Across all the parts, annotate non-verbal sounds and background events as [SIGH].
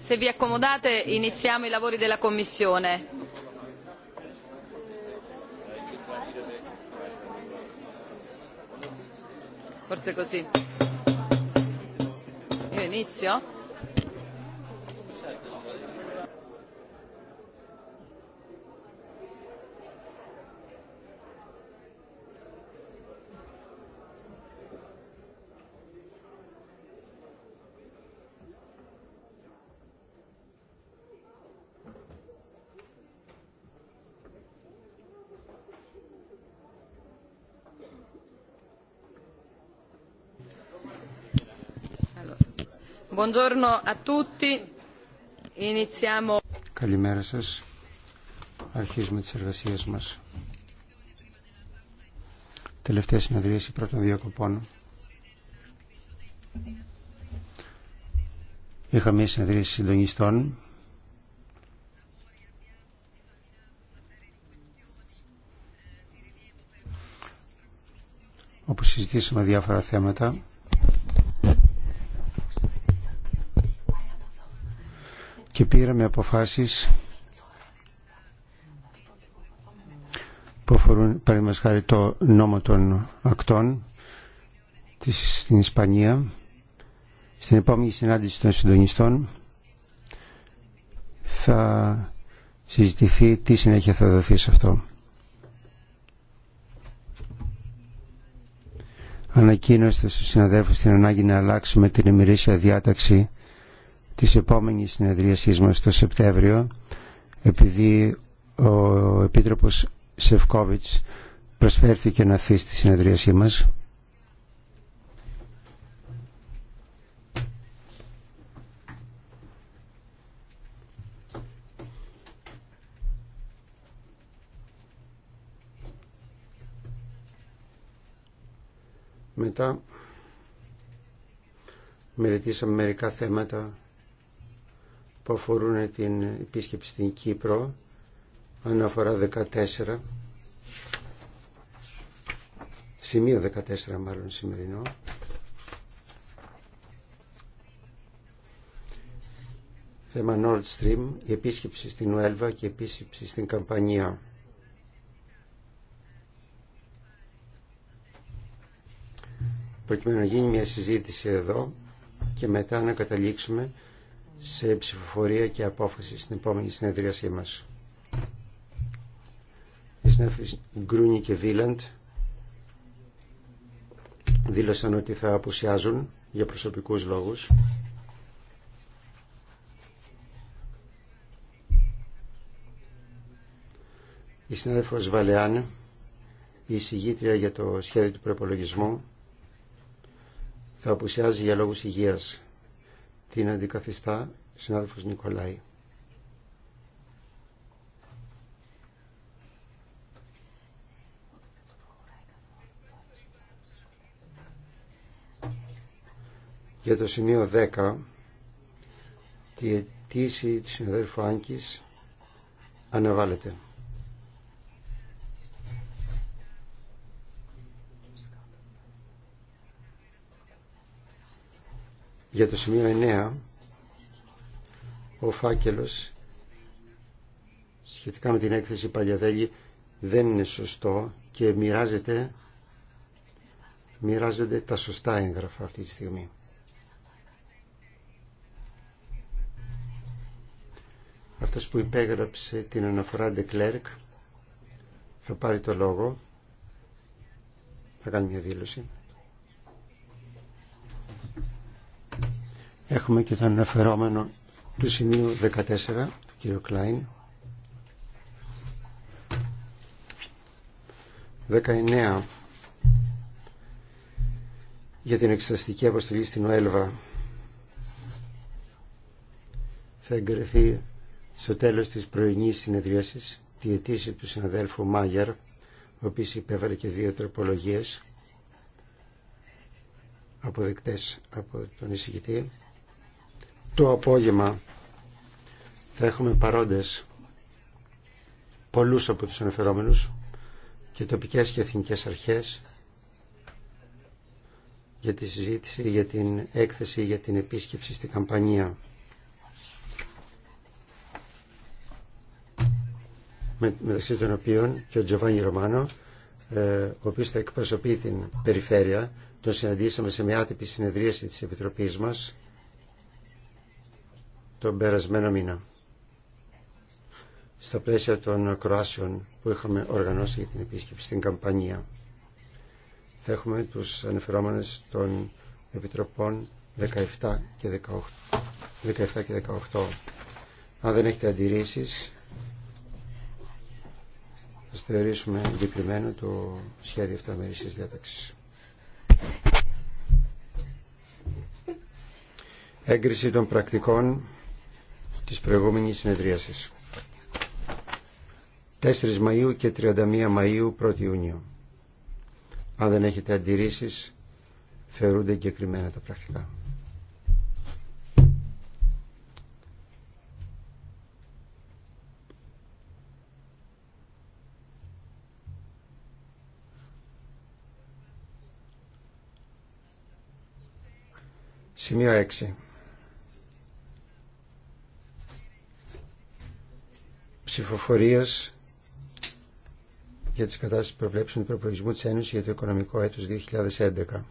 Se vi accomodate iniziamo i lavori della Commissione. Forse così. Io inizio? Καλημέρα σας. Αρχίζουμε τις εργασίες μας. Τελευταία συνεδρίαση πρώτων διακοπών. Είχα μια συνεδρίαση συντονιστών όπου συζητήσαμε διάφορα θέματα πήραμε αποφάσεις που αφορούν παραδείγματος χάρη το νόμο των ακτών της, στην Ισπανία στην επόμενη συνάντηση των συντονιστών θα συζητηθεί τι συνέχεια θα δοθεί σε αυτό. Ανακοίνωστε στους συναδέλφους την ανάγκη να αλλάξουμε την ημερήσια διάταξη της επόμενης συνεδρίασής μας το Σεπτέμβριο επειδή ο Επίτροπος Σευκόβιτς προσφέρθηκε να αφήσει τη συνεδρίασή μας. Μετά μελετήσαμε μερικά θέματα που αφορούν την επίσκεψη στην Κύπρο, αναφορά 14, σημείο 14 μάλλον σημερινό, θέμα Nord Stream, η επίσκεψη στην Ουέλβα και η επίσκεψη στην Καμπανία. Προκειμένου να γίνει μια συζήτηση εδώ και μετά να καταλήξουμε σε ψηφοφορία και απόφαση στην επόμενη συνεδρίασή μας. Οι συνέφεις Γκρούνι και Βίλαντ δήλωσαν ότι θα απουσιάζουν για προσωπικούς λόγους. Η συνάδελφος Βαλεάν, η συγγήτρια για το σχέδιο του προπολογισμού, θα απουσιάζει για λόγους υγείας την αντικαθιστά συνάδελφος Νικολάη. Για το σημείο 10, τη αιτήση του συναδέλφου Άγκης αναβάλλεται. Για το σημείο 9, ο φάκελος σχετικά με την έκθεση Παλιαδέλη δεν είναι σωστό και μοιράζεται, μοιράζονται τα σωστά έγγραφα αυτή τη στιγμή. Αυτός που υπέγραψε την αναφορά de θα πάρει το λόγο, θα κάνει μια δήλωση. Έχουμε και τον αναφερόμενο του σημείου 14, του κυρίου Κλάιν. 19 για την εξεταστική αποστολή στην ΟΕΛΒΑ θα εγκριθεί στο τέλος της πρωινής συνεδρίασης τη αιτήση του συναδέλφου Μάγερ, ο οποίος υπέβαλε και δύο τροπολογίες αποδεκτές από τον εισηγητή το απόγευμα θα έχουμε παρόντες πολλούς από τους αναφερόμενους και τοπικές και εθνικές αρχές για τη συζήτηση, για την έκθεση, για την επίσκεψη στη καμπανία. Με, μεταξύ των οποίων και ο Τζοβάνι Ρωμάνο, ε, ο οποίος θα εκπροσωπεί την περιφέρεια, τον συναντήσαμε σε μια άτυπη συνεδρίαση της Επιτροπής μας τον περασμένο μήνα στα πλαίσια των Κροάσεων που είχαμε οργανώσει για την επίσκεψη στην Καμπανία. Θα έχουμε τους ανεφερόμενες των Επιτροπών 17 και 18. 17 και 18. Αν δεν έχετε αντιρρήσεις, θα θεωρήσουμε διπλημένο το σχέδιο αυταμερίσης διάταξης. Έγκριση των πρακτικών της προηγούμενης συνεδρίασης. 4 Μαΐου και 31 Μαΐου 1 Ιουνίου. Αν δεν έχετε αντιρρήσεις, θεωρούνται εγκεκριμένα τα πρακτικά. Σημείο 6. ψηφοφορίας για τις κατάστασεις προβλέψεων του προπολογισμού τη Ένωση για το οικονομικό έτος 2011.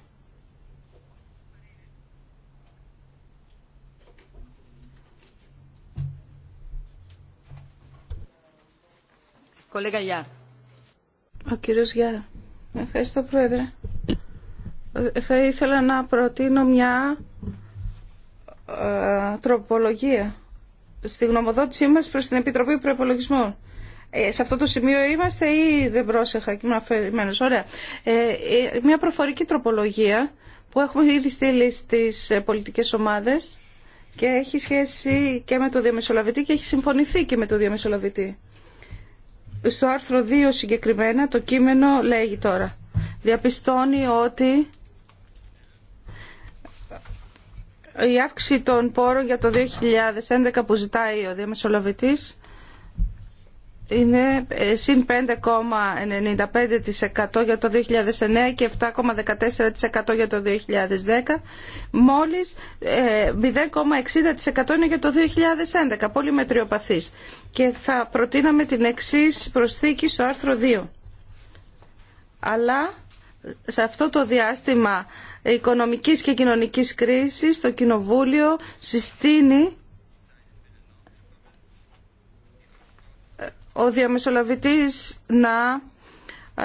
Ο κύριος Γιά. Ευχαριστώ, Πρόεδρε. Ε, θα ήθελα να προτείνω μια ε, τροπολογία στη γνωμοδότησή μας προς την Επιτροπή Προπολογισμών. Ε, σε αυτό το σημείο είμαστε ή δεν πρόσεχα και ήμουν Ωραία. Ε, ε, μια προφορική τροπολογία που έχουμε ήδη στείλει στις ε, πολιτικές ομάδες και έχει σχέση και με το διαμεσολαβητή και έχει συμφωνηθεί και με το διαμεσολαβητή. Στο άρθρο 2 συγκεκριμένα το κείμενο λέγει τώρα. Διαπιστώνει ότι η αύξηση των πόρων για το 2011 που ζητάει ο διαμεσολαβητής είναι ε, συν 5,95% για το 2009 και 7,14% για το 2010. Μόλις 0,60% ε, είναι για το 2011, πολύ μετριοπαθής. Και θα προτείναμε την εξής προσθήκη στο άρθρο 2. Αλλά σε αυτό το διάστημα Οικονομικής και Κοινωνικής Κρίσης το Κοινοβούλιο συστήνει ε, ο διαμεσολαβητής να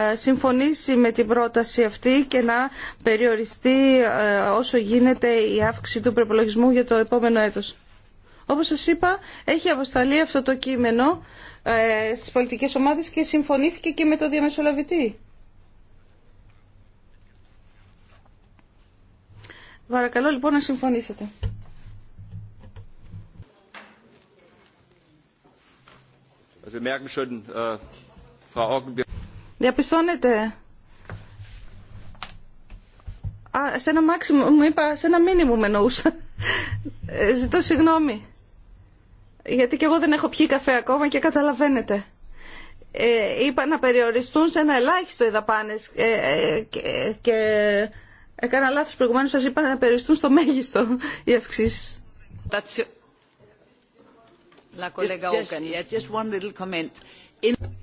ε, συμφωνήσει με την πρόταση αυτή και να περιοριστεί ε, όσο γίνεται η αύξηση του προπολογισμού για το επόμενο έτος. Όπως σας είπα, έχει αποσταλεί αυτό το κείμενο στις πολιτικές ομάδες και συμφωνήθηκε και με το διαμεσολαβητή. Παρακαλώ λοιπόν να συμφωνήσετε. Äh, Διαπιστώνετε. σε ένα μάξιμο, μου είπα, σε ένα μήνυμο με εννοούσα. Ε, ζητώ συγγνώμη. Γιατί και εγώ δεν έχω πιει καφέ ακόμα και καταλαβαίνετε. Ε, είπα να περιοριστούν σε ένα ελάχιστο οι δαπάνες ε, ε, και Έκανα λάθος προηγουμένως, σας είπα να περιοριστούν στο μέγιστο οι αυξήσεις.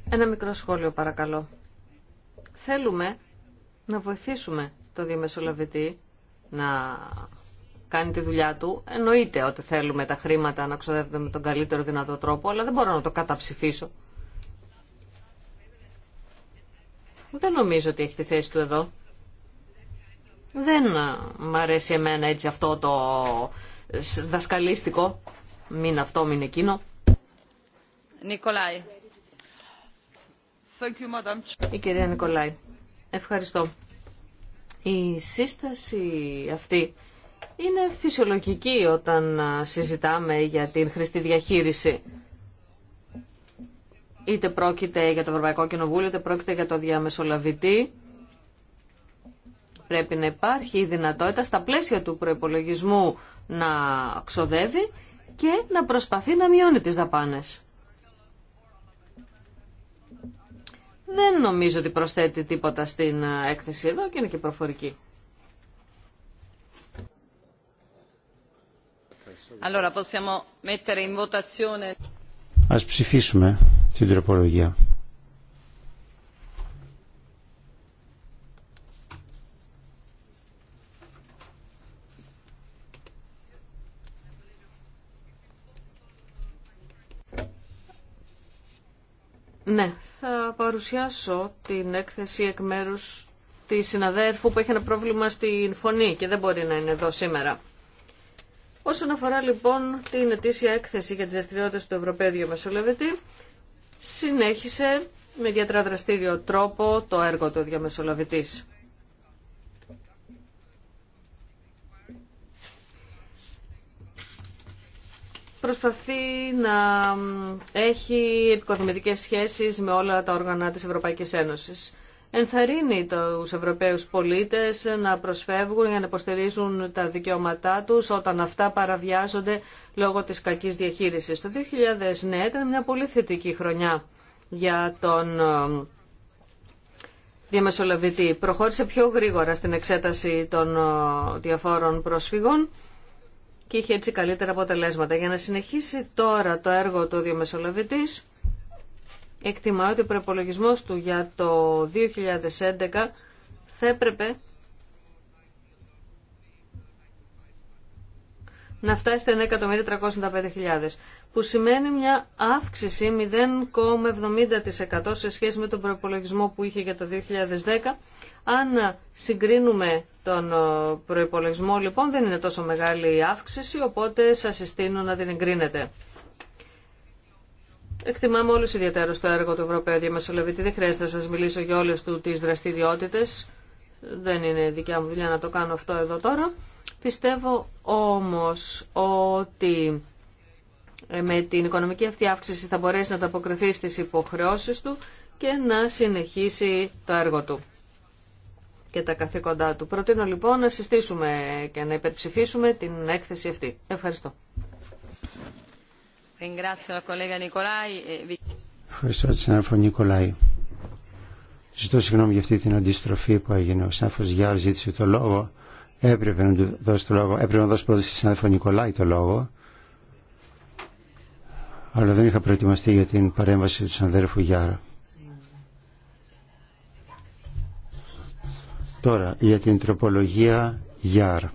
Ένα μικρό σχόλιο παρακαλώ. Θέλουμε να βοηθήσουμε το διαμεσολαβητή να κάνει τη δουλειά του. Εννοείται ότι θέλουμε τα χρήματα να ξοδεύονται με τον καλύτερο δυνατό τρόπο, αλλά δεν μπορώ να το καταψηφίσω. Δεν νομίζω ότι έχει τη θέση του εδώ. Δεν μ' αρέσει εμένα έτσι αυτό το δασκαλίστικο. Μην αυτό, μην εκείνο. Νικολάη. Η κυρία Νικολάη. Ευχαριστώ. Η σύσταση αυτή είναι φυσιολογική όταν συζητάμε για την χρηστή διαχείριση. Είτε πρόκειται για το Ευρωπαϊκό Κοινοβούλιο, είτε πρόκειται για το διαμεσολαβητή Πρέπει να υπάρχει η δυνατότητα στα πλαίσια του προϋπολογισμού να ξοδεύει και να προσπαθεί να μειώνει τις δαπάνες. Δεν νομίζω ότι προσθέτει τίποτα στην έκθεση εδώ και είναι και προφορική. Allora, possiamo mettere in votazione... Ας ψηφίσουμε την τροπολογία. Ναι, θα παρουσιάσω την έκθεση εκ μέρους τη συναδέρφου που έχει ένα πρόβλημα στην φωνή και δεν μπορεί να είναι εδώ σήμερα. Όσον αφορά λοιπόν την ετήσια έκθεση για τις δραστηριότητε του Ευρωπαίου Μεσολαβητή, συνέχισε με ιδιαίτερα τρόπο το έργο του διαμεσολαβητή. προσπαθεί να έχει επικοδομητικές σχέσεις με όλα τα όργανα της Ευρωπαϊκής Ένωσης. Ενθαρρύνει τους Ευρωπαίους πολίτες να προσφεύγουν για να υποστηρίζουν τα δικαιώματά τους όταν αυτά παραβιάζονται λόγω της κακής διαχείρισης. Το 2009 ήταν μια πολύ θετική χρονιά για τον διαμεσολαβητή. Προχώρησε πιο γρήγορα στην εξέταση των διαφόρων πρόσφυγων και είχε έτσι καλύτερα αποτελέσματα. Για να συνεχίσει τώρα το έργο του διομεσολαβητή, εκτιμάω ότι ο προπολογισμό του για το 2011 θα έπρεπε να φτάσει στα που σημαίνει μια αύξηση 0,70% σε σχέση με τον προπολογισμό που είχε για το 2010. Αν συγκρίνουμε τον ε, προπολογισμό, λοιπόν, δεν είναι τόσο μεγάλη η αύξηση, οπότε σας συστήνω να την εγκρίνετε. Εκτιμάμε όλους ιδιαίτερα στο έργο του Ευρωπαίου Διαμεσολαβητή. Δεν χρειάζεται να σας μιλήσω για όλες του τις δραστηριότητες. Δεν είναι δικιά μου δουλειά να το κάνω αυτό εδώ τώρα. Πιστεύω όμως ότι ε, με την οικονομική αυτή αύξηση θα μπορέσει να αποκριθεί στις υποχρεώσεις του και να συνεχίσει το έργο του και τα καθήκοντά του. Προτείνω λοιπόν να συστήσουμε και να υπερψηφίσουμε την έκθεση αυτή. Ευχαριστώ. Ε, Ευχαριστώ τη συνάδελφο Νικολάη. Ζητώ συγγνώμη για αυτή την αντιστροφή που έγινε. Ο συνάδελφος Γιάρ ζήτησε το λόγο Έπρεπε να του δώσω το λόγο. Έπρεπε να δώσει πρώτα στη συνάδελφο Νικολάη το λόγο. Αλλά δεν είχα προετοιμαστεί για την παρέμβαση του συναδέλφου Γιάρα. Τώρα, για την τροπολογία Γιάρα.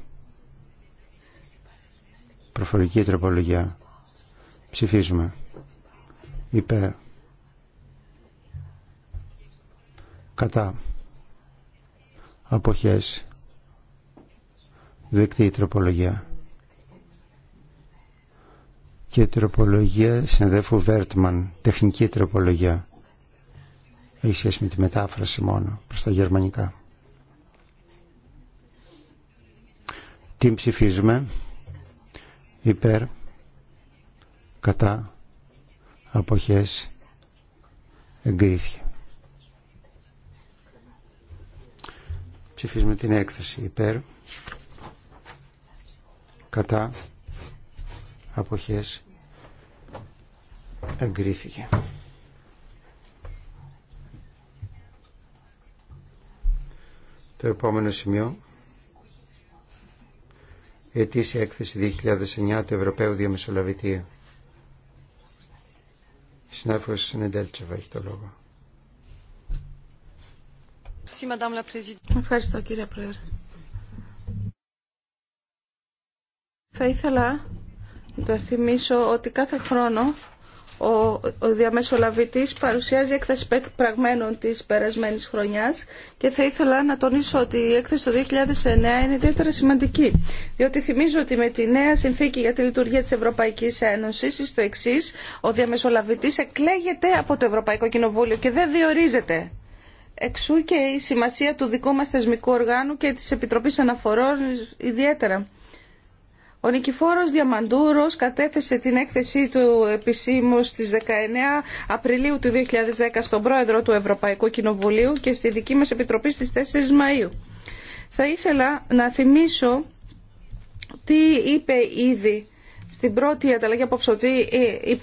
Προφορική τροπολογία. Ψηφίζουμε. Υπέρ. Κατά. Αποχές δεκτή η τροπολογία. Και τροπολογία συνδέφου Βέρτμαν, τεχνική τροπολογία. Έχει σχέση με τη μετάφραση μόνο προς τα γερμανικά. Την ψηφίζουμε υπέρ, κατά, αποχές, εγκρίθηκε. Ψηφίζουμε την έκθεση υπέρ, κατά αποχές εγκρίθηκε. Το επόμενο σημείο η ετήσια έκθεση 2009 του Ευρωπαίου Διαμεσολαβητή. Η συνάδελφος έχει το λόγο. Ευχαριστώ κύριε Πρόεδρε. Θα ήθελα να θυμίσω ότι κάθε χρόνο ο, ο διαμεσολαβητής παρουσιάζει έκθεση πραγμένων της περασμένης χρονιάς και θα ήθελα να τονίσω ότι η έκθεση το 2009 είναι ιδιαίτερα σημαντική διότι θυμίζω ότι με τη νέα συνθήκη για τη λειτουργία της Ευρωπαϊκής Ένωσης το εξή, ο διαμεσολαβητής εκλέγεται από το Ευρωπαϊκό Κοινοβούλιο και δεν διορίζεται εξού και η σημασία του δικού μας θεσμικού οργάνου και της Επιτροπής Αναφορών ιδιαίτερα ο Νικηφόρος Διαμαντούρος κατέθεσε την έκθεσή του επισήμω στις 19 Απριλίου του 2010 στον πρόεδρο του Ευρωπαϊκού Κοινοβουλίου και στη δική μας επιτροπή στις 4 Μαΐου. Θα ήθελα να θυμίσω τι είπε ήδη στην πρώτη ανταλλαγή απόψε ότι ε,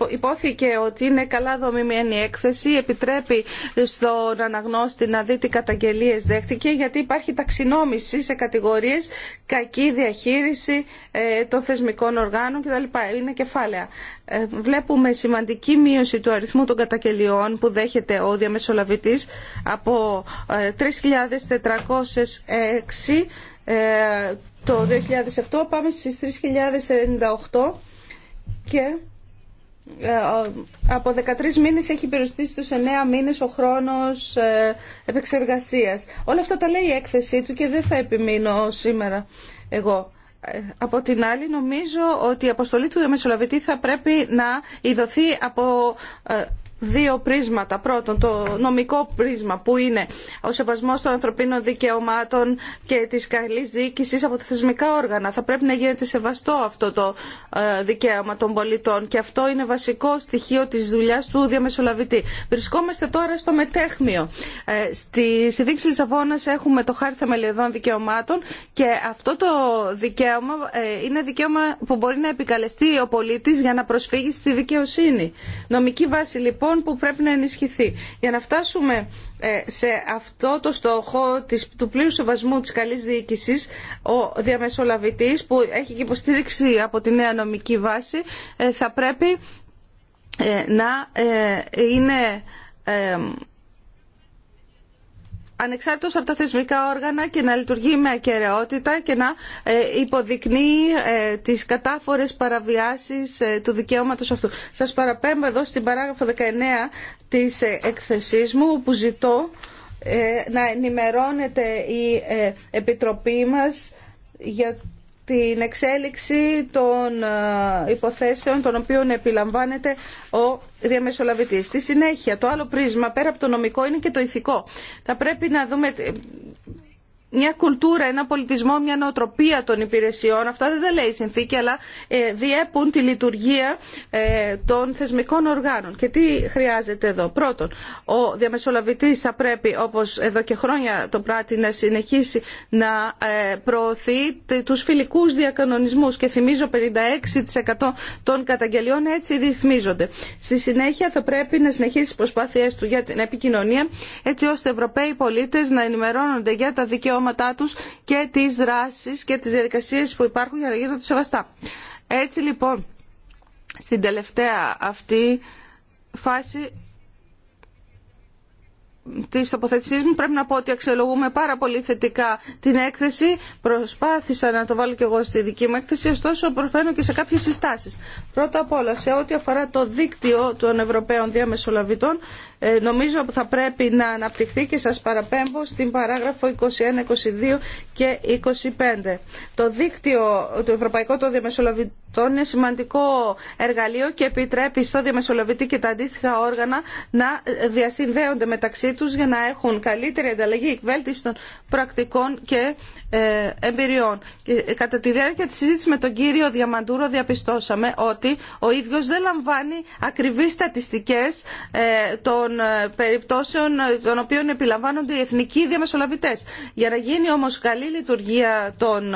υπόθηκε ότι είναι καλά δομημένη η έκθεση, επιτρέπει στον αναγνώστη να δει τι καταγγελίες δέχτηκε, γιατί υπάρχει ταξινόμηση σε κατηγορίες, κακή διαχείριση ε, των θεσμικών οργάνων κτλ. Είναι κεφάλαια. Ε, βλέπουμε σημαντική μείωση του αριθμού των καταγγελιών που δέχεται ο διαμεσολαβητής από 3.406 το 2008 πάμε στις 3.098 και ε, από 13 μήνες έχει περιοριστεί στους 9 μήνες ο χρόνος ε, επεξεργασίας. Όλα αυτά τα λέει η έκθεσή του και δεν θα επιμείνω σήμερα εγώ. Ε, από την άλλη νομίζω ότι η αποστολή του Μεσολαβητή θα πρέπει να ειδωθεί από δύο πρίσματα. Πρώτον, το νομικό πρίσμα που είναι ο σεβασμό των ανθρωπίνων δικαιωμάτων και τη καλή διοίκηση από τα θεσμικά όργανα. Θα πρέπει να γίνεται σεβαστό αυτό το ε, δικαίωμα των πολιτών και αυτό είναι βασικό στοιχείο τη δουλειά του διαμεσολαβητή. Βρισκόμαστε τώρα στο μετέχμιο. Ε, στη τη Λισαβόνα έχουμε το χάρτη θεμελιωδών δικαιωμάτων και αυτό το δικαίωμα ε, είναι δικαίωμα που μπορεί να επικαλεστεί ο πολίτη για να προσφύγει στη δικαιοσύνη. Νομική βάση λοιπόν Λοιπόν που πρέπει να ενισχυθεί. Για να φτάσουμε ε, σε αυτό το στόχο του πλήρου σεβασμού της καλής διοίκησης, ο διαμεσολαβητής που έχει και υποστήριξη από τη νέα νομική βάση ε, θα πρέπει ε, να είναι ανεξάρτητος από τα θεσμικά όργανα και να λειτουργεί με ακαιρεότητα και να ε, υποδεικνύει ε, τις κατάφορες παραβιάσεις ε, του δικαιώματος αυτού. Σας παραπέμπω εδώ στην παράγραφο 19 της εκθεσής μου που ζητώ να ενημερώνεται η Επιτροπή μας για την εξέλιξη των ε, υποθέσεων των οποίων επιλαμβάνεται ο διαμεσολαβητής. Στη συνέχεια, το άλλο πρίσμα πέρα από το νομικό είναι και το ηθικό. Θα πρέπει να δούμε μια κουλτούρα, ένα πολιτισμό, μια νοοτροπία των υπηρεσιών. Αυτά δεν τα λέει η συνθήκη, αλλά ε, διέπουν τη λειτουργία ε, των θεσμικών οργάνων. Και τι χρειάζεται εδώ. Πρώτον, ο διαμεσολαβητής θα πρέπει, όπως εδώ και χρόνια το πράττει, να συνεχίσει να ε, προωθεί τους φιλικούς διακανονισμούς. Και θυμίζω 56% των καταγγελιών έτσι ρυθμίζονται. Στη συνέχεια θα πρέπει να συνεχίσει τις προσπάθειές του για την επικοινωνία, έτσι ώστε Ευρωπαίοι πολίτες να ενημερώνονται για τα δικαιώματα και τις δράσει και τις διαδικασίε που υπάρχουν για να γίνονται σεβαστά. Έτσι λοιπόν, στην τελευταία αυτή φάση της τοποθετησή μου πρέπει να πω ότι αξιολογούμε πάρα πολύ θετικά την έκθεση. Προσπάθησα να το βάλω και εγώ στη δική μου έκθεση, ωστόσο προφέρω και σε κάποιες συστάσει. Πρώτα απ' όλα, σε ό,τι αφορά το δίκτυο των Ευρωπαίων Διαμεσολαβητών, ε, νομίζω θα πρέπει να αναπτυχθεί και σας παραπέμπω στην παράγραφο 21, 22 και 25. Το δίκτυο του Ευρωπαϊκού των Διαμεσολαβητών είναι σημαντικό εργαλείο και επιτρέπει στο διαμεσολαβητή και τα αντίστοιχα όργανα να διασυνδέονται μεταξύ τους για να έχουν καλύτερη ανταλλαγή εκβέλτιση των πρακτικών και ε, εμπειριών. Ε, κατά τη διάρκεια τη συζήτηση με τον κύριο Διαμαντούρο διαπιστώσαμε ότι ο ίδιο δεν λαμβάνει ακριβείς στατιστικές ε, των περιπτώσεων των οποίων επιλαμβάνονται οι εθνικοί διαμεσολαβητές. Για να γίνει όμω καλή λειτουργία των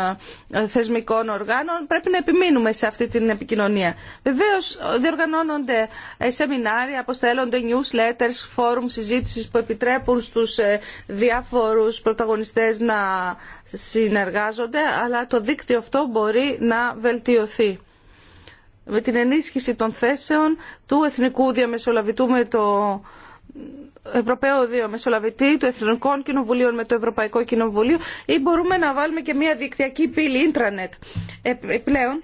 θεσμικών οργάνων πρέπει να επιμείνουμε σε αυτή την επικοινωνία. Βεβαίω διοργανώνονται σεμινάρια, αποστέλλονται newsletters, φόρουμ συζήτηση που επιτρέπουν στου διάφορου πρωταγωνιστές να συνεργάζονται, αλλά το δίκτυο αυτό μπορεί να βελτιωθεί. Με την ενίσχυση των θέσεων του Εθνικού Διαμεσολαβητού με το Ευρωπαίο Διαμεσολαβητή, του Εθνικών Κοινοβουλίων με το Ευρωπαϊκό Κοινοβουλίο ή μπορούμε να βάλουμε και μια δικτυακή πύλη ίντρανετ. Επιπλέον,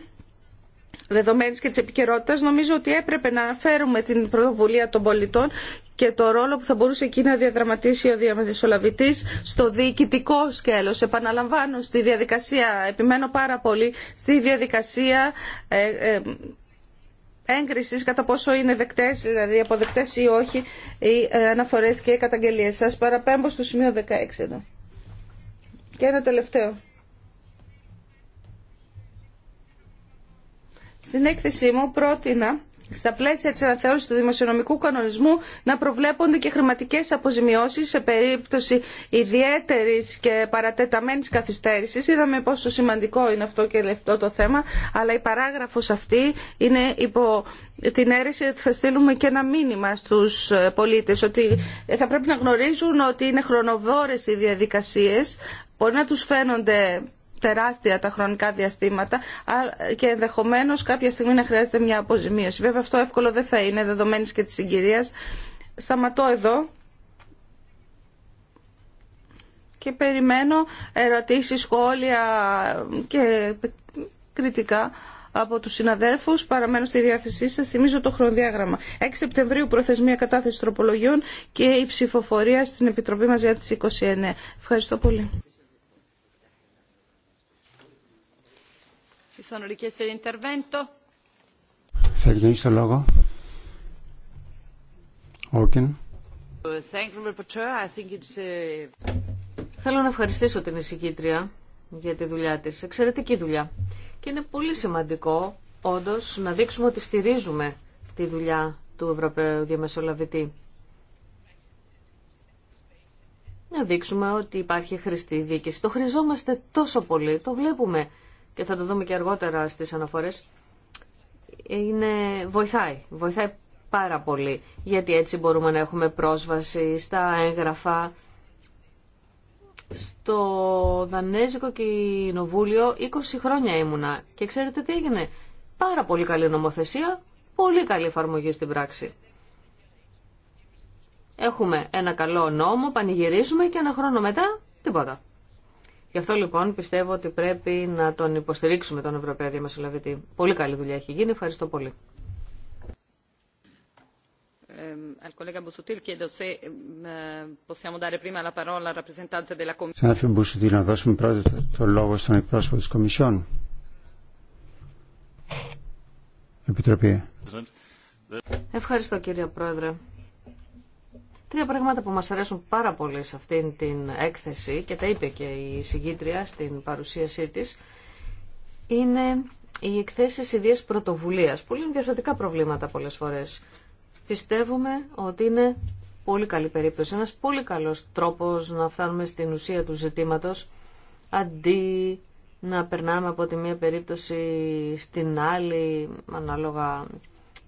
δεδομένης και της επικαιρότητα, νομίζω ότι έπρεπε να αναφέρουμε την πρωτοβουλία των πολιτών και το ρόλο που θα μπορούσε εκεί να διαδραματίσει ο διαμεσολαβητής στο διοικητικό σκέλος. Επαναλαμβάνω στη διαδικασία, επιμένω πάρα πολύ, στη διαδικασία ε, ε έγκρισης κατά πόσο είναι δεκτές, δηλαδή αποδεκτέ ή όχι, οι ε, αναφορές και οι καταγγελίες. Σα παραπέμπω στο σημείο 16 εδώ. Και ένα τελευταίο. Στην έκθεσή μου πρότεινα στα πλαίσια της αναθεώρησης του δημοσιονομικού κανονισμού να προβλέπονται και χρηματικές αποζημιώσεις σε περίπτωση ιδιαίτερης και παρατεταμένης καθυστέρησης. Είδαμε πόσο σημαντικό είναι αυτό και λεπτό το θέμα, αλλά η παράγραφος αυτή είναι υπό την αίρεση ότι θα στείλουμε και ένα μήνυμα στους πολίτες ότι θα πρέπει να γνωρίζουν ότι είναι χρονοβόρες οι διαδικασίες, μπορεί να τους φαίνονται τεράστια τα χρονικά διαστήματα και ενδεχομένω κάποια στιγμή να χρειάζεται μια αποζημίωση. Βέβαια αυτό εύκολο δεν θα είναι δεδομένη και τη συγκυρία. Σταματώ εδώ και περιμένω ερωτήσεις, σχόλια και κριτικά από τους συναδέλφους. Παραμένω στη διάθεσή σας. Θυμίζω το χρονοδιάγραμμα. 6 Σεπτεμβρίου προθεσμία κατάθεση τροπολογιών και η ψηφοφορία στην Επιτροπή μας για τις 29. Ευχαριστώ πολύ. Θέλω να ευχαριστήσω την εισηγήτρια για τη δουλειά της. Εξαιρετική δουλειά. Και είναι πολύ σημαντικό όντως να δείξουμε ότι στηρίζουμε τη δουλειά του Ευρωπαίου Διαμεσολαβητή. Να δείξουμε ότι υπάρχει χρηστή δίκηση. Το χρειαζόμαστε τόσο πολύ, το βλέπουμε και θα το δούμε και αργότερα στις αναφορές, είναι, βοηθάει, βοηθάει πάρα πολύ, γιατί έτσι μπορούμε να έχουμε πρόσβαση στα έγγραφα. Στο Δανέζικο Κοινοβούλιο 20 χρόνια ήμουνα και ξέρετε τι έγινε. Πάρα πολύ καλή νομοθεσία, πολύ καλή εφαρμογή στην πράξη. Έχουμε ένα καλό νόμο, πανηγυρίζουμε και ένα χρόνο μετά τίποτα. Γι' αυτό λοιπόν πιστεύω ότι πρέπει να τον υποστηρίξουμε τον Ευρωπαίο Διαμεσολαβητή. Πολύ καλή δουλειά έχει γίνει. Ευχαριστώ πολύ. Ε, ε, ε, Συνάδελφε Μπουσουτήλ, να δώσουμε πρώτα το λόγο στον εκπρόσωπο της Κομισιόν. Επιτροπή. Ευχαριστώ κύριε Πρόεδρε. Τρία πράγματα που μας αρέσουν πάρα πολύ σε αυτήν την έκθεση και τα είπε και η συγκήτρια στην παρουσίασή της είναι οι εκθέσεις ιδίας πρωτοβουλίας που είναι διαφορετικά προβλήματα πολλές φορές. Πιστεύουμε ότι είναι πολύ καλή περίπτωση, ένας πολύ καλός τρόπος να φτάνουμε στην ουσία του ζητήματος αντί να περνάμε από τη μία περίπτωση στην άλλη ανάλογα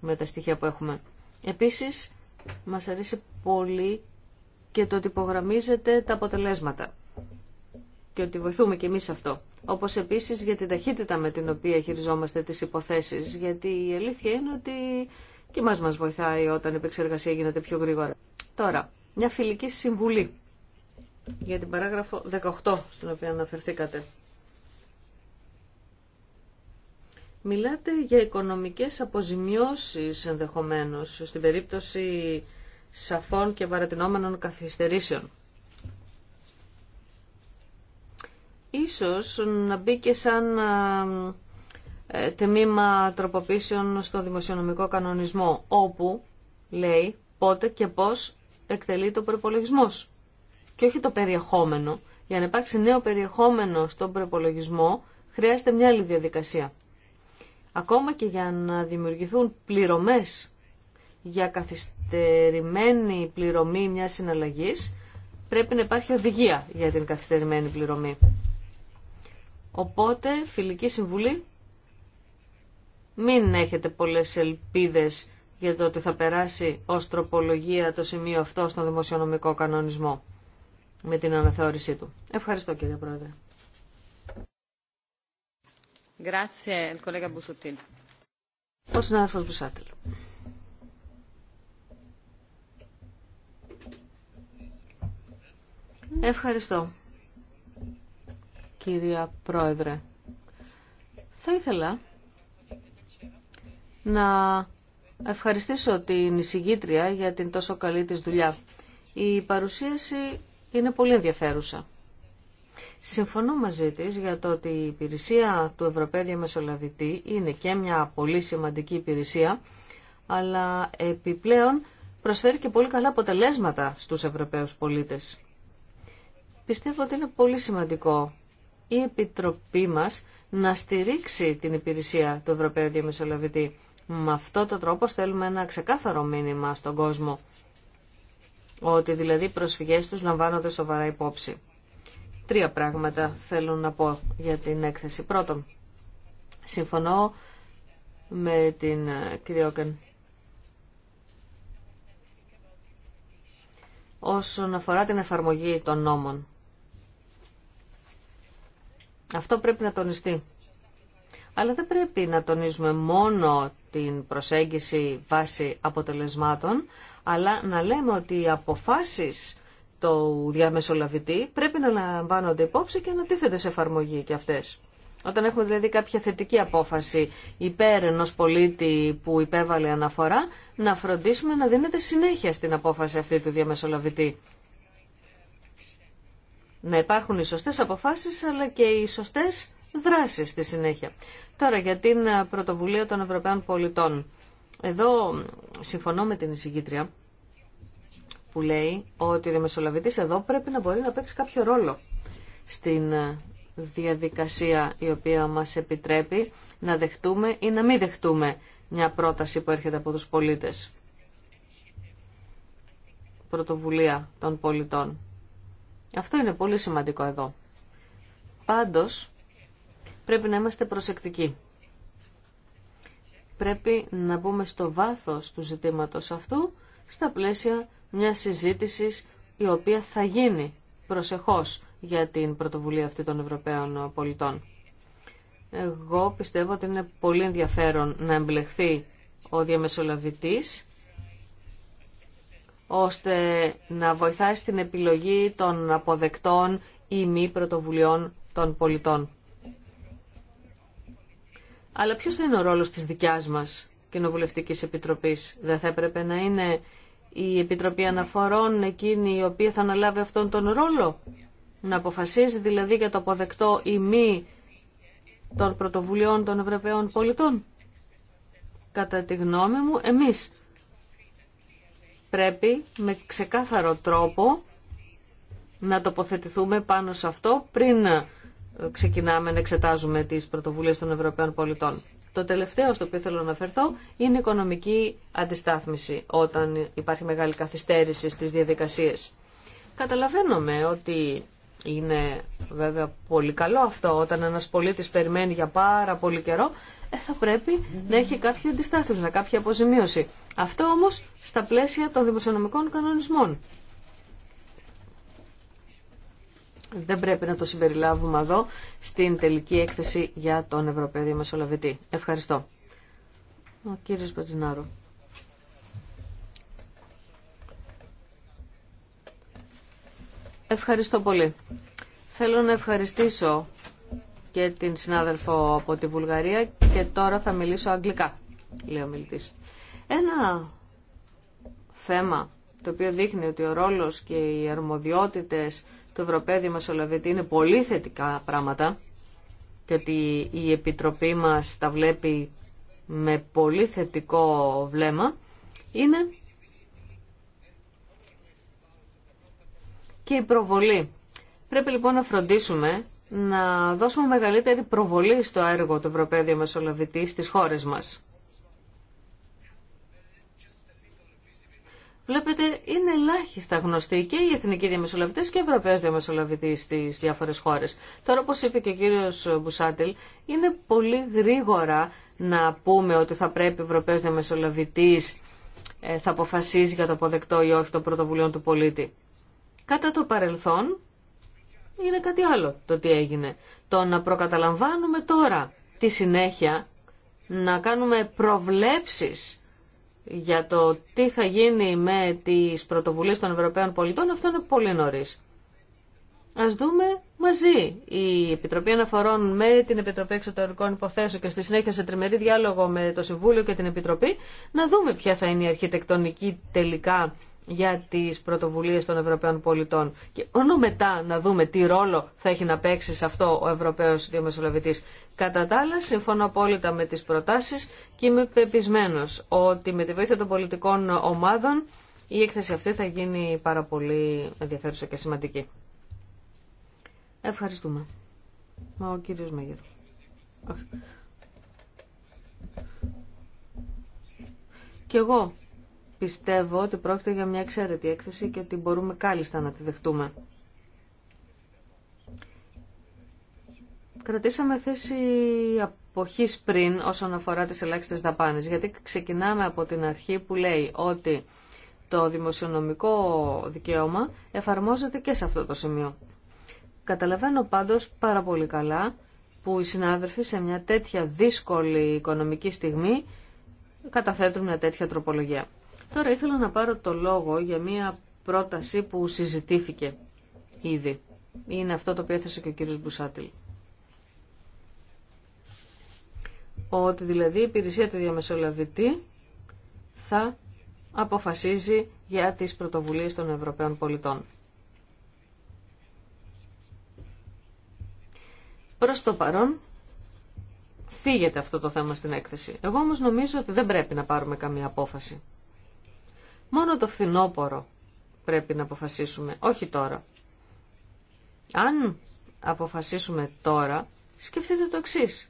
με τα στοιχεία που έχουμε. Επίσης, μας αρέσει πολύ και το ότι τα αποτελέσματα και ότι βοηθούμε και εμείς αυτό. Όπως επίσης για την ταχύτητα με την οποία χειριζόμαστε τις υποθέσεις, γιατί η αλήθεια είναι ότι και μας μας βοηθάει όταν η επεξεργασία γίνεται πιο γρήγορα. Τώρα, μια φιλική συμβουλή για την παράγραφο 18 στην οποία αναφερθήκατε. Μιλάτε για οικονομικές αποζημιώσεις ενδεχομένως στην περίπτωση σαφών και βαρετινόμενων καθυστερήσεων. Ίσως να μπει και σαν ε, τμήμα τροποποίησεων στο δημοσιονομικό κανονισμό, όπου λέει πότε και πώς εκτελεί το προπολογισμό. Και όχι το περιεχόμενο. Για να υπάρξει νέο περιεχόμενο στον προπολογισμό, χρειάζεται μια άλλη διαδικασία. Ακόμα και για να δημιουργηθούν πληρωμές για καθυστερημένη πληρωμή μιας συναλλαγής πρέπει να υπάρχει οδηγία για την καθυστερημένη πληρωμή. Οπότε, φιλική συμβουλή, μην έχετε πολλές ελπίδες για το ότι θα περάσει ως τροπολογία το σημείο αυτό στον δημοσιονομικό κανονισμό με την αναθεώρησή του. Ευχαριστώ κύριε Πρόεδρε. Grazie, il collega Ευχαριστώ, κυρία Πρόεδρε. Θα ήθελα να ευχαριστήσω την εισηγήτρια για την τόσο καλή της δουλειά. Η παρουσίαση είναι πολύ ενδιαφέρουσα. Συμφωνώ μαζί της για το ότι η υπηρεσία του Ευρωπαίου Μεσολαβητή είναι και μια πολύ σημαντική υπηρεσία, αλλά επιπλέον προσφέρει και πολύ καλά αποτελέσματα στους Ευρωπαίους πολίτες. Πιστεύω ότι είναι πολύ σημαντικό η Επιτροπή μας να στηρίξει την υπηρεσία του Ευρωπαίου Διαμεσολαβητή. Με αυτό τον τρόπο στέλνουμε ένα ξεκάθαρο μήνυμα στον κόσμο, ότι δηλαδή οι προσφυγές τους λαμβάνονται σοβαρά υπόψη. Τρία πράγματα θέλω να πω για την έκθεση. Πρώτον, συμφωνώ με την ε, κυρία όσον αφορά την εφαρμογή των νόμων. Αυτό πρέπει να τονιστεί. Αλλά δεν πρέπει να τονίζουμε μόνο την προσέγγιση βάση αποτελεσμάτων, αλλά να λέμε ότι οι αποφάσεις του διαμεσολαβητή πρέπει να λαμβάνονται υπόψη και να τίθεται σε εφαρμογή και αυτές. Όταν έχουμε δηλαδή κάποια θετική απόφαση υπέρ ενός πολίτη που υπέβαλε αναφορά, να φροντίσουμε να δίνεται συνέχεια στην απόφαση αυτή του διαμεσολαβητή να υπάρχουν οι σωστές αποφάσεις αλλά και οι σωστές δράσεις στη συνέχεια. Τώρα για την ε, πρωτοβουλία των Ευρωπαίων πολιτών. Εδώ συμφωνώ με την εισηγήτρια που λέει ότι ο διαμεσολαβητής εδώ πρέπει να μπορεί να παίξει κάποιο ρόλο στην ε, διαδικασία η οποία μας επιτρέπει να δεχτούμε ή να μην δεχτούμε μια πρόταση που έρχεται από τους πολίτες. Πρωτοβουλία των πολιτών. Αυτό είναι πολύ σημαντικό εδώ. Πάντως, πρέπει να είμαστε προσεκτικοί. Πρέπει να μπούμε στο βάθος του ζητήματος αυτού, στα πλαίσια μια συζήτησης η οποία θα γίνει προσεχώς για την πρωτοβουλία αυτή των Ευρωπαίων πολιτών. Εγώ πιστεύω ότι είναι πολύ ενδιαφέρον να εμπλεχθεί ο διαμεσολαβητής ώστε να βοηθάει στην επιλογή των αποδεκτών ή μη πρωτοβουλειών των πολιτών. Αλλά ποιος θα είναι ο ρόλος της δικιάς μας Κοινοβουλευτικής Επιτροπής. Δεν θα έπρεπε να είναι η Επιτροπή Αναφορών εκείνη η οποία θα αναλάβει αυτόν τον ρόλο. Να αποφασίζει δηλαδή για το αποδεκτό ή μη των πρωτοβουλειών των Ευρωπαίων πολιτών. Κατά τη γνώμη μου, εμείς πρέπει με ξεκάθαρο τρόπο να τοποθετηθούμε πάνω σε αυτό πριν ε, ξεκινάμε να εξετάζουμε τις πρωτοβουλίες των Ευρωπαίων πολιτών. Το τελευταίο στο οποίο θέλω να αναφερθώ είναι η οικονομική αντιστάθμιση όταν υπάρχει μεγάλη καθυστέρηση στις διαδικασίες. Καταλαβαίνουμε ότι είναι βέβαια πολύ καλό αυτό όταν ένας πολίτης περιμένει για πάρα πολύ καιρό ε, θα πρέπει να έχει κάποιο αντιστάθμισμα, κάποια αποζημίωση. Αυτό όμως στα πλαίσια των δημοσιονομικών κανονισμών. Δεν πρέπει να το συμπεριλάβουμε εδώ στην τελική έκθεση για τον Ευρωπαίο Διαμεσολαβητή. Ευχαριστώ. Ο κύριος Ευχαριστώ πολύ. Θέλω να ευχαριστήσω και την συνάδελφο από τη Βουλγαρία και τώρα θα μιλήσω αγγλικά, λέει ο μιλητής. Ένα θέμα το οποίο δείχνει ότι ο ρόλος και οι αρμοδιότητες του Ευρωπαίου Δημοσιολαβητή είναι πολύ θετικά πράγματα και ότι η Επιτροπή μας τα βλέπει με πολύ θετικό βλέμμα είναι και η προβολή. Πρέπει λοιπόν να φροντίσουμε να δώσουμε μεγαλύτερη προβολή στο έργο του Ευρωπαίου Διαμεσολαβητή στις χώρες μας. Βλέπετε, είναι ελάχιστα γνωστοί και οι εθνικοί διαμεσολαβητέ και οι ευρωπαίοι διαμεσολαβητέ στι διάφορε χώρε. Τώρα, όπω είπε και ο κύριο Μπουσάτελ, είναι πολύ γρήγορα να πούμε ότι θα πρέπει ο Ευρωπαίο διαμεσολαβητή ε, θα αποφασίζει για το αποδεκτό ή όχι των πρωτοβουλίων του πολίτη. Κατά το παρελθόν, είναι κάτι άλλο το τι έγινε. Το να προκαταλαμβάνουμε τώρα τη συνέχεια, να κάνουμε προβλέψεις για το τι θα γίνει με τις πρωτοβουλίες των Ευρωπαίων πολιτών, αυτό είναι πολύ νωρίς. Ας δούμε μαζί η Επιτροπή Αναφορών με την Επιτροπή Εξωτερικών Υποθέσεων και στη συνέχεια σε τριμερή διάλογο με το Συμβούλιο και την Επιτροπή, να δούμε ποια θα είναι η αρχιτεκτονική τελικά για τις πρωτοβουλίες των Ευρωπαίων πολιτών. Και μόνο μετά να δούμε τι ρόλο θα έχει να παίξει σε αυτό ο Ευρωπαίος Διομεσολαβητής. Κατά τα άλλα, συμφωνώ απόλυτα με τις προτάσεις και είμαι πεπισμένος ότι με τη βοήθεια των πολιτικών ομάδων η έκθεση αυτή θα γίνει πάρα πολύ ενδιαφέρουσα και σημαντική. Ευχαριστούμε. Ο κύριος Μέγερ. Και εγώ Πιστεύω ότι πρόκειται για μια εξαίρετη έκθεση και ότι μπορούμε κάλλιστα να τη δεχτούμε. Κρατήσαμε θέση αποχής πριν όσον αφορά τις ελάχιστες δαπάνες, γιατί ξεκινάμε από την αρχή που λέει ότι το δημοσιονομικό δικαίωμα εφαρμόζεται και σε αυτό το σημείο. Καταλαβαίνω πάντως πάρα πολύ καλά που οι συνάδελφοι σε μια τέτοια δύσκολη οικονομική στιγμή καταθέτουν μια τέτοια τροπολογία. Τώρα ήθελα να πάρω το λόγο για μία πρόταση που συζητήθηκε ήδη. Είναι αυτό το οποίο έθεσε και ο κύριος Μπουσάτιλ. Ότι δηλαδή η υπηρεσία του διαμεσολαβητή θα αποφασίζει για τις πρωτοβουλίες των Ευρωπαίων πολιτών. Προς το παρόν, φύγεται αυτό το θέμα στην έκθεση. Εγώ όμως νομίζω ότι δεν πρέπει να πάρουμε καμία απόφαση. Μόνο το φθινόπωρο πρέπει να αποφασίσουμε, όχι τώρα. Αν αποφασίσουμε τώρα, σκεφτείτε το εξή.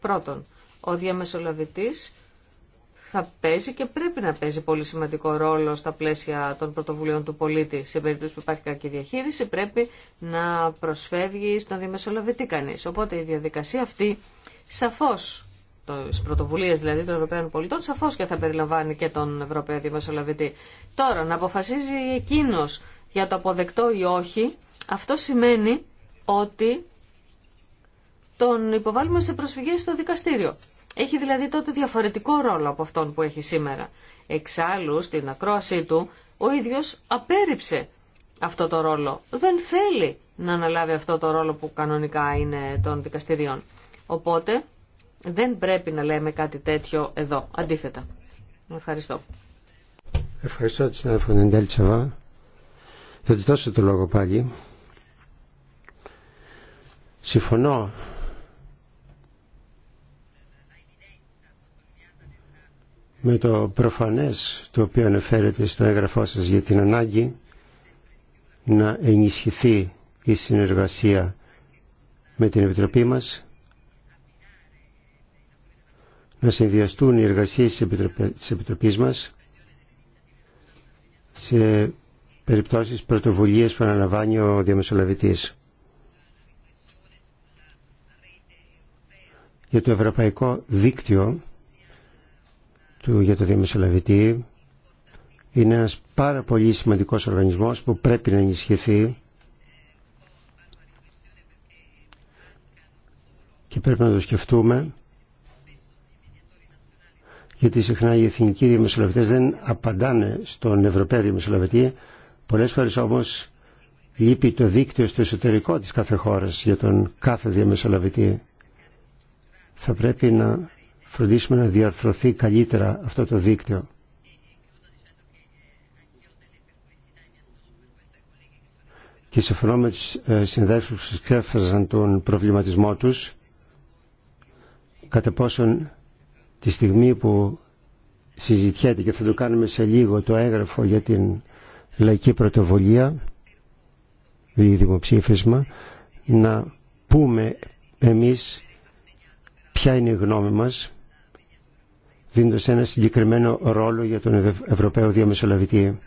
Πρώτον, ο διαμεσολαβητής θα παίζει και πρέπει να παίζει πολύ σημαντικό ρόλο στα πλαίσια των πρωτοβουλίων του πολίτη. Σε περίπτωση που υπάρχει κακή διαχείριση πρέπει να προσφεύγει στον διαμεσολαβητή κανείς. Οπότε η διαδικασία αυτή σαφώς τι πρωτοβουλίες δηλαδή των Ευρωπαίων πολιτών, σαφώς και θα περιλαμβάνει και τον Ευρωπαίο Δημοσιολαβητή. Τώρα, να αποφασίζει εκείνο για το αποδεκτό ή όχι, αυτό σημαίνει ότι τον υποβάλλουμε σε προσφυγή στο δικαστήριο. Έχει δηλαδή τότε διαφορετικό ρόλο από αυτόν που έχει σήμερα. Εξάλλου, στην ακρόασή του, ο ίδιο απέρριψε αυτό το ρόλο. Δεν θέλει να αναλάβει αυτό το ρόλο που κανονικά είναι των δικαστηριών. Οπότε, δεν πρέπει να λέμε κάτι τέτοιο εδώ. Αντίθετα. Ευχαριστώ. Ευχαριστώ τη συνάδελφο Τσαβά. Θα τη δώσω το λόγο πάλι. Συμφωνώ με το προφανές το οποίο αναφέρεται στο έγγραφό σας για την ανάγκη να ενισχυθεί η συνεργασία με την Επιτροπή μας να συνδυαστούν οι εργασίες της, Επιτροπή, Επιτροπής μας σε περιπτώσεις πρωτοβουλίες που αναλαμβάνει ο διαμεσολαβητής. Για το ευρωπαϊκό δίκτυο του για το διαμεσολαβητή είναι ένας πάρα πολύ σημαντικός οργανισμός που πρέπει να ενισχυθεί και πρέπει να το σκεφτούμε γιατί συχνά οι εθνικοί διαμεσολαβητέ δεν απαντάνε στον Ευρωπαίο διαμεσολαβητή. Πολλές φορές όμως λείπει το δίκτυο στο εσωτερικό της κάθε χώρα για τον κάθε διαμεσολαβητή. Θα πρέπει να φροντίσουμε να διαρθρωθεί καλύτερα αυτό το δίκτυο. Και συμφωνώ με τους ε, συνδέσμους που εξέφραζαν τον προβληματισμό τους κατά πόσον τη στιγμή που συζητιέται και θα το κάνουμε σε λίγο το έγγραφο για την λαϊκή πρωτοβουλία ή δημοψήφισμα να πούμε εμείς ποια είναι η γνώμη μας δίνοντας ένα συγκεκριμένο ρόλο για τον Ευρωπαίο Διαμεσολαβητή.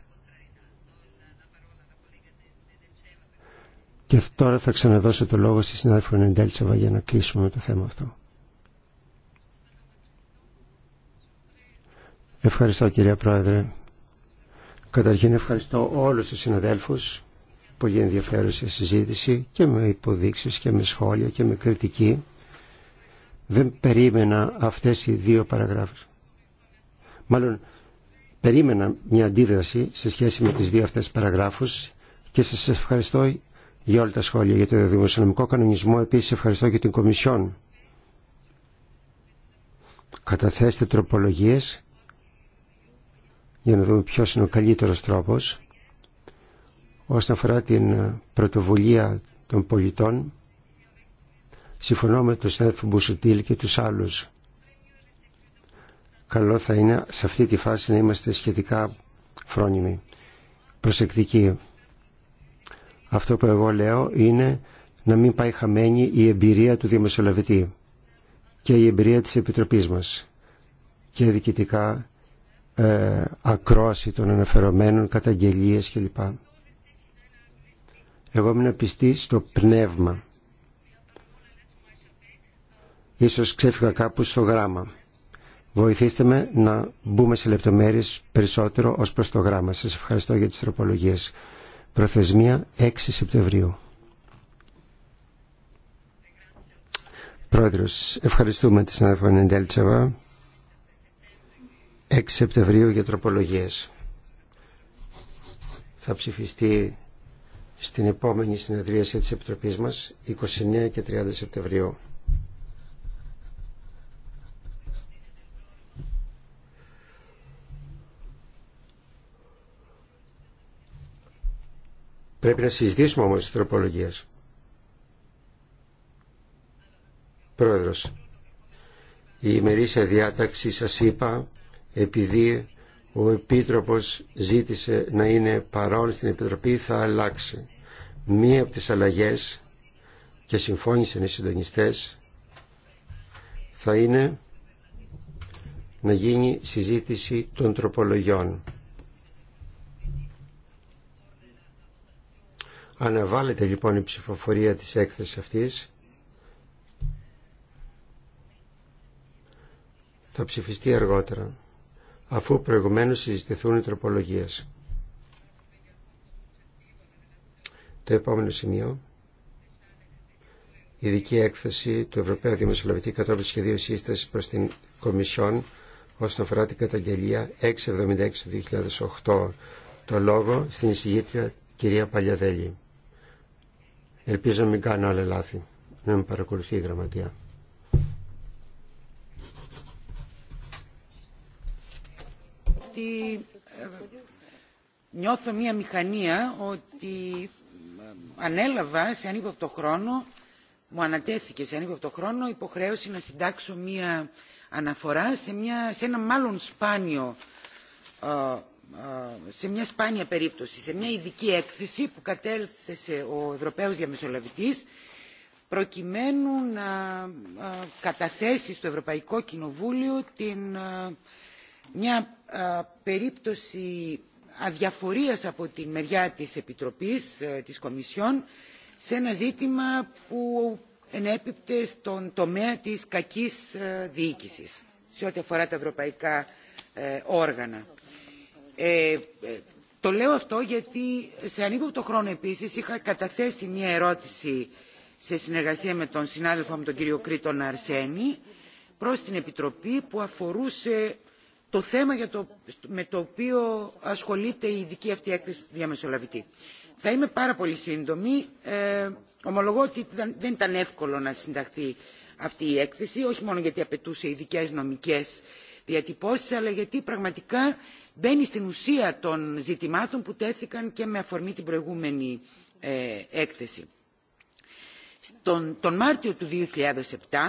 Και τώρα θα ξαναδώσω το λόγο στη συνάδελφο Νεντέλτσεβα για να κλείσουμε το θέμα αυτό. Ευχαριστώ κυρία Πρόεδρε. Καταρχήν ευχαριστώ όλους τους συναδέλφους πολύ ενδιαφέρουσα συζήτηση και με υποδείξεις και με σχόλια και με κριτική. Δεν περίμενα αυτές οι δύο παραγράφους. Μάλλον περίμενα μια αντίδραση σε σχέση με τις δύο αυτές παραγράφους και σας ευχαριστώ για όλα τα σχόλια για το δημοσιονομικό κανονισμό. Επίσης ευχαριστώ και την Κομισιόν. Καταθέστε τροπολογίες για να δούμε ποιος είναι ο καλύτερος τρόπος όσον αφορά την πρωτοβουλία των πολιτών συμφωνώ με τον Μπουσουτήλ και τους άλλους καλό θα είναι σε αυτή τη φάση να είμαστε σχετικά φρόνιμοι προσεκτικοί αυτό που εγώ λέω είναι να μην πάει χαμένη η εμπειρία του δημοσιολαβητή και η εμπειρία της Επιτροπής μας και διοικητικά ε, ακρόαση των αναφερομένων, καταγγελίες κλπ. Εγώ ήμουν πιστή στο πνεύμα. Ίσως ξέφυγα κάπου στο γράμμα. Βοηθήστε με να μπούμε σε λεπτομέρειες περισσότερο ως προς το γράμμα. Σας ευχαριστώ για τις τροπολογίες. Προθεσμία 6 Σεπτεμβρίου. Πρόεδρος, ευχαριστούμε τη συνάδελφα Νεντέλτσεβα. 6 Σεπτεμβρίου για τροπολογίες. Θα ψηφιστεί στην επόμενη συνεδρίαση της Επιτροπής μας 29 και 30 Σεπτεμβρίου. Πρέπει να συζητήσουμε όμως τις τροπολογίες. Πρόεδρος, η ημερήσια διάταξη σας είπα επειδή ο Επίτροπος ζήτησε να είναι παρόν στην Επιτροπή θα αλλάξει. Μία από τις αλλαγές και συμφώνησαν οι συντονιστές θα είναι να γίνει συζήτηση των τροπολογιών. Αναβάλλεται λοιπόν η ψηφοφορία της έκθεσης αυτής. Θα ψηφιστεί αργότερα αφού προηγουμένως συζητηθούν οι τροπολογίες. Το επόμενο σημείο, η ειδική έκθεση του Ευρωπαίου Δημοσιολογητή κατόπιν σχεδίου σύσταση προς την Κομισιόν όσον αφορά την καταγγελία 676 2008. Το λόγο στην εισηγήτρια κυρία Παλιαδέλη. Ελπίζω να μην κάνω άλλα λάθη, να με παρακολουθεί η γραμματεία. Ε, νιώθω μία μηχανία ότι ανέλαβα σε ανύποπτο χρόνο, μου ανατέθηκε σε ανύποπτο χρόνο υποχρέωση να συντάξω μία αναφορά σε, μια, σε ένα μάλλον σπάνιο ε, ε, σε μια σπάνια περίπτωση, σε μια ειδική έκθεση που κατέλθεσε ο Ευρωπαίος Διαμεσολαβητής προκειμένου να καταθέσει στο Ευρωπαϊκό Κοινοβούλιο την μια περίπτωση αδιαφορίας από τη μεριά της Επιτροπής, ε, της Κομισιόν, σε ένα ζήτημα που ενέπιπτε στον τομέα της κακής ε, διοίκησης, σε ό,τι αφορά τα ευρωπαϊκά ε, όργανα. το λέω αυτό γιατί σε ανίποπτο χρόνο επίσης είχα καταθέσει μια ερώτηση σε συνεργασία με τον συνάδελφο μου τον κύριο Κρήτον Αρσένη προς την Επιτροπή που αφορούσε το θέμα για το, με το οποίο ασχολείται η ειδική αυτή έκθεση του διαμεσολαβητή. Θα είμαι πάρα πολύ σύντομη. Ε, ομολογώ ότι δεν ήταν εύκολο να συνταχθεί αυτή η έκθεση, όχι μόνο γιατί απαιτούσε ειδικέ νομικές διατυπώσεις, αλλά γιατί πραγματικά μπαίνει στην ουσία των ζητημάτων που τέθηκαν και με αφορμή την προηγούμενη ε, έκθεση. Στον, τον Μάρτιο του 2007,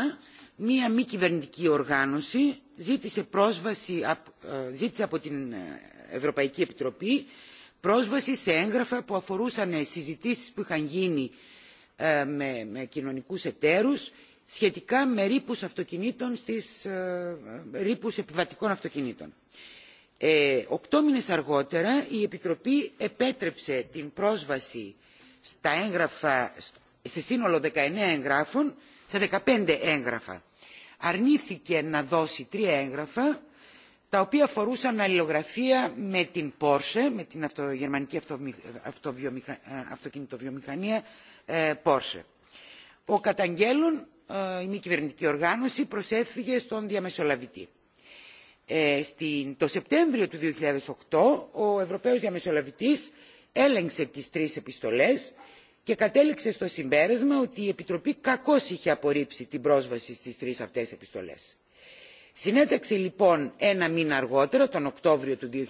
μία μη κυβερνητική οργάνωση ζήτησε, πρόσβαση, ε, ζήτησε από την ε, Ευρωπαϊκή Επιτροπή πρόσβαση σε έγγραφα που αφορούσαν ε, συζητήσεις που είχαν γίνει με, κοινωνικούς εταίρους σχετικά με ρήπους αυτοκινήτων στις επιβατικών αυτοκινήτων. οκτώ μήνες αργότερα η Επιτροπή επέτρεψε την πρόσβαση στα έγγραφα, σε σύνολο 19 εγγράφων, σε 15 έγγραφα αρνήθηκε να δώσει τρία έγγραφα τα οποία αφορούσαν αλληλογραφία με την πόρσε, με την αυτογερμανική ε, αυτοκινητοβιομηχανία πόρσε. Ο καταγγέλων, ε, η μη κυβερνητική οργάνωση, προσέφυγε στον διαμεσολαβητή. Ε, το Σεπτέμβριο του 2008 ο Ευρωπαίος Διαμεσολαβητής έλεγξε τις τρεις επιστολές και κατέληξε στο συμπέρασμα ότι η επιτροπή κακώς είχε απορρίψει την πρόσβαση στις τρεις αυτές επιστολές. συνέταξε λοιπόν ένα μήνα αργότερα τον οκτώβριο του 2008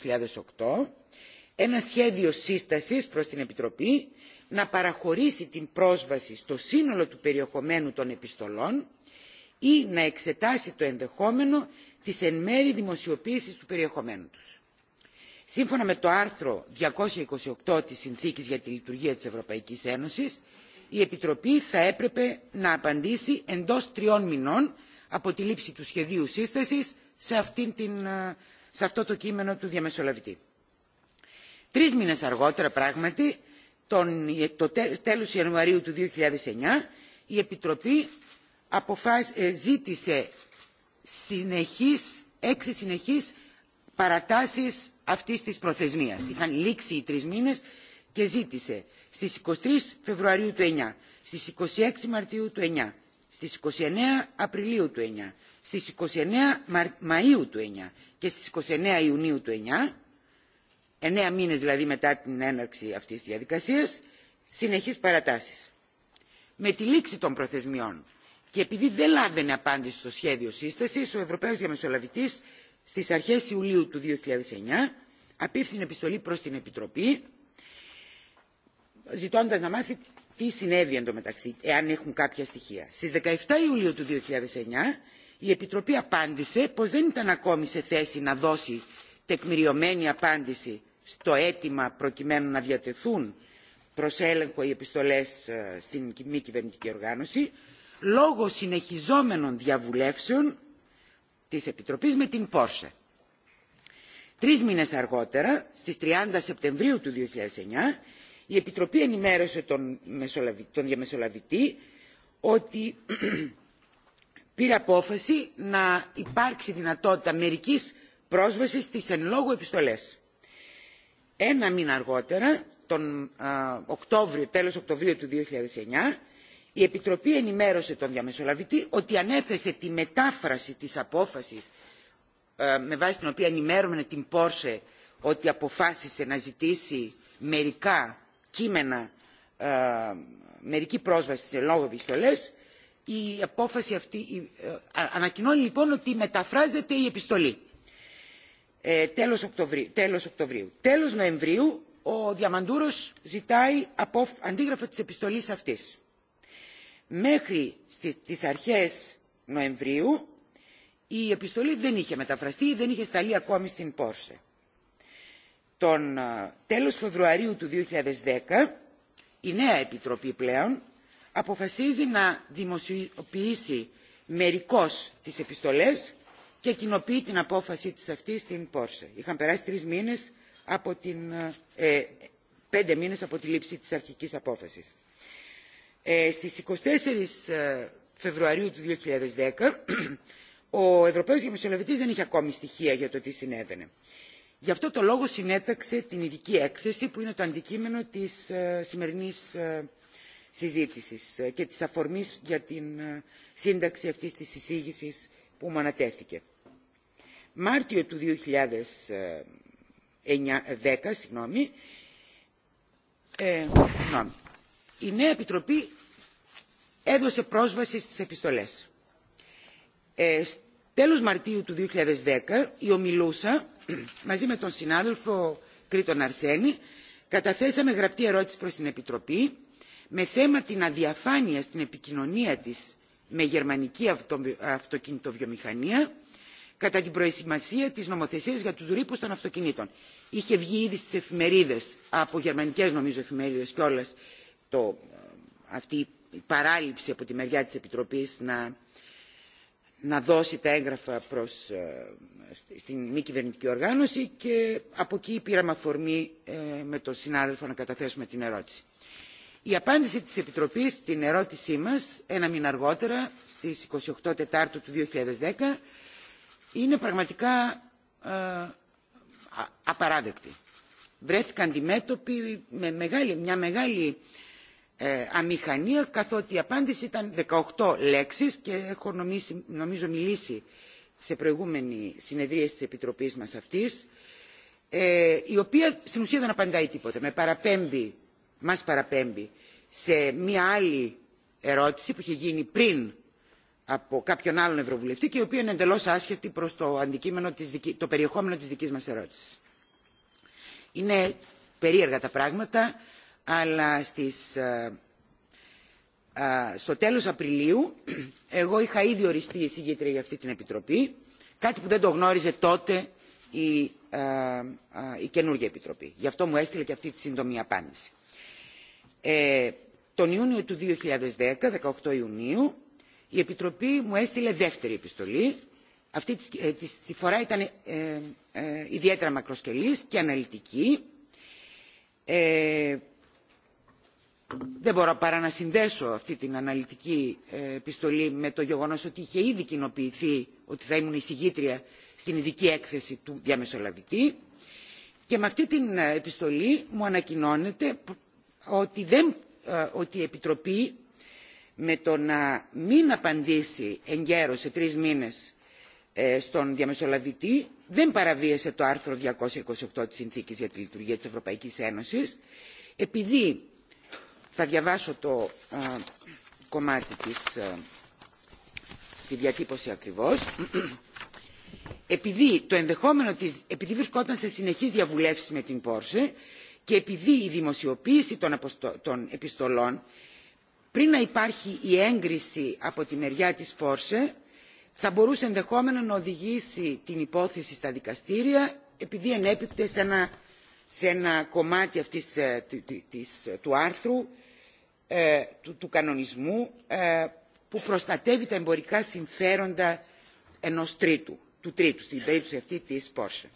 ένα σχέδιο σύστασης προς την επιτροπή να παραχωρήσει την πρόσβαση στο σύνολο του περιεχομένου των επιστολών ή να εξετάσει το ενδεχόμενο της εν μέρη δημοσιοποίησης του περιεχομένου τους σύμφωνα με το άρθρο 228 της συνθήκης για τη λειτουργία της ευρωπαϊκής ένωσης η επιτροπή θα έπρεπε να απαντήσει εντός τριών μηνών από τη λήψη του σχεδίου σύστασης σε, αυτήν την, ε, αυτό το κείμενο του διαμεσολαβητή. Τρεις μήνες αργότερα πράγματι, τον, το τέλος Ιανουαρίου του 2009, η Επιτροπή αποφάσ, ε, ζήτησε συνεχής, έξι συνεχείς παρατάσεις αυτής της προθεσμίας. Είχαν λήξει οι τρει μήνες και ζήτησε στις 23 Φεβρουαρίου του 9, στις 26 Μαρτίου του 9, στις 29 Απριλίου του 9, στις 29 Μαΐου του 9 και στις 29 Ιουνίου του 9, εννέα μήνες δηλαδή μετά την έναρξη αυτής της διαδικασίας, συνεχεί παρατάσεις. Με τη λήξη των προθεσμιών και επειδή δεν λάβαινε απάντηση στο σχέδιο σύσταση, ο Ευρωπαίο Διαμεσολαβητή στις αρχές Ιουλίου του 2009 απίφθηνε επιστολή προς την Επιτροπή ζητώντας να μάθει τι συνέβη εντωμεταξύ, εάν έχουν κάποια στοιχεία. Στις 17 Ιουλίου του 2009 η Επιτροπή απάντησε πως δεν ήταν ακόμη σε θέση να δώσει τεκμηριωμένη απάντηση στο αίτημα προκειμένου να διατεθούν προς έλεγχο οι επιστολές ε, στην μη κυβερνητική οργάνωση λόγω συνεχιζόμενων διαβουλεύσεων της Επιτροπής με την Πόρσε. Τρεις μήνες αργότερα, στις 30 Σεπτεμβρίου του 2009, η Επιτροπή ενημέρωσε τον, τον διαμεσολαβητή ότι [CLEARS THROAT] πήρε απόφαση να υπάρξει δυνατότητα μερικής πρόσβασης στις εν λόγω επιστολές. Ένα μήνα αργότερα, τον Οκτώβριο, τέλος Οκτωβρίου του 2009, η επιτροπή ενημέρωσε τον διαμεσολαβητή ότι ανέθεσε τη μετάφραση της απόφασης ε, με βάση την οποία ενημέρωνε την πόρσε ότι αποφάσισε να ζητήσει μερικά κείμενα ε, μερική πρόσβαση σε λόγο επιστολές η απόφαση αυτή ε, ανακοινώνει λοιπόν ότι μεταφράζεται η επιστολή ε, τέλος, Οκτωβρίου, τέλος Οκτωβρίου. Τέλος Νοεμβρίου ο Διαμαντούρος ζητάει αντίγραφο της επιστολής αυτής μέχρι τις αρχές Νοεμβρίου η επιστολή δεν είχε μεταφραστεί ή δεν είχε σταλεί ακόμη στην Πόρσε. Τον ε, τέλος Φεβρουαρίου του 2010 η νέα Επιτροπή πλέον αποφασίζει να δημοσιοποιήσει μερικώς τις επιστολές και κοινοποιεί την απόφαση της αυτή στην Πόρσε. Είχαν περάσει τρεις μήνες από την, ε, ε, πέντε μήνες από τη λήψη της αρχικής απόφασης. Ε, στις 24 ε, Φεβρουαρίου του 2010 ο Ευρωπαίος Διαμεσολαβητής δεν είχε ακόμη στοιχεία για το τι συνέβαινε. Γι' αυτό το λόγο συνέταξε την ειδική έκθεση που είναι το αντικείμενο της ε, σημερινής συζήτησης και της αφορμής για την σύνταξη αυτής της εισήγησης που μου ανατέθηκε. Μάρτιο του 2010, συγγνώμη, συγγνώμη η νέα επιτροπή έδωσε πρόσβαση στις επιστολές. Ε, τέλος Μαρτίου του 2010 η Ομιλούσα μαζί με τον συνάδελφο Κρήτον Αρσένη καταθέσαμε γραπτή ερώτηση προς την Επιτροπή με θέμα την αδιαφάνεια στην επικοινωνία της με γερμανική αυτοκινητοβιομηχανία κατά την προετοιμασία της νομοθεσίας για τους ρήπους των αυτοκινήτων. Είχε βγει ήδη στις εφημερίδες, από γερμανικές νομίζω εφημερίδες κιόλας, το, ε, αυτή η παράληψη από τη μεριά της Επιτροπής να, να δώσει τα έγγραφα προς, ε, στην μη κυβερνητική οργάνωση και από εκεί πήραμε αφορμή ε, με τον συνάδελφο να καταθέσουμε την ερώτηση. Η απάντηση της Επιτροπής στην ερώτησή μας ένα μήνα αργότερα στις 28 Τετάρτου του 2010 είναι πραγματικά απαράδεκτη. Βρέθηκαν αντιμέτωποι με μεγάλη, μια μεγάλη ε, αμηχανία καθότι η απάντηση ήταν 18 λέξεις και έχω νομίζω μιλήσει σε προηγούμενη συνεδρία της Επιτροπής μας αυτής ε, η οποία στην ουσία δεν απαντάει τίποτα. Με παραπέμπει, μας παραπέμπει σε μία άλλη ερώτηση που είχε γίνει πριν από κάποιον άλλον Ευρωβουλευτή και η οποία είναι εντελώς άσχετη προς το, αντικείμενο της, το περιεχόμενο της δικής μας ερώτησης. Είναι περίεργα τα πράγματα αλλά ε, ε, στο τέλος Απριλίου εγώ είχα ήδη οριστεί εισηγήτρια για αυτή την Επιτροπή, κάτι που δεν το γνώριζε τότε η, ε, καινούργια Επιτροπή. Γι' αυτό μου έστειλε και αυτή τη σύντομη απάντηση. Ε, τον Ιούνιο του 2010, 18 Ιουνίου, η Επιτροπή μου έστειλε δεύτερη επιστολή. Αυτή τη φορά ήταν ιδιαίτερα μακροσκελής και αναλυτική δεν μπορώ παρά να συνδέσω αυτή την αναλυτική ε, επιστολή με το γεγονός ότι είχε ήδη κοινοποιηθεί ότι θα ήμουν εισηγήτρια στην ειδική έκθεση του διαμεσολαβητή και με αυτή την ε, επιστολή μου ανακοινώνεται ότι, δεν, ε, ότι η Επιτροπή με το να μην απαντήσει εγκαίρως σε τρεις μήνες στον διαμεσολαβητή δεν παραβίασε το άρθρο 228 της Συνθήκης για τη Λειτουργία της Ευρωπαϊκής Ένωσης επειδή θα διαβάσω το ε, κομμάτι της, ε, τη διατύπωση ακριβώς. Επειδή, το ενδεχόμενο της, επειδή βρισκόταν σε συνεχείς διαβουλεύσεις με την Πόρσε και επειδή η δημοσιοποίηση των, επιστολών πριν να υπάρχει η έγκριση από τη μεριά της Πόρσε θα μπορούσε ενδεχόμενα να οδηγήσει την υπόθεση στα δικαστήρια επειδή ενέπιπτε σε ένα, σε ένα κομμάτι αυτής, ε, του άρθρου ε, του, κανονισμού ε, που προστατεύει τα εμπορικά συμφέροντα ενός τρίτου, του τρίτου, στην περίπτωση αυτή της Πόρσε.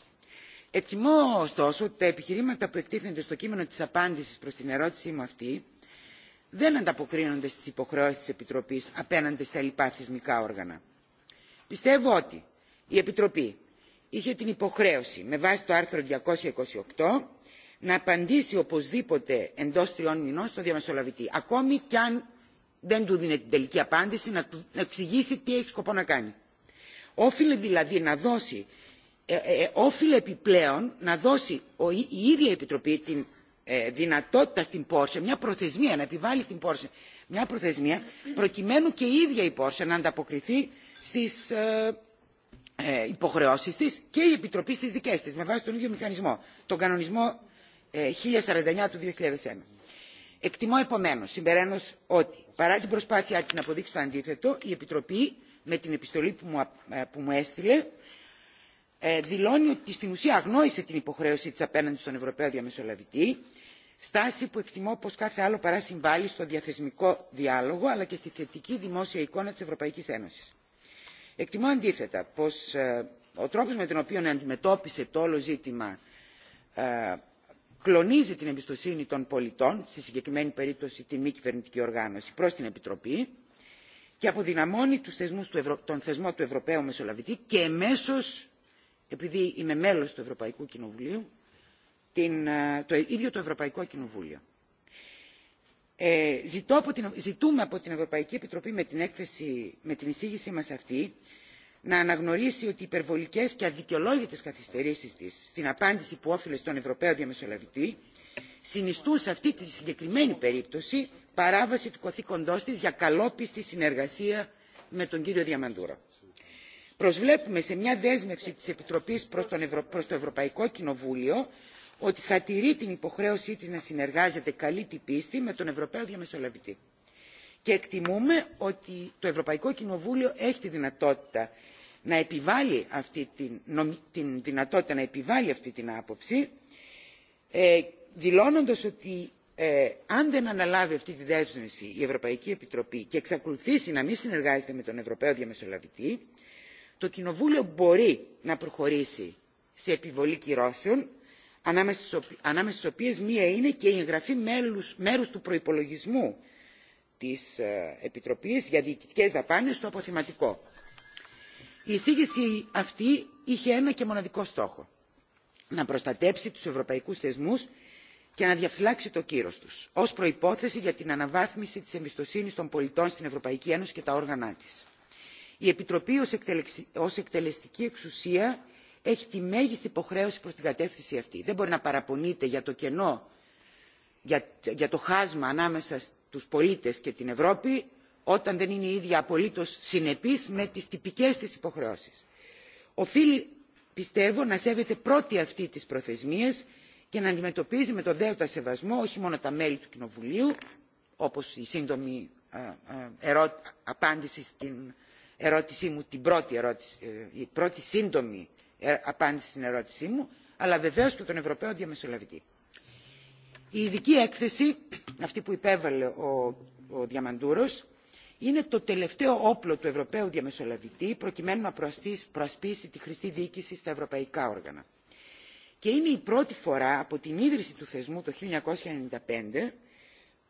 Εκτιμώ ωστόσο ότι τα επιχειρήματα που εκτίθενται στο κείμενο της απάντησης προς την ερώτησή μου αυτή δεν ανταποκρίνονται στις υποχρεώσεις της Επιτροπής απέναντι στα λοιπά θεσμικά όργανα. Πιστεύω ότι η Επιτροπή είχε την υποχρέωση με βάση το άρθρο 228 να απαντήσει οπωσδήποτε εντό τριών μηνών στο διαμεσολαβητή. Ακόμη κι αν δεν του δίνει την τελική απάντηση, να του εξηγήσει τι έχει σκοπό να κάνει. Όφιλε δηλαδή να δώσει, ε, ε, ε όφιλε επιπλέον να δώσει ο, η, η ίδια Επιτροπή την ε, δυνατότητα στην Πόρσε, μια προθεσμία, να επιβάλλει στην Πόρσε μια προθεσμία, προκειμένου και η ίδια η Πόρσε να ανταποκριθεί στις υποχρεώσεις της και η Επιτροπή στις δικές της, με βάση τον ίδιο μηχανισμό, τον κανονισμό 1049 ε, του 2001. Εκτιμώ επομένως συμπεραίνως ότι παρά την προσπάθειά της να αποδείξει το αντίθετο η Επιτροπή με την επιστολή που μου, ε, έστειλε ε, δηλώνει ότι στην ουσία αγνόησε την υποχρέωση της απέναντι στον Ευρωπαίο Διαμεσολαβητή στάση που εκτιμώ πως κάθε άλλο παρά συμβάλλει στο διαθεσμικό διάλογο αλλά και στη θετική δημόσια εικόνα της Ευρωπαϊκής Ένωσης. Εκτιμώ αντίθετα πως ο τρόπος με τον οποίο αντιμετώπισε το όλο ζήτημα κλονίζει την εμπιστοσύνη των πολιτών στη συγκεκριμένη περίπτωση τη μη κυβερνητική οργάνωση προς την επιτροπή και αποδυναμώνει τους του τον θεσμό του ευρωπαίου μεσολαβητή και εμέσως επειδή είμαι μέλος του ευρωπαϊκού κοινοβουλίου ε, το ίδιο το ευρωπαϊκό κοινοβούλιο. Ε, ζητούμε από την ευρωπαϊκή επιτροπή με την, με την εισήγησή μας αυτή να αναγνωρίσει ότι οι υπερβολικές και αδικαιολόγητες καθυστερήσεις της στην απάντηση που όφιλε στον Ευρωπαίο Διαμεσολαβητή συνιστούν σε αυτή τη συγκεκριμένη περίπτωση παράβαση του καθήκοντός της για καλόπιστη συνεργασία με τον κύριο Διαμαντούρο. Προσβλέπουμε σε μια δέσμευση της Επιτροπής προς, τον Ευρω... προς το Ευρωπαϊκό Κοινοβούλιο ότι θα τηρεί την υποχρέωσή της να συνεργάζεται καλή την πίστη με τον Ευρωπαίο Διαμεσολαβητή. Και εκτιμούμε ότι το Ευρωπαϊκό Κοινοβούλιο έχει τη δυνατότητα να επιβάλλει αυτή την, δυνατότητα να επιβάλλει αυτή την άποψη ε, δηλώνοντας ότι ε, αν δεν αναλάβει αυτή τη δέσμευση η Ευρωπαϊκή Επιτροπή και εξακολουθήσει να μην συνεργάζεται με τον Ευρωπαίο Διαμεσολαβητή, το Κοινοβούλιο μπορεί να προχωρήσει σε επιβολή κυρώσεων, ανάμεσα στις οποίες μία είναι και η εγγραφή μέρους του προϋπολογισμού της ε, Επιτροπής για διοικητικές δαπάνες στο αποθηματικό. Η εισήγηση αυτή είχε ένα και μοναδικό στόχο. Να προστατέψει τους ευρωπαϊκούς θεσμούς και να διαφυλάξει το κύρος τους ως προϋπόθεση για την αναβάθμιση της εμπιστοσύνης των πολιτών στην Ευρωπαϊκή Ένωση και τα όργανά της. Η Επιτροπή ως εκτελεστική εξουσία έχει τη μέγιστη υποχρέωση προς την κατεύθυνση αυτή. Δεν μπορεί να παραπονείται για το κενό, για, το χάσμα ανάμεσα στους πολίτες και την Ευρώπη όταν δεν είναι η ίδια απολύτως συνεπής με τις τυπικές της υποχρεώσεις. Οφείλει, πιστεύω, να σέβεται πρώτη αυτή τη προθεσμία και να αντιμετωπίζει με το δέοντα σεβασμό όχι μόνο τα μέλη του Κοινοβουλίου, όπως η σύντομη απάντηση στην ερώτησή μου, την πρώτη, ερώτηση, ε, η πρώτη σύντομη ε, απάντηση στην ερώτησή μου, αλλά βεβαίω και τον Ευρωπαίο Διαμεσολαβητή. Η ειδική έκθεση, αυτή που υπέβαλε ο, ο Διαμαντούρος, είναι το τελευταίο όπλο του Ευρωπαίου Διαμεσολαβητή προκειμένου να προασπίσει τη χρηστή διοίκηση στα ευρωπαϊκά όργανα. Και είναι η πρώτη φορά από την ίδρυση του θεσμού το 1995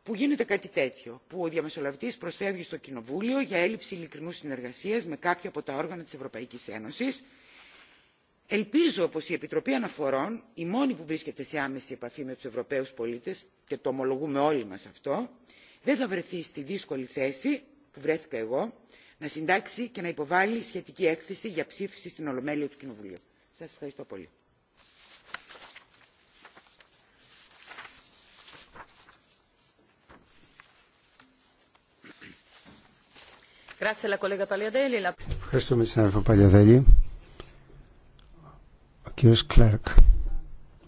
που γίνεται κάτι τέτοιο, που ο διαμεσολαβητής προσφεύγει στο Κοινοβούλιο για έλλειψη ειλικρινού συνεργασία με κάποια από τα όργανα της Ευρωπαϊκής Ένωσης. Ελπίζω πως η Επιτροπή Αναφορών, η μόνη που βρίσκεται σε άμεση επαφή με τους Ευρωπαίους πολίτες, και το ομολογούμε όλοι μας αυτό, δεν θα βρεθεί στη δύσκολη θέση που βρέθηκα εγώ να συντάξει και να υποβάλει σχετική έκθεση για ψήφιση στην Ολομέλεια του Κοινοβουλίου. Σας ευχαριστώ πολύ. Ευχαριστούμε τη συνάδελφο Παλιαδέλη. Ο κύριος Κλέρκ.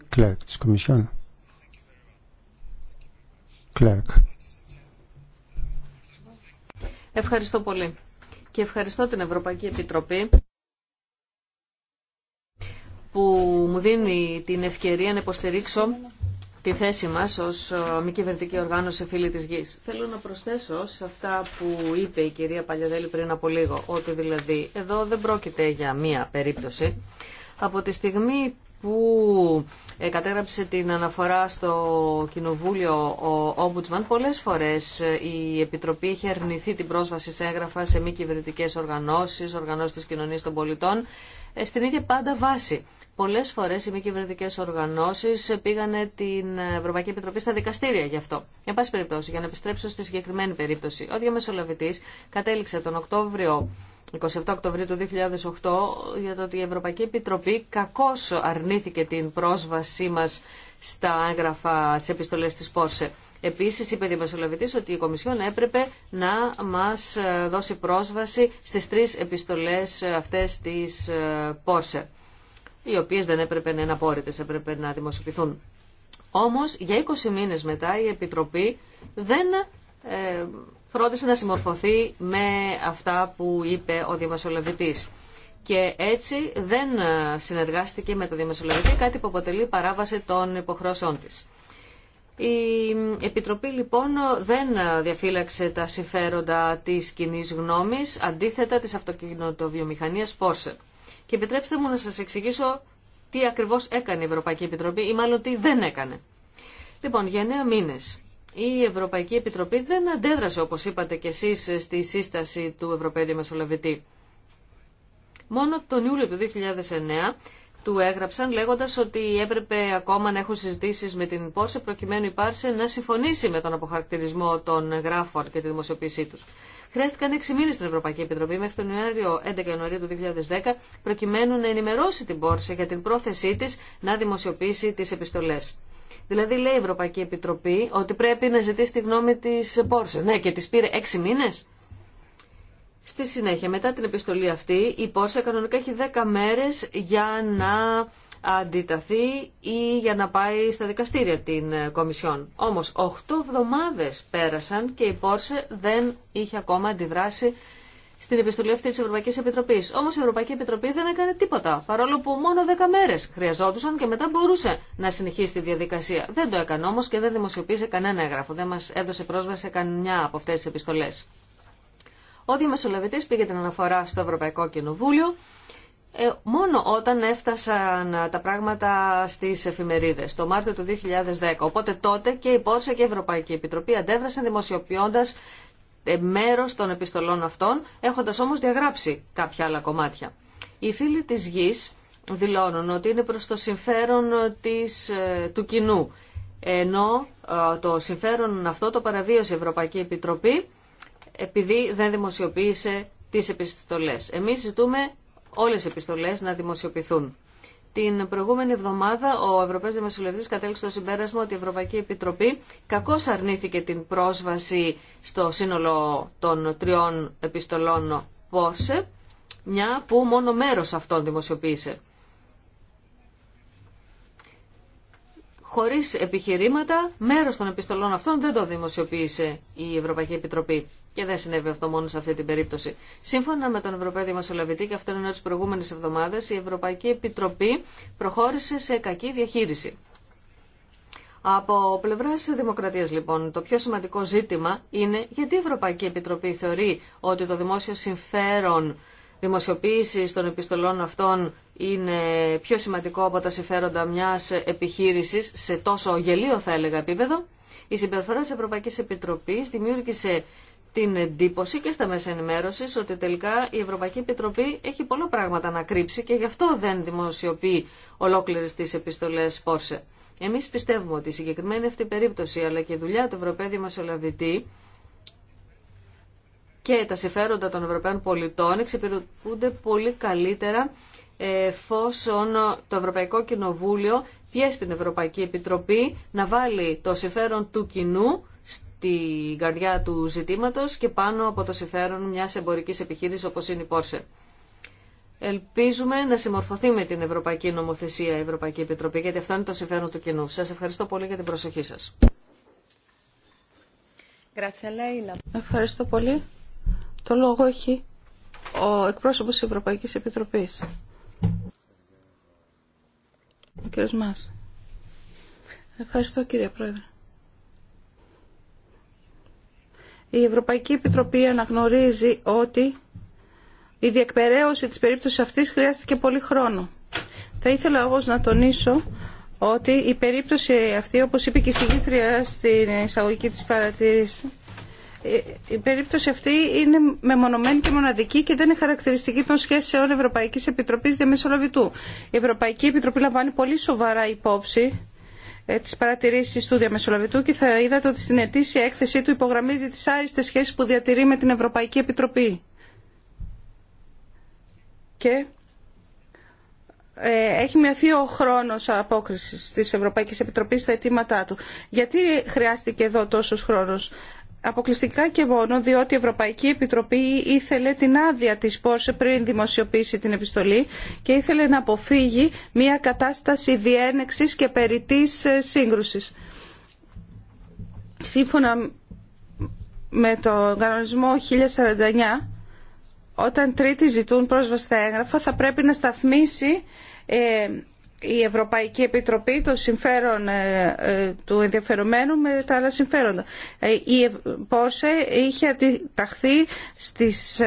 Κλέρκ της Κομισιόν. Κλέρκ. Ευχαριστώ πολύ. Και ευχαριστώ την Ευρωπαϊκή Επιτροπή που μου δίνει την ευκαιρία να υποστηρίξω τη θέση μας ως ε, μη κυβερνητική οργάνωση φίλη της γης. Θέλω να προσθέσω σε αυτά που είπε η κυρία Παλιαδέλη πριν από λίγο, ότι δηλαδή εδώ δεν πρόκειται για μία περίπτωση. Από τη στιγμή που ε, κατέγραψε την αναφορά στο Κοινοβούλιο ο Ομπούτσμαν. πολλές φορές ε, η Επιτροπή έχει αρνηθεί την πρόσβαση σε έγγραφα σε μη κυβερνητικέ οργανώσεις, οργανώσεις της κοινωνίας των πολιτών, ε, στην ίδια πάντα βάση. Πολλές φορές οι μη κυβερνητικέ οργανώσεις πήγανε την Ευρωπαϊκή Επιτροπή στα δικαστήρια γι' αυτό. Για πάση περιπτώσει, για να επιστρέψω στη συγκεκριμένη περίπτωση, ο διαμεσολαβητής κατέληξε τον Οκτώβριο 27 Οκτωβρίου του 2008 για το ότι η Ευρωπαϊκή Επιτροπή κακώς αρνήθηκε την πρόσβασή μας στα έγγραφα σε επιστολές της Πόρσε. Επίσης είπε δημοσιολαβητής ότι η Κομισιόν έπρεπε να μας δώσει πρόσβαση στις τρεις επιστολές αυτές της ε, Πόρσε, οι οποίες δεν έπρεπε να είναι απόρριτες, έπρεπε να δημοσιοποιηθούν. Όμως για 20 μήνες μετά η Επιτροπή δεν ε, φρόντισε να συμμορφωθεί με αυτά που είπε ο διαμεσολαβητής. Και έτσι δεν ε, συνεργάστηκε με το διαμεσολαβητή, κάτι που αποτελεί παράβαση των υποχρεώσεών της. Η Επιτροπή λοιπόν δεν ε, διαφύλαξε τα συμφέροντα της κοινή γνώμης, αντίθετα της αυτοκινητοβιομηχανίας Porsche. Και επιτρέψτε μου να σας εξηγήσω τι ακριβώς έκανε η Ευρωπαϊκή Επιτροπή ή μάλλον τι δεν έκανε. Λοιπόν, για εννέα μήνες η Ευρωπαϊκή Επιτροπή δεν αντέδρασε, όπως είπατε και εσείς, στη σύσταση του Ευρωπαίου Μεσολαβητή. Μόνο τον Ιούλιο του 2009 του έγραψαν λέγοντας ότι έπρεπε ακόμα να έχουν συζητήσεις με την Πόρσε προκειμένου η Πάρσε να συμφωνήσει με τον αποχαρακτηρισμό των γράφων και τη δημοσιοποίησή τους. Χρειάστηκαν 6 μήνες στην Ευρωπαϊκή Επιτροπή μέχρι τον Ιανουάριο 11 Ιανουαρίου του 2010 προκειμένου να ενημερώσει την Πόρσε για την πρόθεσή τη να δημοσιοποιήσει τις επιστολές. Δηλαδή λέει η Ευρωπαϊκή Επιτροπή ότι πρέπει να ζητήσει τη γνώμη της Πόρσε. Ναι, και τη πήρε έξι μήνες. Στη συνέχεια, μετά την επιστολή αυτή, η Πόρσε κανονικά έχει δέκα μέρες για να αντιταθεί ή για να πάει στα δικαστήρια την ε, Κομισιόν. Όμως, 8 εβδομάδες πέρασαν και η Πόρσε δεν είχε ακόμα αντιδράσει στην επιστολή αυτή τη Ευρωπαϊκή Επιτροπή. Όμω η Ευρωπαϊκή Επιτροπή δεν έκανε τίποτα, παρόλο που μόνο 10 μέρε χρειαζόντουσαν και μετά μπορούσε να συνεχίσει τη διαδικασία. Δεν το έκανε όμω και δεν δημοσιοποίησε κανένα έγγραφο, δεν μα έδωσε πρόσβαση σε κανένα από αυτέ τι επιστολέ. Ο διαμεσολαβητή πήγε την αναφορά στο Ευρωπαϊκό Κοινοβούλιο ε, μόνο όταν έφτασαν τα πράγματα στις εφημερίδες, το Μάρτιο του 2010. Οπότε τότε και η Πόρσα και η Ευρωπαϊκή Επιτροπή αντέδρασαν δημοσιοποιώντας ε, μέρος των επιστολών αυτών, έχοντας όμως διαγράψει κάποια άλλα κομμάτια. Οι φίλοι της γης δηλώνουν ότι είναι προς το συμφέρον της, ε, του κοινού, ενώ ε, το συμφέρον αυτό το παραβίωσε η Ευρωπαϊκή Επιτροπή επειδή δεν δημοσιοποίησε τις επιστολές. Εμείς ζητούμε όλες οι επιστολές να δημοσιοποιηθούν. Την προηγούμενη εβδομάδα ο Ευρωπαίος Δημοσιολογητής κατέληξε στο συμπέρασμα ότι η Ευρωπαϊκή Επιτροπή κακώς αρνήθηκε την πρόσβαση στο σύνολο των τριών επιστολών πόσε, μια που μόνο μέρος αυτών δημοσιοποίησε. χωρίς επιχειρήματα, μέρος των επιστολών αυτών δεν το δημοσιοποίησε η Ευρωπαϊκή Επιτροπή. Και δεν συνέβη αυτό μόνο σε αυτή την περίπτωση. Σύμφωνα με τον Ευρωπαίο Δημοσιολαβητή, και αυτό είναι τι προηγούμενε εβδομάδε, η Ευρωπαϊκή Επιτροπή προχώρησε σε κακή διαχείριση. Από πλευρά τη Δημοκρατία, λοιπόν, το πιο σημαντικό ζήτημα είναι γιατί η Ευρωπαϊκή Επιτροπή θεωρεί ότι το δημόσιο συμφέρον Δημοσιοποίηση των επιστολών αυτών είναι πιο σημαντικό από τα συμφέροντα μια επιχείρηση σε τόσο γελίο θα έλεγα επίπεδο, η συμπεριφορά τη Ευρωπαϊκή Επιτροπή δημιούργησε την εντύπωση και στα μέσα ενημέρωση ότι τελικά η Ευρωπαϊκή Επιτροπή έχει πολλά πράγματα να κρύψει και γι' αυτό δεν δημοσιοποιεί ολόκληρε τι επιστολέ Πόρσε. Εμεί πιστεύουμε ότι η συγκεκριμένη αυτή περίπτωση αλλά και η δουλειά του Ευρωπαίου Δημοσιολαβητή και τα συμφέροντα των Ευρωπαίων πολιτών εξυπηρετούνται πολύ καλύτερα εφόσον το Ευρωπαϊκό Κοινοβούλιο πιέσει την Ευρωπαϊκή Επιτροπή να βάλει το συμφέρον του κοινού στην καρδιά του ζητήματος και πάνω από το συμφέρον μιας εμπορικής επιχείρησης όπως είναι η Πόρσε. Ελπίζουμε να συμμορφωθεί με την Ευρωπαϊκή Νομοθεσία η Ευρωπαϊκή Επιτροπή, γιατί αυτό είναι το συμφέρον του κοινού. Σας ευχαριστώ πολύ για την προσοχή σας. Ευχαριστώ πολύ. Το λόγο έχει ο εκπρόσωπος της Ευρωπαϊκής Επιτροπής. Ο κύριος Μάς. Ευχαριστώ κύριε Πρόεδρε. Η Ευρωπαϊκή Επιτροπή αναγνωρίζει ότι η διεκπαιρέωση της περίπτωσης αυτής χρειάστηκε πολύ χρόνο. Θα ήθελα όμως να τονίσω ότι η περίπτωση αυτή, όπως είπε και η συγκήτρια στην εισαγωγική της παρατήρησης, ε, η περίπτωση αυτή είναι μεμονωμένη και μοναδική και δεν είναι χαρακτηριστική των σχέσεων Ευρωπαϊκή Επιτροπής Διαμεσολαβητού. Η Ευρωπαϊκή Επιτροπή λαμβάνει πολύ σοβαρά υπόψη ε, τις παρατηρήσεις του διαμεσολαβητού και θα είδατε ότι στην ετήσια έκθεσή του υπογραμμίζει τις άριστες σχέσεις που διατηρεί με την Ευρωπαϊκή Επιτροπή. Και ε, έχει μειωθεί ο χρόνο απόκριση τη Ευρωπαϊκή Επιτροπή στα αιτήματά του. Γιατί χρειάστηκε εδώ τόσο χρόνο αποκλειστικά και μόνο διότι η Ευρωπαϊκή Επιτροπή ήθελε την άδεια της Πόρσε πριν δημοσιοποιήσει την επιστολή και ήθελε να αποφύγει μια κατάσταση διένεξης και περιττής ε, σύγκρουσης. Σύμφωνα με το κανονισμό 1049, όταν τρίτη ζητούν πρόσβαση στα έγγραφα, θα πρέπει να σταθμίσει ε, η Ευρωπαϊκή Επιτροπή το συμφέρον ε, ε, του ενδιαφερομένου με τα άλλα συμφέροντα. Ε, η ΠΟΣΕ είχε αντιταχθεί στις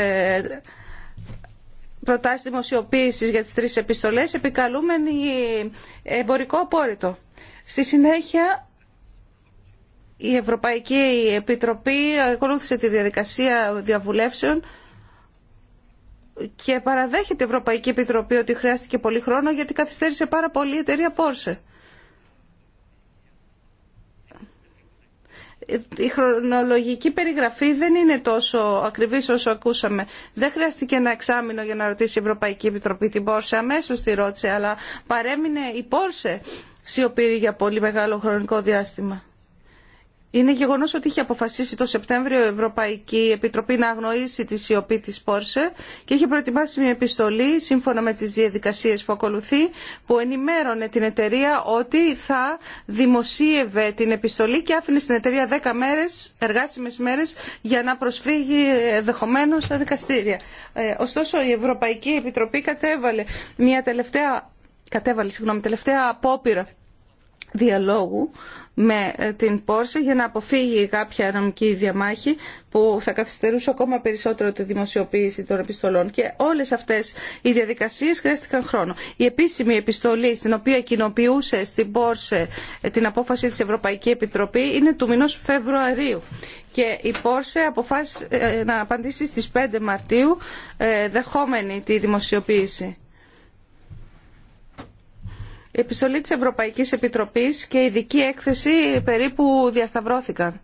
προτάσεις δημοσιοποίησης για τις τρεις επιστολές επικαλούμενη εμπορικό απόρριτο. Στη συνέχεια η Ευρωπαϊκή Επιτροπή ακολούθησε τη διαδικασία διαβουλεύσεων και παραδέχεται η Ευρωπαϊκή Επιτροπή ότι χρειάστηκε πολύ χρόνο γιατί καθυστέρησε πάρα πολύ η εταιρεία Πόρσε. Η χρονολογική περιγραφή δεν είναι τόσο ακριβής όσο ακούσαμε. Δεν χρειάστηκε ένα εξάμεινο για να ρωτήσει η Ευρωπαϊκή Επιτροπή την Πόρσε. Αμέσως τη ρώτησε, αλλά παρέμεινε η Πόρσε σιωπήρη για πολύ μεγάλο χρονικό διάστημα. Είναι γεγονό ότι είχε αποφασίσει το Σεπτέμβριο η Ευρωπαϊκή Επιτροπή να αγνοήσει τη σιωπή τη Πόρσε και είχε προετοιμάσει μια επιστολή σύμφωνα με τι διαδικασίε που ακολουθεί που ενημέρωνε την εταιρεία ότι θα δημοσίευε την επιστολή και άφηνε στην εταιρεία 10 μέρε, εργάσιμε μέρε, για να προσφύγει ενδεχομένω στα δικαστήρια. Ε, ωστόσο, η Ευρωπαϊκή Επιτροπή κατέβαλε μια τελευταία, κατέβαλε, συγγνώμη, τελευταία απόπειρα διαλόγου με ε, την Πόρσε για να αποφύγει κάποια νομική διαμάχη που θα καθυστερούσε ακόμα περισσότερο τη δημοσιοποίηση των επιστολών. Και όλες αυτές οι διαδικασίες χρειάστηκαν χρόνο. Η επίσημη επιστολή στην οποία κοινοποιούσε στην Πόρσε ε, την απόφαση της Ευρωπαϊκή Επιτροπή είναι του μηνό Φεβρουαρίου. Και η Πόρσε αποφάσισε ε, να απαντήσει στις 5 Μαρτίου δεχόμενη τη δημοσιοποίηση. Η επιστολή της Ευρωπαϊκής Επιτροπής και η ειδική έκθεση περίπου διασταυρώθηκαν.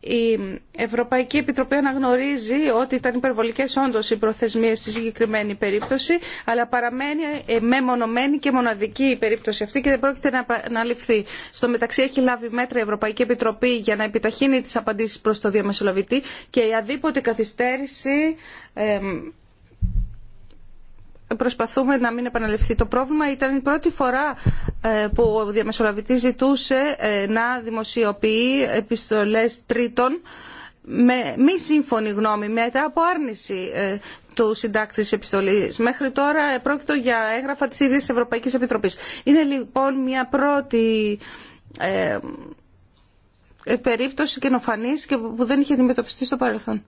Η Ευρωπαϊκή Επιτροπή αναγνωρίζει ότι ήταν υπερβολικές όντω οι προθεσμίες στη συγκεκριμένη περίπτωση, αλλά παραμένει ε, μεμονωμένη και μοναδική η περίπτωση αυτή και δεν πρόκειται να αναλυφθεί. Στο μεταξύ έχει λάβει μέτρα η Ευρωπαϊκή Επιτροπή για να επιταχύνει τις απαντήσεις προς το διαμεσολαβητή και η αδίποτε καθυστέρηση ε, προσπαθούμε να μην επαναληφθεί το πρόβλημα. Ήταν η πρώτη φορά ε, που ο διαμεσολαβητής ζητούσε ε, να δημοσιοποιεί επιστολές τρίτων με μη σύμφωνη γνώμη μετά από άρνηση ε, του συντάκτη τη επιστολή. Μέχρι τώρα πρόκειται για έγγραφα τη ίδια Ευρωπαϊκή Επιτροπή. Είναι λοιπόν μια πρώτη περίπτωση καινοφανή και που δεν είχε αντιμετωπιστεί στο παρελθόν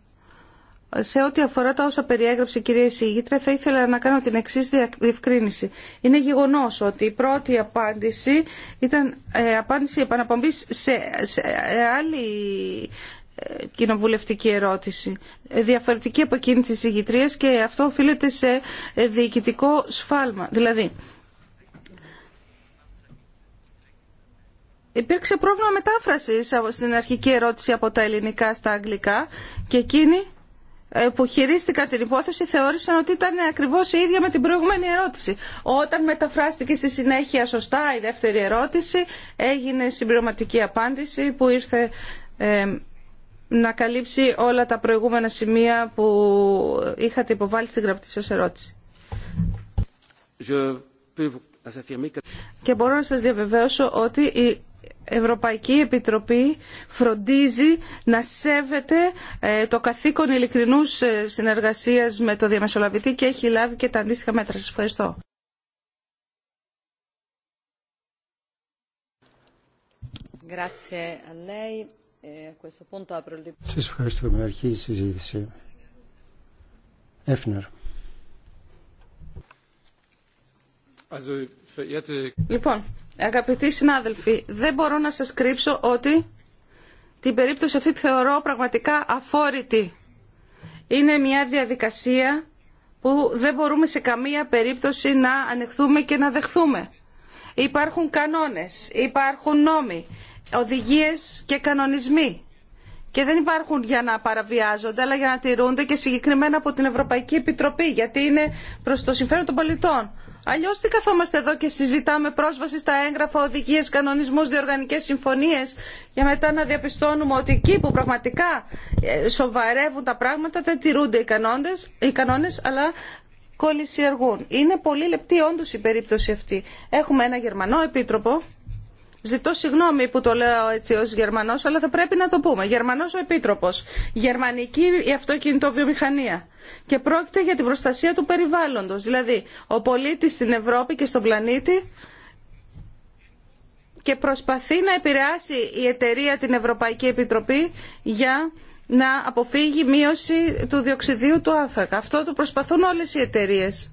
σε ό,τι αφορά τα όσα περιέγραψε η κυρία Σιγήτρα, θα ήθελα να κάνω την εξή διευκρίνηση. Είναι γεγονό ότι η πρώτη απάντηση ήταν ε, απάντηση επαναπομπή σε, ε, άλλη ε, κοινοβουλευτική ερώτηση. Διαφορετική από εκείνη της ηγητρίας και αυτό οφείλεται σε διοικητικό σφάλμα. Δηλαδή, υπήρξε πρόβλημα μετάφρασης στην αρχική ερώτηση από τα ελληνικά στα αγγλικά και εκείνη ε, που χειρίστηκα την υπόθεση θεώρησαν ότι ήταν ακριβώς η ίδια με την προηγούμενη ερώτηση. Όταν μεταφράστηκε στη συνέχεια σωστά η δεύτερη ερώτηση έγινε συμπληρωματική απάντηση που ήρθε ε, να καλύψει όλα τα προηγούμενα σημεία που είχατε υποβάλει στην γραπτή σας ερώτηση. Και μπορώ να σας διαβεβαίωσω ότι η Ευρωπαϊκή Επιτροπή φροντίζει να σέβεται ε, το καθήκον ειλικρινούς ε, συνεργασίας με το διαμεσολαβητή και έχει λάβει και τα αντίστοιχα μέτρα. Σας ευχαριστώ. Ε, Σας ευχαριστούμε. Αρχίζει η συζήτηση. Έφνερ. Λοιπόν, Αγαπητοί συνάδελφοι, δεν μπορώ να σας κρύψω ότι την περίπτωση αυτή τη θεωρώ πραγματικά αφόρητη. Είναι μια διαδικασία που δεν μπορούμε σε καμία περίπτωση να ανεχθούμε και να δεχθούμε. Υπάρχουν κανόνες, υπάρχουν νόμοι, οδηγίες και κανονισμοί. Και δεν υπάρχουν για να παραβιάζονται, αλλά για να τηρούνται και συγκεκριμένα από την Ευρωπαϊκή Επιτροπή, γιατί είναι προς το συμφέρον των πολιτών. Αλλιώ τι καθόμαστε εδώ και συζητάμε πρόσβαση στα έγγραφα, οδηγίε, κανονισμού, διοργανικέ συμφωνίε για μετά να διαπιστώνουμε ότι εκεί που πραγματικά ε, σοβαρεύουν τα πράγματα δεν τηρούνται οι κανόνε αλλά κολλησιεργούν. Είναι πολύ λεπτή όντω η περίπτωση αυτή. Έχουμε ένα Γερμανό επίτροπο Ζητώ συγγνώμη που το λέω έτσι ως Γερμανός, αλλά θα πρέπει να το πούμε. Γερμανός ο Επίτροπος, γερμανική η αυτοκινητοβιομηχανία και πρόκειται για την προστασία του περιβάλλοντος. Δηλαδή, ο πολίτης στην Ευρώπη και στον πλανήτη και προσπαθεί να επηρεάσει η εταιρεία την Ευρωπαϊκή Επιτροπή για να αποφύγει μείωση του διοξιδίου του άνθρακα. Αυτό το προσπαθούν όλες οι εταιρείες.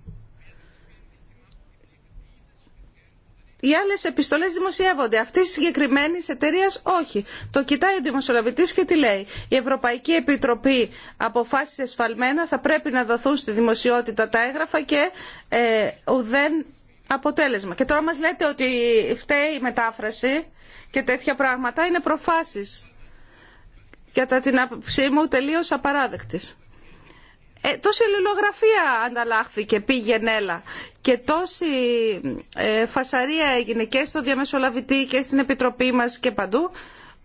Οι άλλες επιστολές δημοσιεύονται. Αυτή τη συγκεκριμένη εταιρεία όχι. Το κοιτάει ο δημοσιολαβητής και τι λέει. Η Ευρωπαϊκή Επιτροπή αποφάσισε εσφαλμένα θα πρέπει να δοθούν στη δημοσιότητα τα έγγραφα και ε, ουδέν αποτέλεσμα. Και τώρα μας λέτε ότι φταίει η μετάφραση και τέτοια πράγματα είναι προφάσεις. Κατά την άποψή μου τελείως απαράδεκτης. Ε, τόση αλληλογραφία ανταλλάχθηκε, πήγαινε έλα. Και τόση ε, φασαρία έγινε και στο διαμεσολαβητή και στην Επιτροπή μας και παντού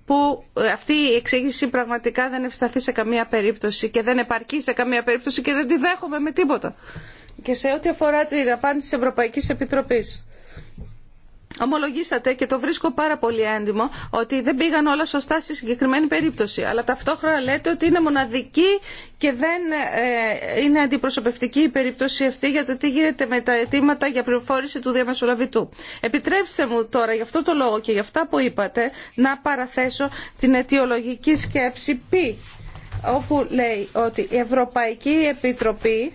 που ε, αυτή η εξήγηση πραγματικά δεν ευσταθεί σε καμία περίπτωση και δεν επαρκεί σε καμία περίπτωση και δεν τη δέχομαι με τίποτα. Και σε ό,τι αφορά την απάντηση της Ευρωπαϊκής Επιτροπής. Ομολογήσατε και το βρίσκω πάρα πολύ έντιμο ότι δεν πήγαν όλα σωστά στη συγκεκριμένη περίπτωση. Αλλά ταυτόχρονα λέτε ότι είναι μοναδική και δεν ε, είναι αντιπροσωπευτική η περίπτωση αυτή για το τι γίνεται με τα αιτήματα για πληροφόρηση του διαμεσολαβητού. Επιτρέψτε μου τώρα γι' αυτό το λόγο και γι' αυτά που είπατε να παραθέσω την αιτιολογική σκέψη π όπου λέει ότι η Ευρωπαϊκή Επιτροπή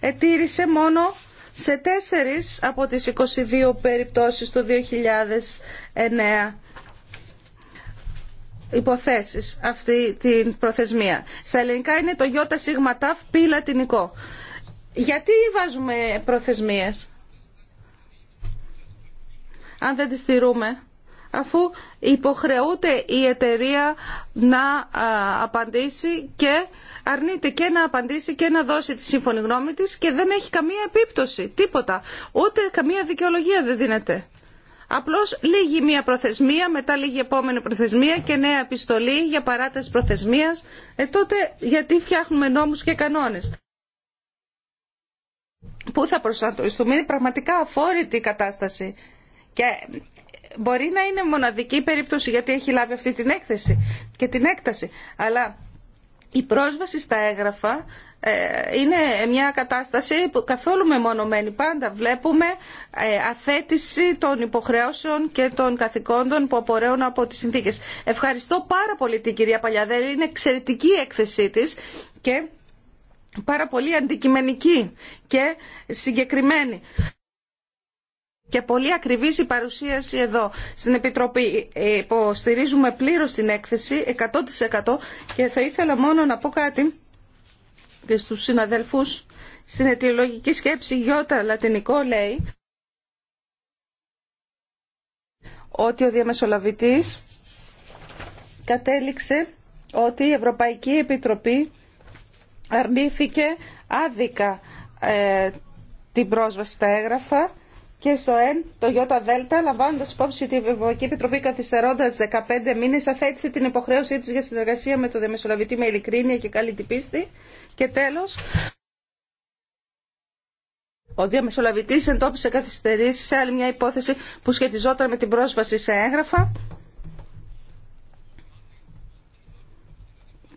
ετήρησε μόνο σε τέσσερις από τις 22 περιπτώσεις του 2009 υποθέσεις αυτή την προθεσμία. Στα ελληνικά είναι το ταφ πι λατινικό. Γιατί βάζουμε προθεσμίες αν δεν τις στηρούμε αφού υποχρεούται η εταιρεία να απαντήσει και αρνείται και να απαντήσει και να δώσει τη σύμφωνη γνώμη της και δεν έχει καμία επίπτωση, τίποτα, ούτε καμία δικαιολογία δεν δίνεται. Απλώς λίγη μία προθεσμία, μετά λίγη επόμενη προθεσμία και νέα επιστολή για παράταση προθεσμίας. Ε, τότε γιατί φτιάχνουμε νόμους και κανόνες. Πού θα προσανατολιστούμε, είναι πραγματικά αφόρητη η κατάσταση. Και μπορεί να είναι μοναδική περίπτωση γιατί έχει λάβει αυτή την έκθεση και την έκταση. Αλλά η πρόσβαση στα έγγραφα ε, είναι μια κατάσταση που καθόλου μεμονωμένη πάντα. Βλέπουμε ε, αθέτηση των υποχρεώσεων και των καθηκόντων που απορρέουν από τις συνθήκες. Ευχαριστώ πάρα πολύ την κυρία Παλιαδέλη. Είναι εξαιρετική η έκθεσή της και πάρα πολύ αντικειμενική και συγκεκριμένη και πολύ ακριβής η παρουσίαση εδώ στην Επιτροπή. Ε, υποστηρίζουμε πλήρως την έκθεση 100% και θα ήθελα μόνο να πω κάτι και στους συναδέλφους στην αιτιολογική σκέψη γιώτα λατινικό λέει ότι ο διαμεσολαβητής κατέληξε ότι η Ευρωπαϊκή Επιτροπή αρνήθηκε άδικα ε, την πρόσβαση στα έγγραφα και στο ΕΝ το ΙΔ λαμβάνοντας υπόψη ότι η Ευρωπαϊκή Επιτροπή καθυστερώντα 15 μήνες αθέτησε την υποχρέωσή τη για συνεργασία με το Δεμεσολαβητή με ειλικρίνεια και καλή την πίστη. Και τέλος, ο διαμεσολαβητής εντόπισε καθυστερήσει σε άλλη μια υπόθεση που σχετιζόταν με την πρόσβαση σε έγγραφα.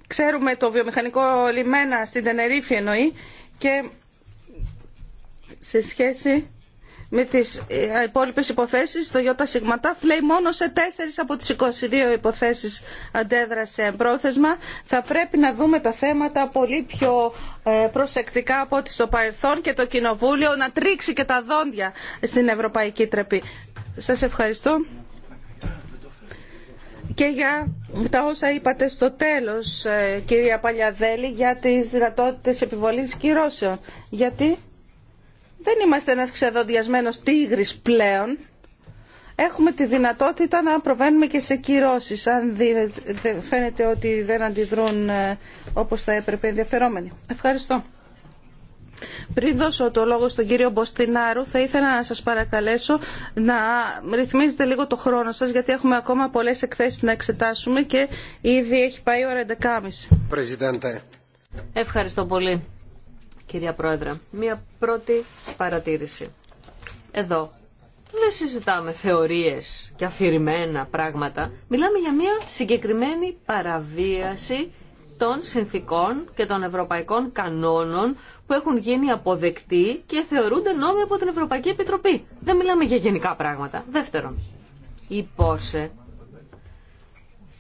Ξέρουμε το βιομηχανικό λιμένα στην Τενερίφη εννοεί και σε σχέση με τις ε, υπόλοιπε υποθέσεις, το ΙΣ λέει μόνο σε τέσσερι από τις 22 υποθέσεις αντέδρασε πρόθεσμα. Θα πρέπει να δούμε τα θέματα πολύ πιο ε, προσεκτικά από ό,τι στο παρελθόν και το Κοινοβούλιο να τρίξει και τα δόντια στην Ευρωπαϊκή Τρεπή. Σας ευχαριστώ και για τα όσα είπατε στο τέλος, ε, κυρία Παλιαδέλη, για τις δυνατότητες επιβολής κυρώσεων. Γιατί δεν είμαστε ένας ξεδοντιασμένος τίγρης πλέον. Έχουμε τη δυνατότητα να προβαίνουμε και σε κυρώσεις, αν φαίνεται ότι δεν αντιδρούν ε, όπως θα έπρεπε ενδιαφερόμενοι. Ευχαριστώ. Πριν δώσω το λόγο στον κύριο Μποστινάρου, θα ήθελα να σας παρακαλέσω να ρυθμίζετε λίγο το χρόνο σας, γιατί έχουμε ακόμα πολλές εκθέσεις να εξετάσουμε και ήδη έχει πάει η ώρα 11.30. Ευχαριστώ πολύ κυρία Πρόεδρε. Μία πρώτη παρατήρηση. Εδώ δεν συζητάμε θεωρίες και αφηρημένα πράγματα. Μιλάμε για μία συγκεκριμένη παραβίαση των συνθήκων και των ευρωπαϊκών κανόνων που έχουν γίνει αποδεκτοί και θεωρούνται νόμοι από την Ευρωπαϊκή Επιτροπή. Δεν μιλάμε για γενικά πράγματα. Δεύτερον, η Πόρσε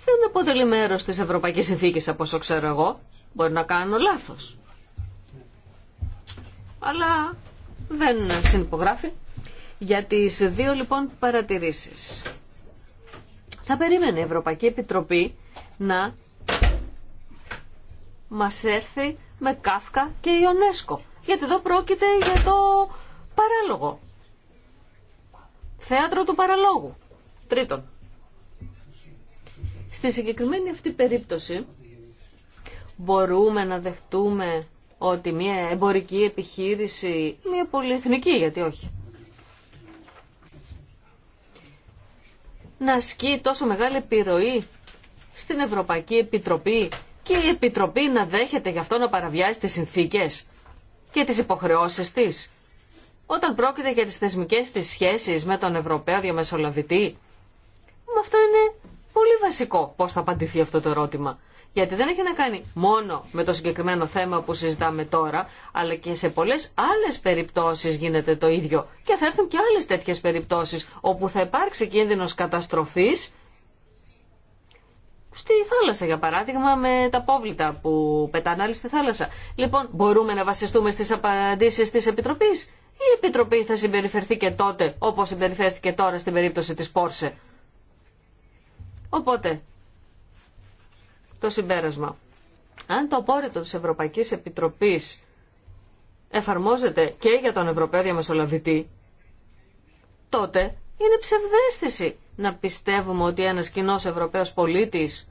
δεν αποτελεί μέρος της Ευρωπαϊκής Συνθήκης από όσο ξέρω εγώ. Μπορεί να κάνω λάθος αλλά δεν συνυπογράφει. Για τις δύο λοιπόν παρατηρήσεις. Θα περίμενε η Ευρωπαϊκή Επιτροπή να μας έρθει με Κάφκα και Ιονέσκο. Γιατί εδώ πρόκειται για το παράλογο. Θέατρο του παραλόγου. Τρίτον. Στη συγκεκριμένη αυτή περίπτωση μπορούμε να δεχτούμε ότι μια εμπορική επιχείρηση, μια πολυεθνική γιατί όχι, να ασκεί τόσο μεγάλη επιρροή στην Ευρωπαϊκή Επιτροπή και η Επιτροπή να δέχεται γι' αυτό να παραβιάσει τις συνθήκες και τις υποχρεώσεις της. Όταν πρόκειται για τις θεσμικές της σχέσεις με τον Ευρωπαίο Διαμεσολαβητή, αυτό είναι πολύ βασικό πώς θα απαντηθεί αυτό το ερώτημα γιατί δεν έχει να κάνει μόνο με το συγκεκριμένο θέμα που συζητάμε τώρα, αλλά και σε πολλές άλλες περιπτώσεις γίνεται το ίδιο. Και θα έρθουν και άλλες τέτοιες περιπτώσεις, όπου θα υπάρξει κίνδυνος καταστροφής στη θάλασσα, για παράδειγμα, με τα πόβλητα που πετάνε άλλοι στη θάλασσα. Λοιπόν, μπορούμε να βασιστούμε στις απαντήσεις της Επιτροπής. Η Επιτροπή θα συμπεριφερθεί και τότε, όπως συμπεριφέρθηκε τώρα στην περίπτωση της Πόρσε. Οπότε, το συμπέρασμα. Αν το απόρριτο της Ευρωπαϊκής Επιτροπής εφαρμόζεται και για τον Ευρωπαίο Διαμεσολαβητή, τότε είναι ψευδέστηση να πιστεύουμε ότι ένας κοινό Ευρωπαίος πολίτης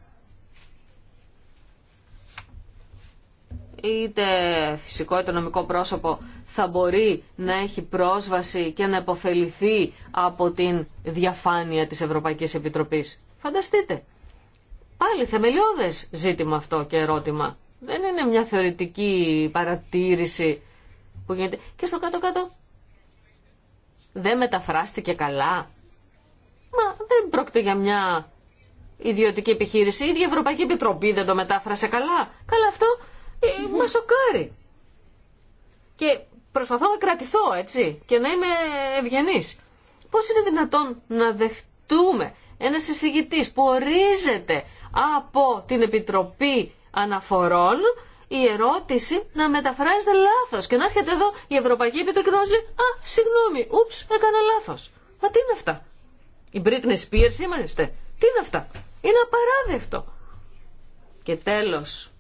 είτε φυσικό είτε νομικό πρόσωπο θα μπορεί να έχει πρόσβαση και να επωφεληθεί από την διαφάνεια της Ευρωπαϊκής Επιτροπής. Φανταστείτε, Πάλι θεμελιώδες ζήτημα αυτό και ερώτημα. Δεν είναι μια θεωρητική παρατήρηση που γίνεται. Και στο κάτω-κάτω δεν μεταφράστηκε καλά. Μα δεν πρόκειται για μια ιδιωτική επιχείρηση. Η ίδια Ευρωπαϊκή Επιτροπή δεν το μετάφρασε καλά. Καλά αυτό ε, μα σοκάρει. Και προσπαθώ να κρατηθώ έτσι και να είμαι ευγενή. Πώ είναι δυνατόν να δεχτούμε ένα εισηγητής που ορίζεται από την Επιτροπή Αναφορών η ερώτηση να μεταφράζεται λάθος και να έρχεται εδώ η Ευρωπαϊκή Επιτροπή και να μα λέει «Α, συγγνώμη, ούψ, έκανα λάθος». Μα τι είναι αυτά. Η Britney Spears είμαστε. Τι είναι αυτά. Είναι απαράδεκτο. Και τέλος.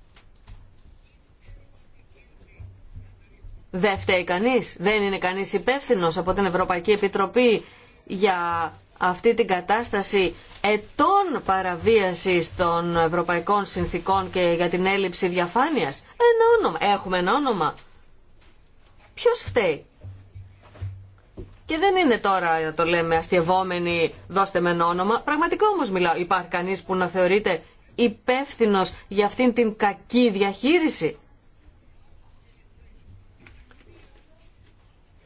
Δεν φταίει κανείς. Δεν είναι κανεί υπεύθυνο από την Ευρωπαϊκή Επιτροπή για αυτή την κατάσταση ετών παραβίασης των ευρωπαϊκών συνθήκων και για την έλλειψη διαφάνειας. Ένα όνομα. Έχουμε ένα όνομα. Ποιος φταίει. Και δεν είναι τώρα, το λέμε, αστευόμενοι, δώστε με ένα όνομα. Πραγματικά όμως μιλάω. Υπάρχει κανείς που να θεωρείται υπεύθυνο για αυτήν την κακή διαχείριση.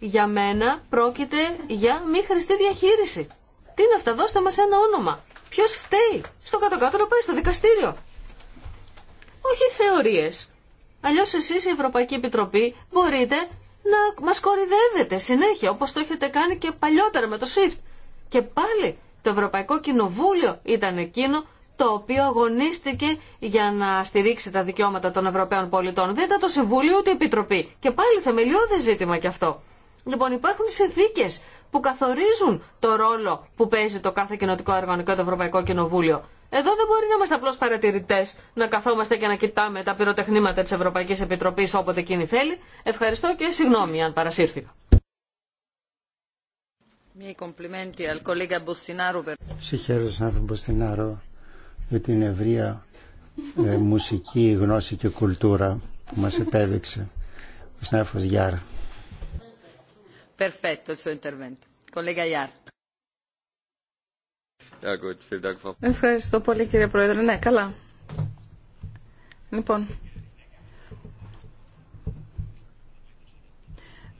Για μένα πρόκειται για μη χρηστή διαχείριση. Τι είναι αυτά, δώστε μας ένα όνομα. Ποιος φταίει, στο κάτω-κάτω να πάει στο δικαστήριο. Όχι θεωρίες. Αλλιώς εσείς η Ευρωπαϊκή Επιτροπή μπορείτε να μας κορυδεύετε συνέχεια, όπως το έχετε κάνει και παλιότερα με το SWIFT. Και πάλι το Ευρωπαϊκό Κοινοβούλιο ήταν εκείνο το οποίο αγωνίστηκε για να στηρίξει τα δικαιώματα των Ευρωπαίων πολιτών. Δεν ήταν το Συμβούλιο ούτε η Επιτροπή. Και πάλι θεμελιώδε ζήτημα κι αυτό. Λοιπόν, υπάρχουν συνθήκε που καθορίζουν το ρόλο που παίζει το κάθε κοινοτικό έργο και το Ευρωπαϊκό Κοινοβούλιο. Εδώ δεν μπορεί να είμαστε απλώ παρατηρητέ, να καθόμαστε και να κοιτάμε τα πυροτεχνήματα τη Ευρωπαϊκή Επιτροπή όποτε εκείνη θέλει. Ευχαριστώ και συγγνώμη αν παρασύρθηκα. Συγχαίρω στον άνθρωπο Μποστινάρο για την ευρεία ε, μουσική γνώση και κουλτούρα που μας επέδειξε ο συνάδελφος Γιάρ. Perfetto il suo Ευχαριστώ πολύ κύριε Πρόεδρε. Ναι, καλά. Λοιπόν,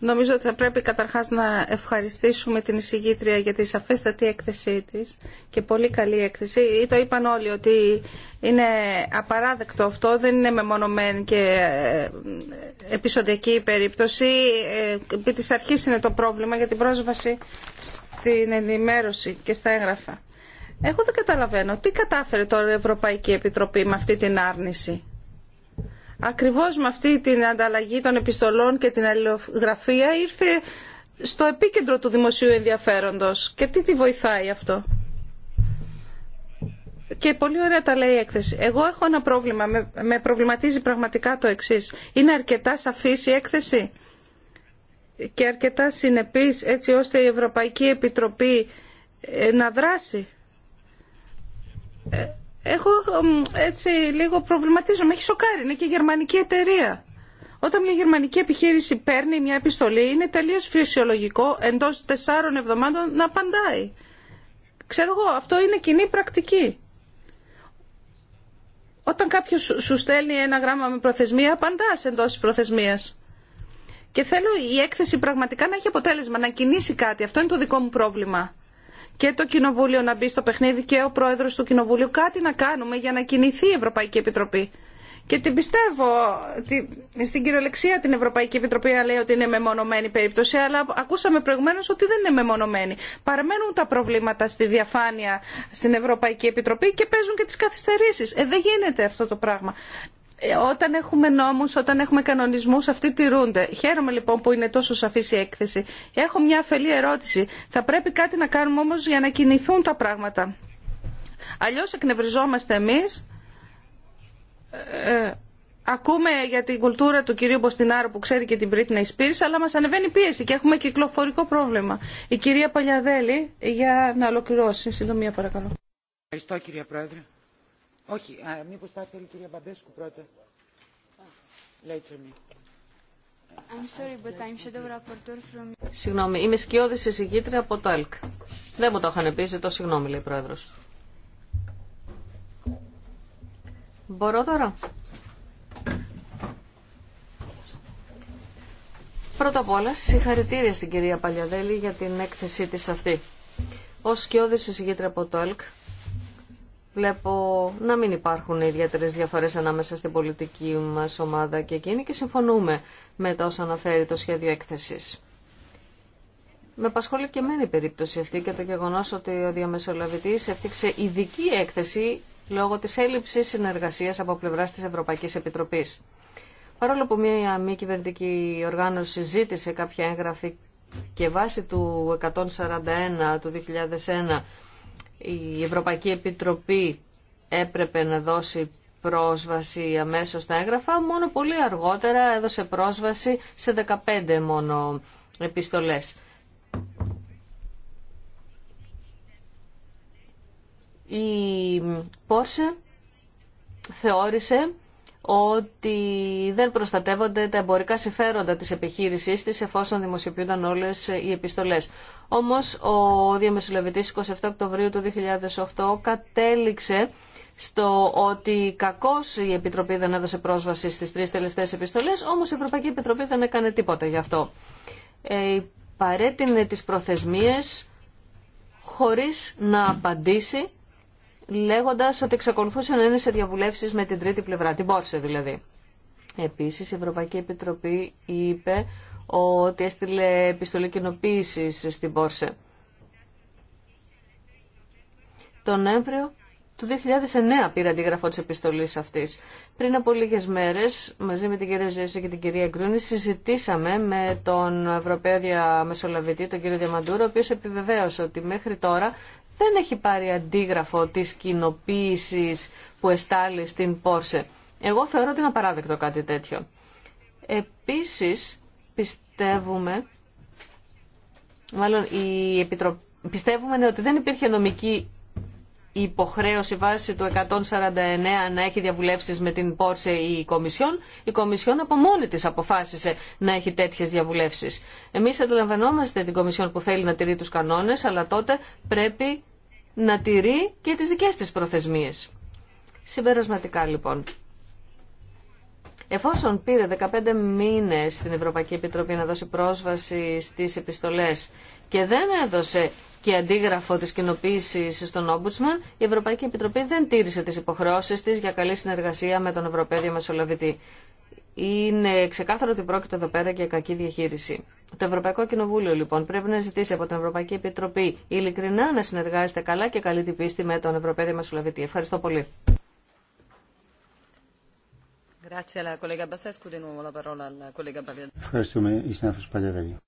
Νομίζω ότι θα πρέπει καταρχάς να ευχαριστήσουμε την εισηγήτρια για τη σαφέστατη έκθεσή της και πολύ καλή έκθεση. Το είπαν όλοι ότι είναι απαράδεκτο αυτό, δεν είναι μεμονωμένη και ε, επεισοδιακή περίπτωση. Ε, επί της αρχής είναι το πρόβλημα για την πρόσβαση στην ενημέρωση και στα έγγραφα. Εγώ δεν καταλαβαίνω. Τι κατάφερε τώρα η Ευρωπαϊκή Επιτροπή με αυτή την άρνηση. Ακριβώς με αυτή την ανταλλαγή των επιστολών και την αλληλογραφία ήρθε στο επίκεντρο του δημοσίου ενδιαφέροντος. Και τι τη βοηθάει αυτό. Και πολύ ωραία τα λέει η έκθεση. Εγώ έχω ένα πρόβλημα. Με προβληματίζει πραγματικά το εξή. Είναι αρκετά σαφής η έκθεση και αρκετά συνεπής έτσι ώστε η Ευρωπαϊκή Επιτροπή ε, να δράσει. Ε, Έχω έτσι λίγο προβληματίζομαι. Με έχει σοκάρει. Είναι και γερμανική εταιρεία. Όταν μια γερμανική επιχείρηση παίρνει μια επιστολή, είναι τελείως φυσιολογικό εντός τεσσάρων εβδομάδων να απαντάει. Ξέρω εγώ, αυτό είναι κοινή πρακτική. Όταν κάποιο σου στέλνει ένα γράμμα με προθεσμία, απαντά εντό τη προθεσμία. Και θέλω η έκθεση πραγματικά να έχει αποτέλεσμα, να κινήσει κάτι. Αυτό είναι το δικό μου πρόβλημα και το Κοινοβούλιο να μπει στο παιχνίδι και ο Πρόεδρος του Κοινοβουλίου κάτι να κάνουμε για να κινηθεί η Ευρωπαϊκή Επιτροπή. Και την πιστεύω στην κυριολεξία την Ευρωπαϊκή Επιτροπή λέει ότι είναι μεμονωμένη περίπτωση, αλλά ακούσαμε προηγουμένω ότι δεν είναι μεμονωμένη. Παραμένουν τα προβλήματα στη διαφάνεια στην Ευρωπαϊκή Επιτροπή και παίζουν και τι καθυστερήσει. Ε, δεν γίνεται αυτό το πράγμα όταν έχουμε νόμου, όταν έχουμε κανονισμούς, αυτοί τηρούνται. Χαίρομαι λοιπόν που είναι τόσο σαφής η έκθεση. Έχω μια αφελή ερώτηση. Θα πρέπει κάτι να κάνουμε όμω για να κινηθούν τα πράγματα. Αλλιώ εκνευριζόμαστε εμεί ε, ε, ακούμε για την κουλτούρα του κυρίου Μποστινάρου που ξέρει και την Britney Spears, αλλά μα ανεβαίνει πίεση και έχουμε κυκλοφορικό πρόβλημα. Η κυρία Παλιαδέλη για να ολοκληρώσει. Συντομία παρακαλώ. Ευχαριστώ κυρία Πρόεδρε. Όχι, μήπως θα ήθελε η κυρία Μπαμπέσκου πρώτα. Συγγνώμη, είμαι σκιώδη εισηγήτρια από το ΕΛΚ. Δεν μου το είχαν πει, ζητώ συγγνώμη, λέει η πρόεδρο. Μπορώ τώρα. Πρώτα απ' όλα, συγχαρητήρια στην κυρία Παλιαδέλη για την έκθεσή της αυτή. Ως σκιώδης εισηγήτρια από το ΕΛΚ, Βλέπω να μην υπάρχουν ιδιαίτερε διαφορέ ανάμεσα στην πολιτική μα ομάδα και εκείνη και συμφωνούμε με τα όσα αναφέρει το σχέδιο έκθεση. Με απασχολεί και εμένα η περίπτωση αυτή και το γεγονό ότι ο διαμεσολαβητή έφτιαξε ειδική έκθεση λόγω τη έλλειψη συνεργασία από πλευρά τη Ευρωπαϊκή Επιτροπή. Παρόλο που μια μη κυβερνητική οργάνωση ζήτησε κάποια έγγραφη και βάσει του 141 του 2001 η Ευρωπαϊκή Επιτροπή έπρεπε να δώσει πρόσβαση αμέσως στα έγγραφα, μόνο πολύ αργότερα έδωσε πρόσβαση σε 15 μόνο επιστολές. Η Πόρσε θεώρησε ότι δεν προστατεύονται τα εμπορικά συμφέροντα της επιχείρησής της εφόσον δημοσιοποιούνταν όλες οι επιστολές. Όμως ο διαμεσολαβητής 27 Οκτωβρίου του 2008 κατέληξε στο ότι κακώς η Επιτροπή δεν έδωσε πρόσβαση στις τρεις τελευταίες επιστολές, όμως η Ευρωπαϊκή Επιτροπή δεν έκανε τίποτα γι' αυτό. Ε, παρέτεινε τις προθεσμίες χωρίς να απαντήσει Λέγοντα ότι εξακολουθούσε να είναι σε διαβουλευσει με την τρίτη πλευρά, την Πόρσε δηλαδή. Επίση, η Ευρωπαϊκή Επιτροπή είπε ότι έστειλε επιστολή κοινοποίηση στην Πόρσε. Τον Νοέμβριο του 2009 πήρα αντίγραφο τη επιστολή αυτή. Πριν από λίγε μέρε, μαζί με την κυρία Ζέση και την κυρία Γκρούνη, συζητήσαμε με τον Ευρωπαίο Διαμεσολαβητή, τον κύριο Διαμαντούρο, ο οποίο επιβεβαίωσε ότι μέχρι τώρα δεν έχει πάρει αντίγραφο της κοινοποίηση που εστάλει στην Πόρσε. Εγώ θεωρώ ότι είναι απαράδεκτο κάτι τέτοιο. Επίσης, πιστεύουμε, μάλλον η πιστεύουμε ναι, ότι δεν υπήρχε νομική υποχρέωση βάση του 149 να έχει διαβουλεύσεις με την Πόρσε ή η Κομισιόν. Η Κομισιόν από μόνη της αποφάσισε να έχει τέτοιες διαβουλεύσεις. Εμείς αντιλαμβανόμαστε την Κομισιόν που θέλει να τηρεί τους κανόνες, αλλά τότε πρέπει να τηρεί και τις δικές της προθεσμίες. Συμπερασματικά λοιπόν. Εφόσον πήρε 15 μήνες στην Ευρωπαϊκή Επιτροπή να δώσει πρόσβαση στις επιστολές και δεν έδωσε και αντίγραφο της κοινοποίηση στον Όμπουτσμαν, η Ευρωπαϊκή Επιτροπή δεν τήρησε τις υποχρεώσεις της για καλή συνεργασία με τον Ευρωπαίδιο Μεσολαβητή είναι ξεκάθαρο ότι πρόκειται εδώ πέρα για κακή διαχείριση. Το Ευρωπαϊκό Κοινοβούλιο λοιπόν πρέπει να ζητήσει από την Ευρωπαϊκή Επιτροπή ειλικρινά να συνεργάζεται καλά και καλή την πίστη με τον Ευρωπαίο Δημοσιολαβητή. Ευχαριστώ πολύ. Ευχαριστούμε, η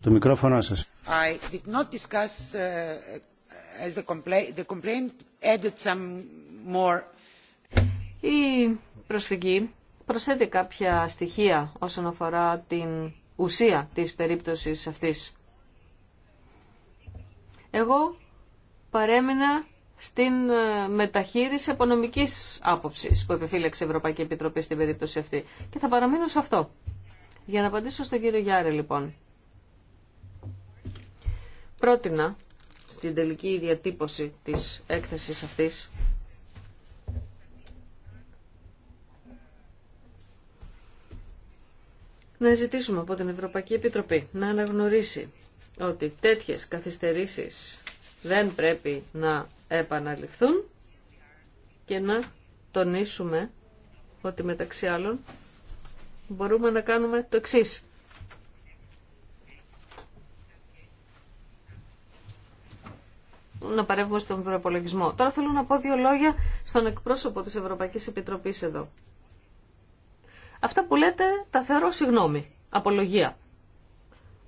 Το μικρόφωνο σας. I did not discuss, ε, η προσφυγή προσθέτει κάποια στοιχεία όσον αφορά την ουσία της περίπτωσης αυτής. Εγώ παρέμεινα στην ε, μεταχείριση απονομικής άποψης που επιφύλαξε η Ευρωπαϊκή Επιτροπή στην περίπτωση αυτή. Και θα παραμείνω σε αυτό. Για να απαντήσω στον κύριο Γιάρη λοιπόν. Πρότεινα στην τελική διατύπωση της έκθεσης αυτής. Να ζητήσουμε από την Ευρωπαϊκή Επιτροπή να αναγνωρίσει ότι τέτοιες καθυστερήσεις δεν πρέπει να επαναληφθούν και να τονίσουμε ότι μεταξύ άλλων μπορούμε να κάνουμε το εξής να παρεύουμε στον προπολογισμό. Τώρα θέλω να πω δύο λόγια στον εκπρόσωπο της Ευρωπαϊκής Επιτροπής εδώ. Αυτά που λέτε τα θεωρώ συγγνώμη, απολογία.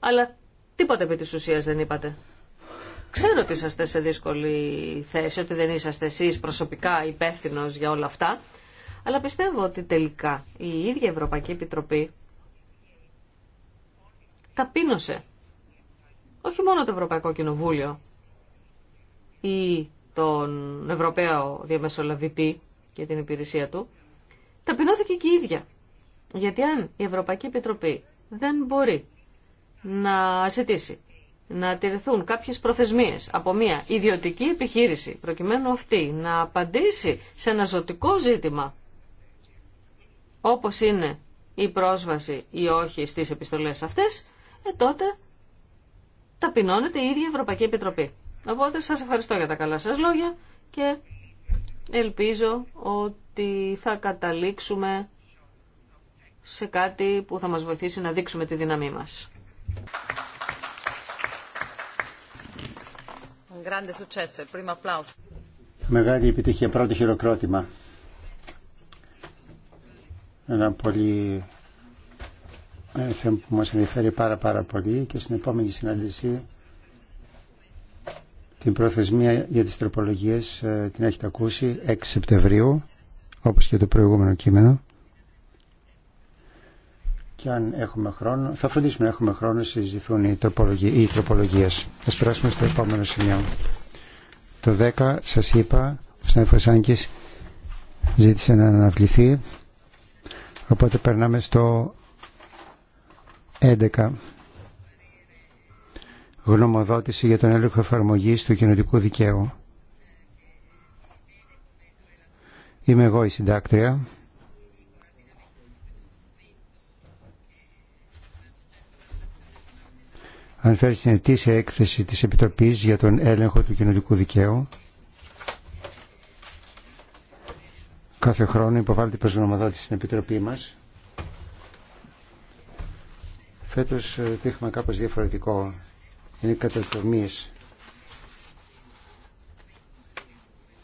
Αλλά τίποτα επί της ουσίας δεν είπατε. Ξέρω ότι είσαστε σε δύσκολη θέση, ότι δεν είσαστε εσείς προσωπικά υπεύθυνο για όλα αυτά, αλλά πιστεύω ότι τελικά η ίδια Ευρωπαϊκή Επιτροπή ταπείνωσε όχι μόνο το Ευρωπαϊκό Κοινοβούλιο, ή τον Ευρωπαίο Διαμεσολαβητή για την υπηρεσία του, ταπεινώθηκε και η ίδια. Γιατί αν η Ευρωπαϊκή Επιτροπή δεν μπορεί να ζητήσει να τηρηθούν κάποιες προθεσμίες από μια ιδιωτική επιχείρηση, προκειμένου αυτή να απαντήσει σε ένα ζωτικό ζήτημα, όπως είναι η πρόσβαση ή όχι στις επιστολές αυτές, ε, τότε ταπεινώνεται η οχι στις επιστολες αυτες τοτε ταπεινωνεται η Ευρωπαϊκή Επιτροπή. Οπότε σας ευχαριστώ για τα καλά σας λόγια και ελπίζω ότι θα καταλήξουμε σε κάτι που θα μας βοηθήσει να δείξουμε τη δύναμή μας. Μεγάλη επιτυχία, πρώτο χειροκρότημα. Ένα πολύ ε, θέμα που μας ενδιαφέρει πάρα πάρα πολύ και στην επόμενη συνάντηση την προθεσμία για τις τροπολογίες ε, την έχετε ακούσει 6 Σεπτεμβρίου, όπως και το προηγούμενο κείμενο. Και αν έχουμε χρόνο, θα φροντίσουμε να έχουμε χρόνο να συζητηθούν οι, τροπολογίες, οι τροπολογίες. περάσουμε στο επόμενο σημείο. Το 10 σας είπα, ο Σνέφος Άγκης ζήτησε να αναβληθεί. Οπότε περνάμε στο 11 γνωμοδότηση για τον έλεγχο εφαρμογής του κοινωτικού δικαίου. Είμαι εγώ η συντάκτρια. Αν φέρει στην ετήσια έκθεση της Επιτροπής για τον έλεγχο του κοινωτικού δικαίου, κάθε χρόνο υποβάλλεται προς γνωμοδότηση στην Επιτροπή μας. Φέτος ε, το είχαμε κάπως διαφορετικό είναι κατατομής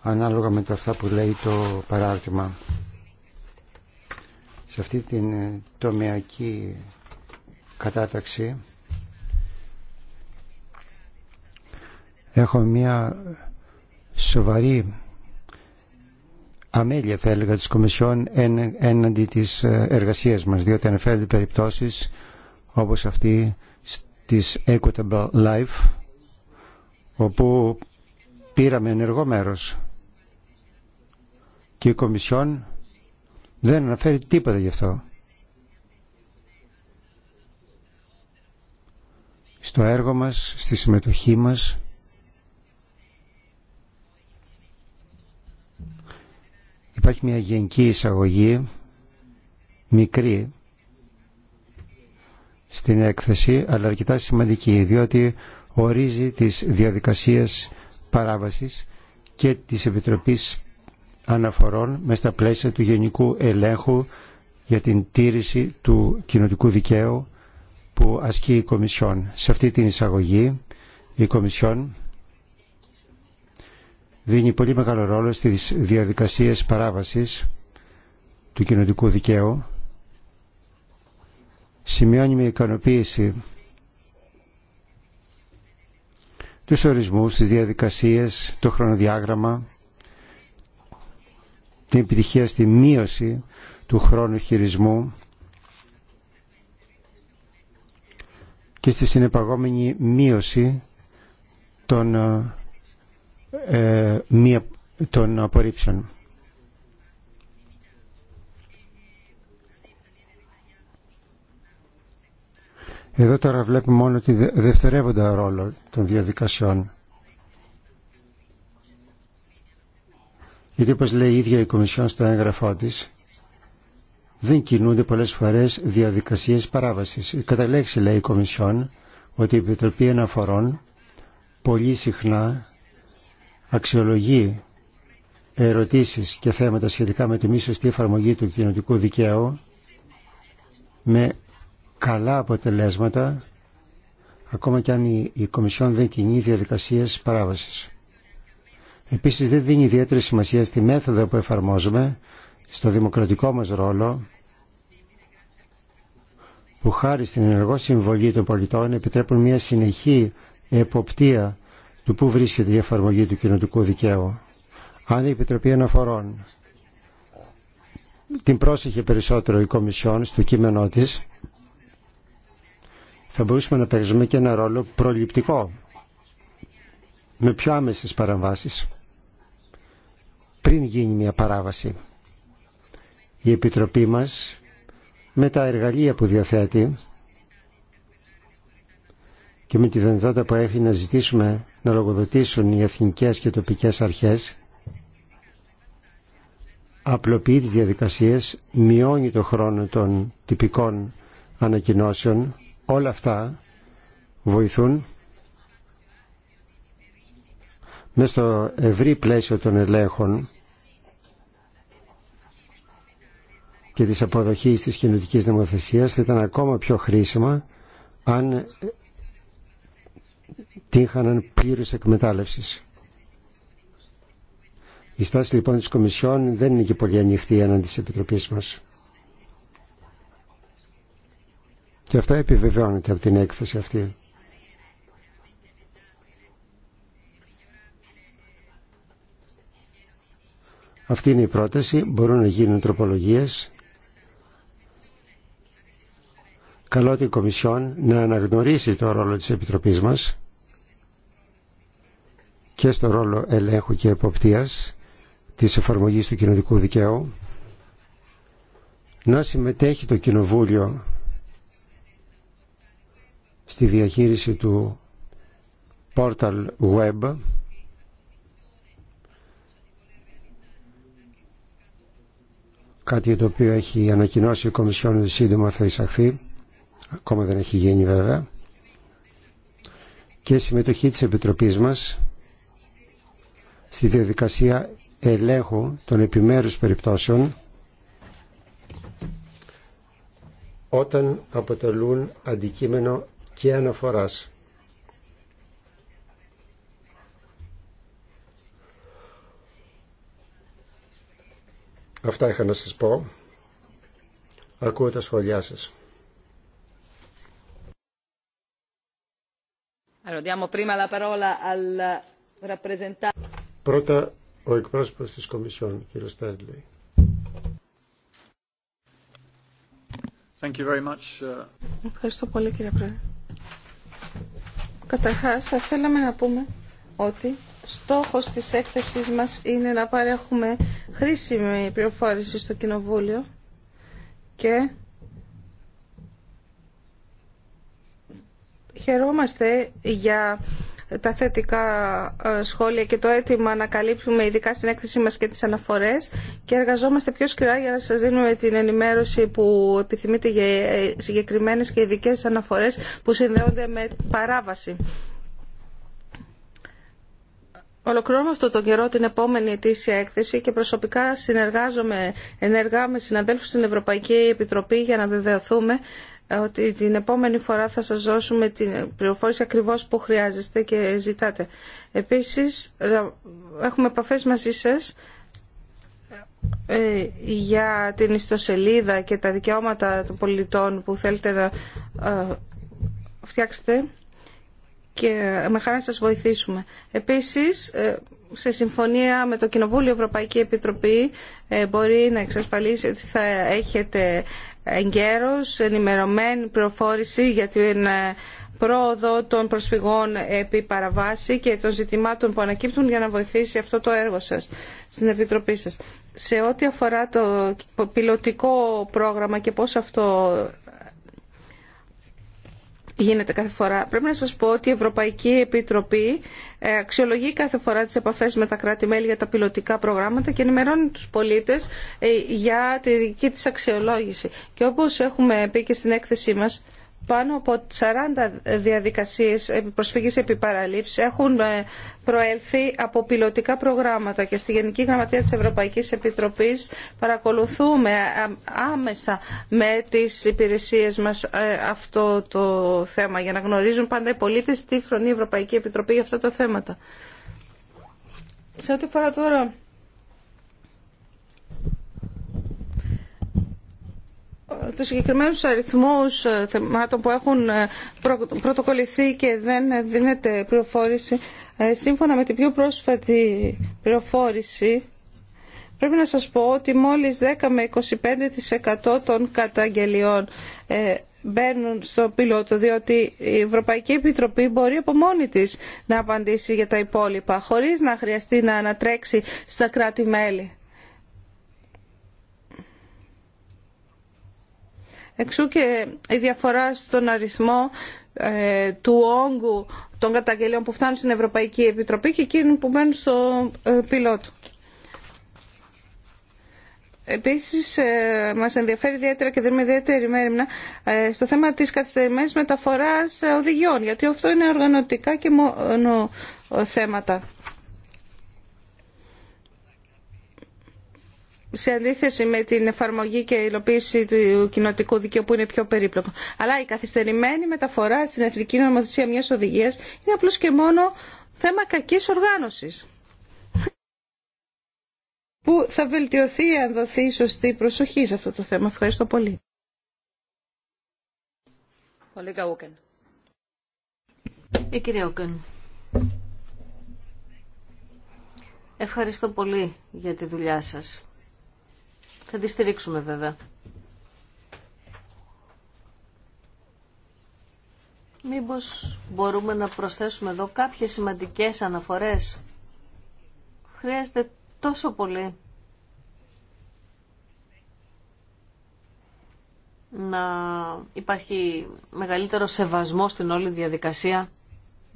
ανάλογα με το αυτά που λέει το παράρτημα. Σε αυτή την ε, τομεακή κατάταξη έχω μια σοβαρή αμέλεια θα έλεγα της Κομισιόν έναντι της ε, εργασίας μας διότι αναφέρονται περιπτώσεις όπως αυτή της Equitable Life όπου πήραμε ενεργό μέρος και η Κομισιόν δεν αναφέρει τίποτα γι' αυτό. Στο έργο μας, στη συμμετοχή μας υπάρχει μια γενική εισαγωγή μικρή στην έκθεση, αλλά αρκετά σημαντική, διότι ορίζει τις διαδικασίες παράβασης και της Επιτροπής Αναφορών μέσα στα πλαίσια του Γενικού Ελέγχου για την τήρηση του κοινοτικού δικαίου που ασκεί η Κομισιόν. Σε αυτή την εισαγωγή η Κομισιόν δίνει πολύ μεγάλο ρόλο στις διαδικασίες παράβασης του κοινοτικού δικαίου σημειώνει με ικανοποίηση του ορισμούς, τις διαδικασίες, το χρονοδιάγραμμα, την επιτυχία στη μείωση του χρόνου χειρισμού και στη συνεπαγόμενη μείωση των, ε, ε των απορρίψεων. Εδώ τώρα βλέπουμε μόνο τη δευτερεύοντα ρόλο των διαδικασιών. Γιατί όπως λέει η ίδια η Κομισιόν στο έγγραφό της, δεν κινούνται πολλές φορές διαδικασίες παράβασης. Κατά λέει η Κομισιόν ότι η Επιτροπή Αναφορών πολύ συχνά αξιολογεί ερωτήσεις και θέματα σχετικά με τη μη σωστή εφαρμογή του κοινωνικού δικαίου με καλά αποτελέσματα ακόμα και αν η Κομισιόν δεν κινεί διαδικασίες παράβασης. Επίσης δεν δίνει ιδιαίτερη σημασία στη μέθοδο που εφαρμόζουμε, στο δημοκρατικό μας ρόλο, που χάρη στην ενεργό συμβολή των πολιτών επιτρέπουν μια συνεχή εποπτεία του που βρίσκεται η εφαρμογή του κοινωτικού δικαίου. Αν η Επιτροπή Αναφορών την πρόσεχε περισσότερο η Κομισιόν στο κείμενό της, θα μπορούσαμε να παίζουμε και ένα ρόλο προληπτικό με πιο άμεσες παραβάσεις πριν γίνει μια παράβαση. Η Επιτροπή μας με τα εργαλεία που διαθέτει και με τη δυνατότητα που έχει να ζητήσουμε να λογοδοτήσουν οι εθνικές και τοπικές αρχές απλοποιεί τις διαδικασίες, μειώνει το χρόνο των τυπικών ανακοινώσεων Όλα αυτά βοηθούν μέσα στο ευρύ πλαίσιο των ελέγχων και της αποδοχής της κοινωτικής νομοθεσίας θα ήταν ακόμα πιο χρήσιμα αν τύχαναν πλήρους εκμετάλλευσης. Η στάση λοιπόν της Κομισιόν δεν είναι και πολύ ανοιχτή έναντι της Επιτροπής μας. Και αυτά επιβεβαιώνεται από την έκθεση αυτή. Αυτή είναι η πρόταση. Μπορούν να γίνουν τροπολογίες. Καλό την Κομισιόν να αναγνωρίσει το ρόλο της Επιτροπής μας και στο ρόλο ελέγχου και εποπτείας της εφαρμογής του κοινωνικού δικαίου να συμμετέχει το Κοινοβούλιο στη διαχείριση του Portal Web κάτι το οποίο έχει ανακοινώσει η Κομισιόν ότι σύντομα θα εισαχθεί ακόμα δεν έχει γίνει βέβαια και συμμετοχή της Επιτροπής μας στη διαδικασία ελέγχου των επιμέρους περιπτώσεων όταν αποτελούν αντικείμενο και αναφοράς. Αυτά είχα να σας πω. Ακούω τα σχόλιά σας. Πρώτα ο εκπρόσωπος της Κομισιόν, κύριο Στάντλη. Uh, Ευχαριστώ πολύ κύριε Πρόεδρε. Καταρχάς θα θέλαμε να πούμε ότι στόχος της έκθεσης μας είναι να παρέχουμε χρήσιμη πληροφόρηση στο Κοινοβούλιο και χαιρόμαστε για τα θετικά ε, σχόλια και το αίτημα να καλύπτουμε ειδικά στην έκθεσή μας και τις αναφορές και εργαζόμαστε πιο σκληρά για να σας δίνουμε την ενημέρωση που επιθυμείτε για ε, συγκεκριμένες και ειδικέ αναφορές που συνδέονται με παράβαση. Ολοκληρώνω αυτό τον καιρό την επόμενη ετήσια έκθεση και προσωπικά συνεργάζομαι ενεργά με συναδέλφους στην Ευρωπαϊκή Επιτροπή για να βεβαιωθούμε ότι την επόμενη φορά θα σας δώσουμε την πληροφόρηση ακριβώς που χρειάζεστε και ζητάτε. Επίσης, έχουμε επαφές μαζί σας ε, για την ιστοσελίδα και τα δικαιώματα των πολιτών που θέλετε να ε, φτιάξετε και με χαρά σας βοηθήσουμε. Επίσης, ε, σε συμφωνία με το Κοινοβούλιο Ευρωπαϊκή Επιτροπή μπορεί να εξασφαλίσει ότι θα έχετε εγκαίρως ενημερωμένη πληροφόρηση για την ε, πρόοδο των προσφυγών επί παραβάση και των ζητημάτων που ανακύπτουν για να βοηθήσει αυτό το έργο σας στην Επιτροπή σας. Σε ό,τι αφορά το πιλωτικό πρόγραμμα και πώς αυτό γίνεται κάθε φορά. Πρέπει να σας πω ότι η Ευρωπαϊκή Επιτροπή ε, αξιολογεί κάθε φορά τις επαφές με τα κράτη-μέλη για τα πιλωτικά προγράμματα και ενημερώνει τους πολίτες ε, για τη δική της αξιολόγηση. Και όπως έχουμε πει και στην έκθεσή μας, πάνω από 40 διαδικασίες προσφυγής επί έχουν ε, προέλθει από πιλωτικά προγράμματα και στη Γενική Γραμματεία της Ευρωπαϊκής Επιτροπής παρακολουθούμε ε, άμεσα με τις υπηρεσίες μας ε, αυτό το θέμα για να γνωρίζουν πάντα οι πολίτες τι χρονή η Ευρωπαϊκή Επιτροπή για αυτά τα θέματα. Σε ό,τι φορά τώρα τους συγκεκριμένους αριθμούς ε, θεμάτων που έχουν ε, πρωτοκολληθεί και δεν δίνεται πληροφόρηση, ε, σύμφωνα με την πιο πρόσφατη πληροφόρηση, πρέπει να σας πω ότι μόλις 10 με 25% των καταγγελιών μπαίνουν στο πιλότο, διότι η Ευρωπαϊκή Επιτροπή μπορεί από μόνη της να απαντήσει για τα υπόλοιπα, χωρίς να χρειαστεί να ανατρέξει στα κράτη-μέλη. Εξού και η διαφορά στον αριθμό ε, του όγκου των καταγγελιών που φτάνουν στην Ευρωπαϊκή Επιτροπή και εκείνων που μπαίνουν στο ε, πιλότο. Επίσης, ε, μας ενδιαφέρει ιδιαίτερα και δίνουμε ιδιαίτερη μέρημνα στο θέμα της καθυστερημένης μεταφοράς οδηγιών, γιατί αυτό είναι οργανωτικά και μόνο θέματα. σε αντίθεση με την εφαρμογή και υλοποίηση του κοινοτικού δικαίου που είναι πιο περίπλοκο. Αλλά η καθυστερημένη μεταφορά στην εθνική νομοθεσία μιας οδηγίας είναι απλώς και μόνο θέμα κακής οργάνωσης. Που θα βελτιωθεί αν δοθεί σωστή προσοχή σε αυτό το θέμα. Ευχαριστώ πολύ. Ε, Ευχαριστώ πολύ για τη δουλειά σας. Θα τη στηρίξουμε βέβαια. Μήπως μπορούμε να προσθέσουμε εδώ κάποιες σημαντικές αναφορές. Χρειάζεται τόσο πολύ να υπάρχει μεγαλύτερο σεβασμό στην όλη διαδικασία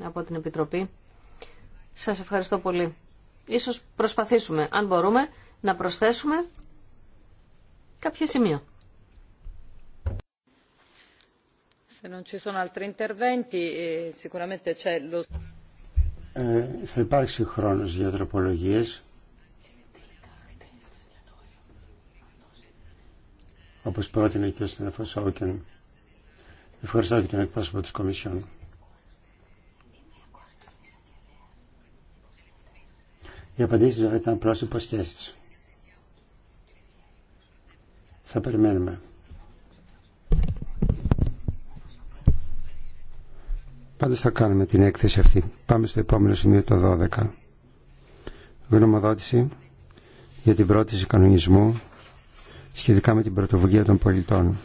από την Επιτροπή. Σας ευχαριστώ πολύ. Ίσως προσπαθήσουμε, αν μπορούμε, να προσθέσουμε κάποια σημεία. Eh, ε, θα υπάρξει χρόνος για τροπολογίες. Όπως πρότεινε και ο Στενεφός Όκεν. Ευχαριστώ και τον εκπρόσωπο της Κομισιόν. Οι απαντήσεις βέβαια ήταν απλώς υποσχέσεις. Θα περιμένουμε. Πάντως θα κάνουμε την έκθεση αυτή. Πάμε στο επόμενο σημείο το 12. Γνωμοδότηση για την πρόταση κανονισμού σχετικά με την πρωτοβουλία των πολιτών.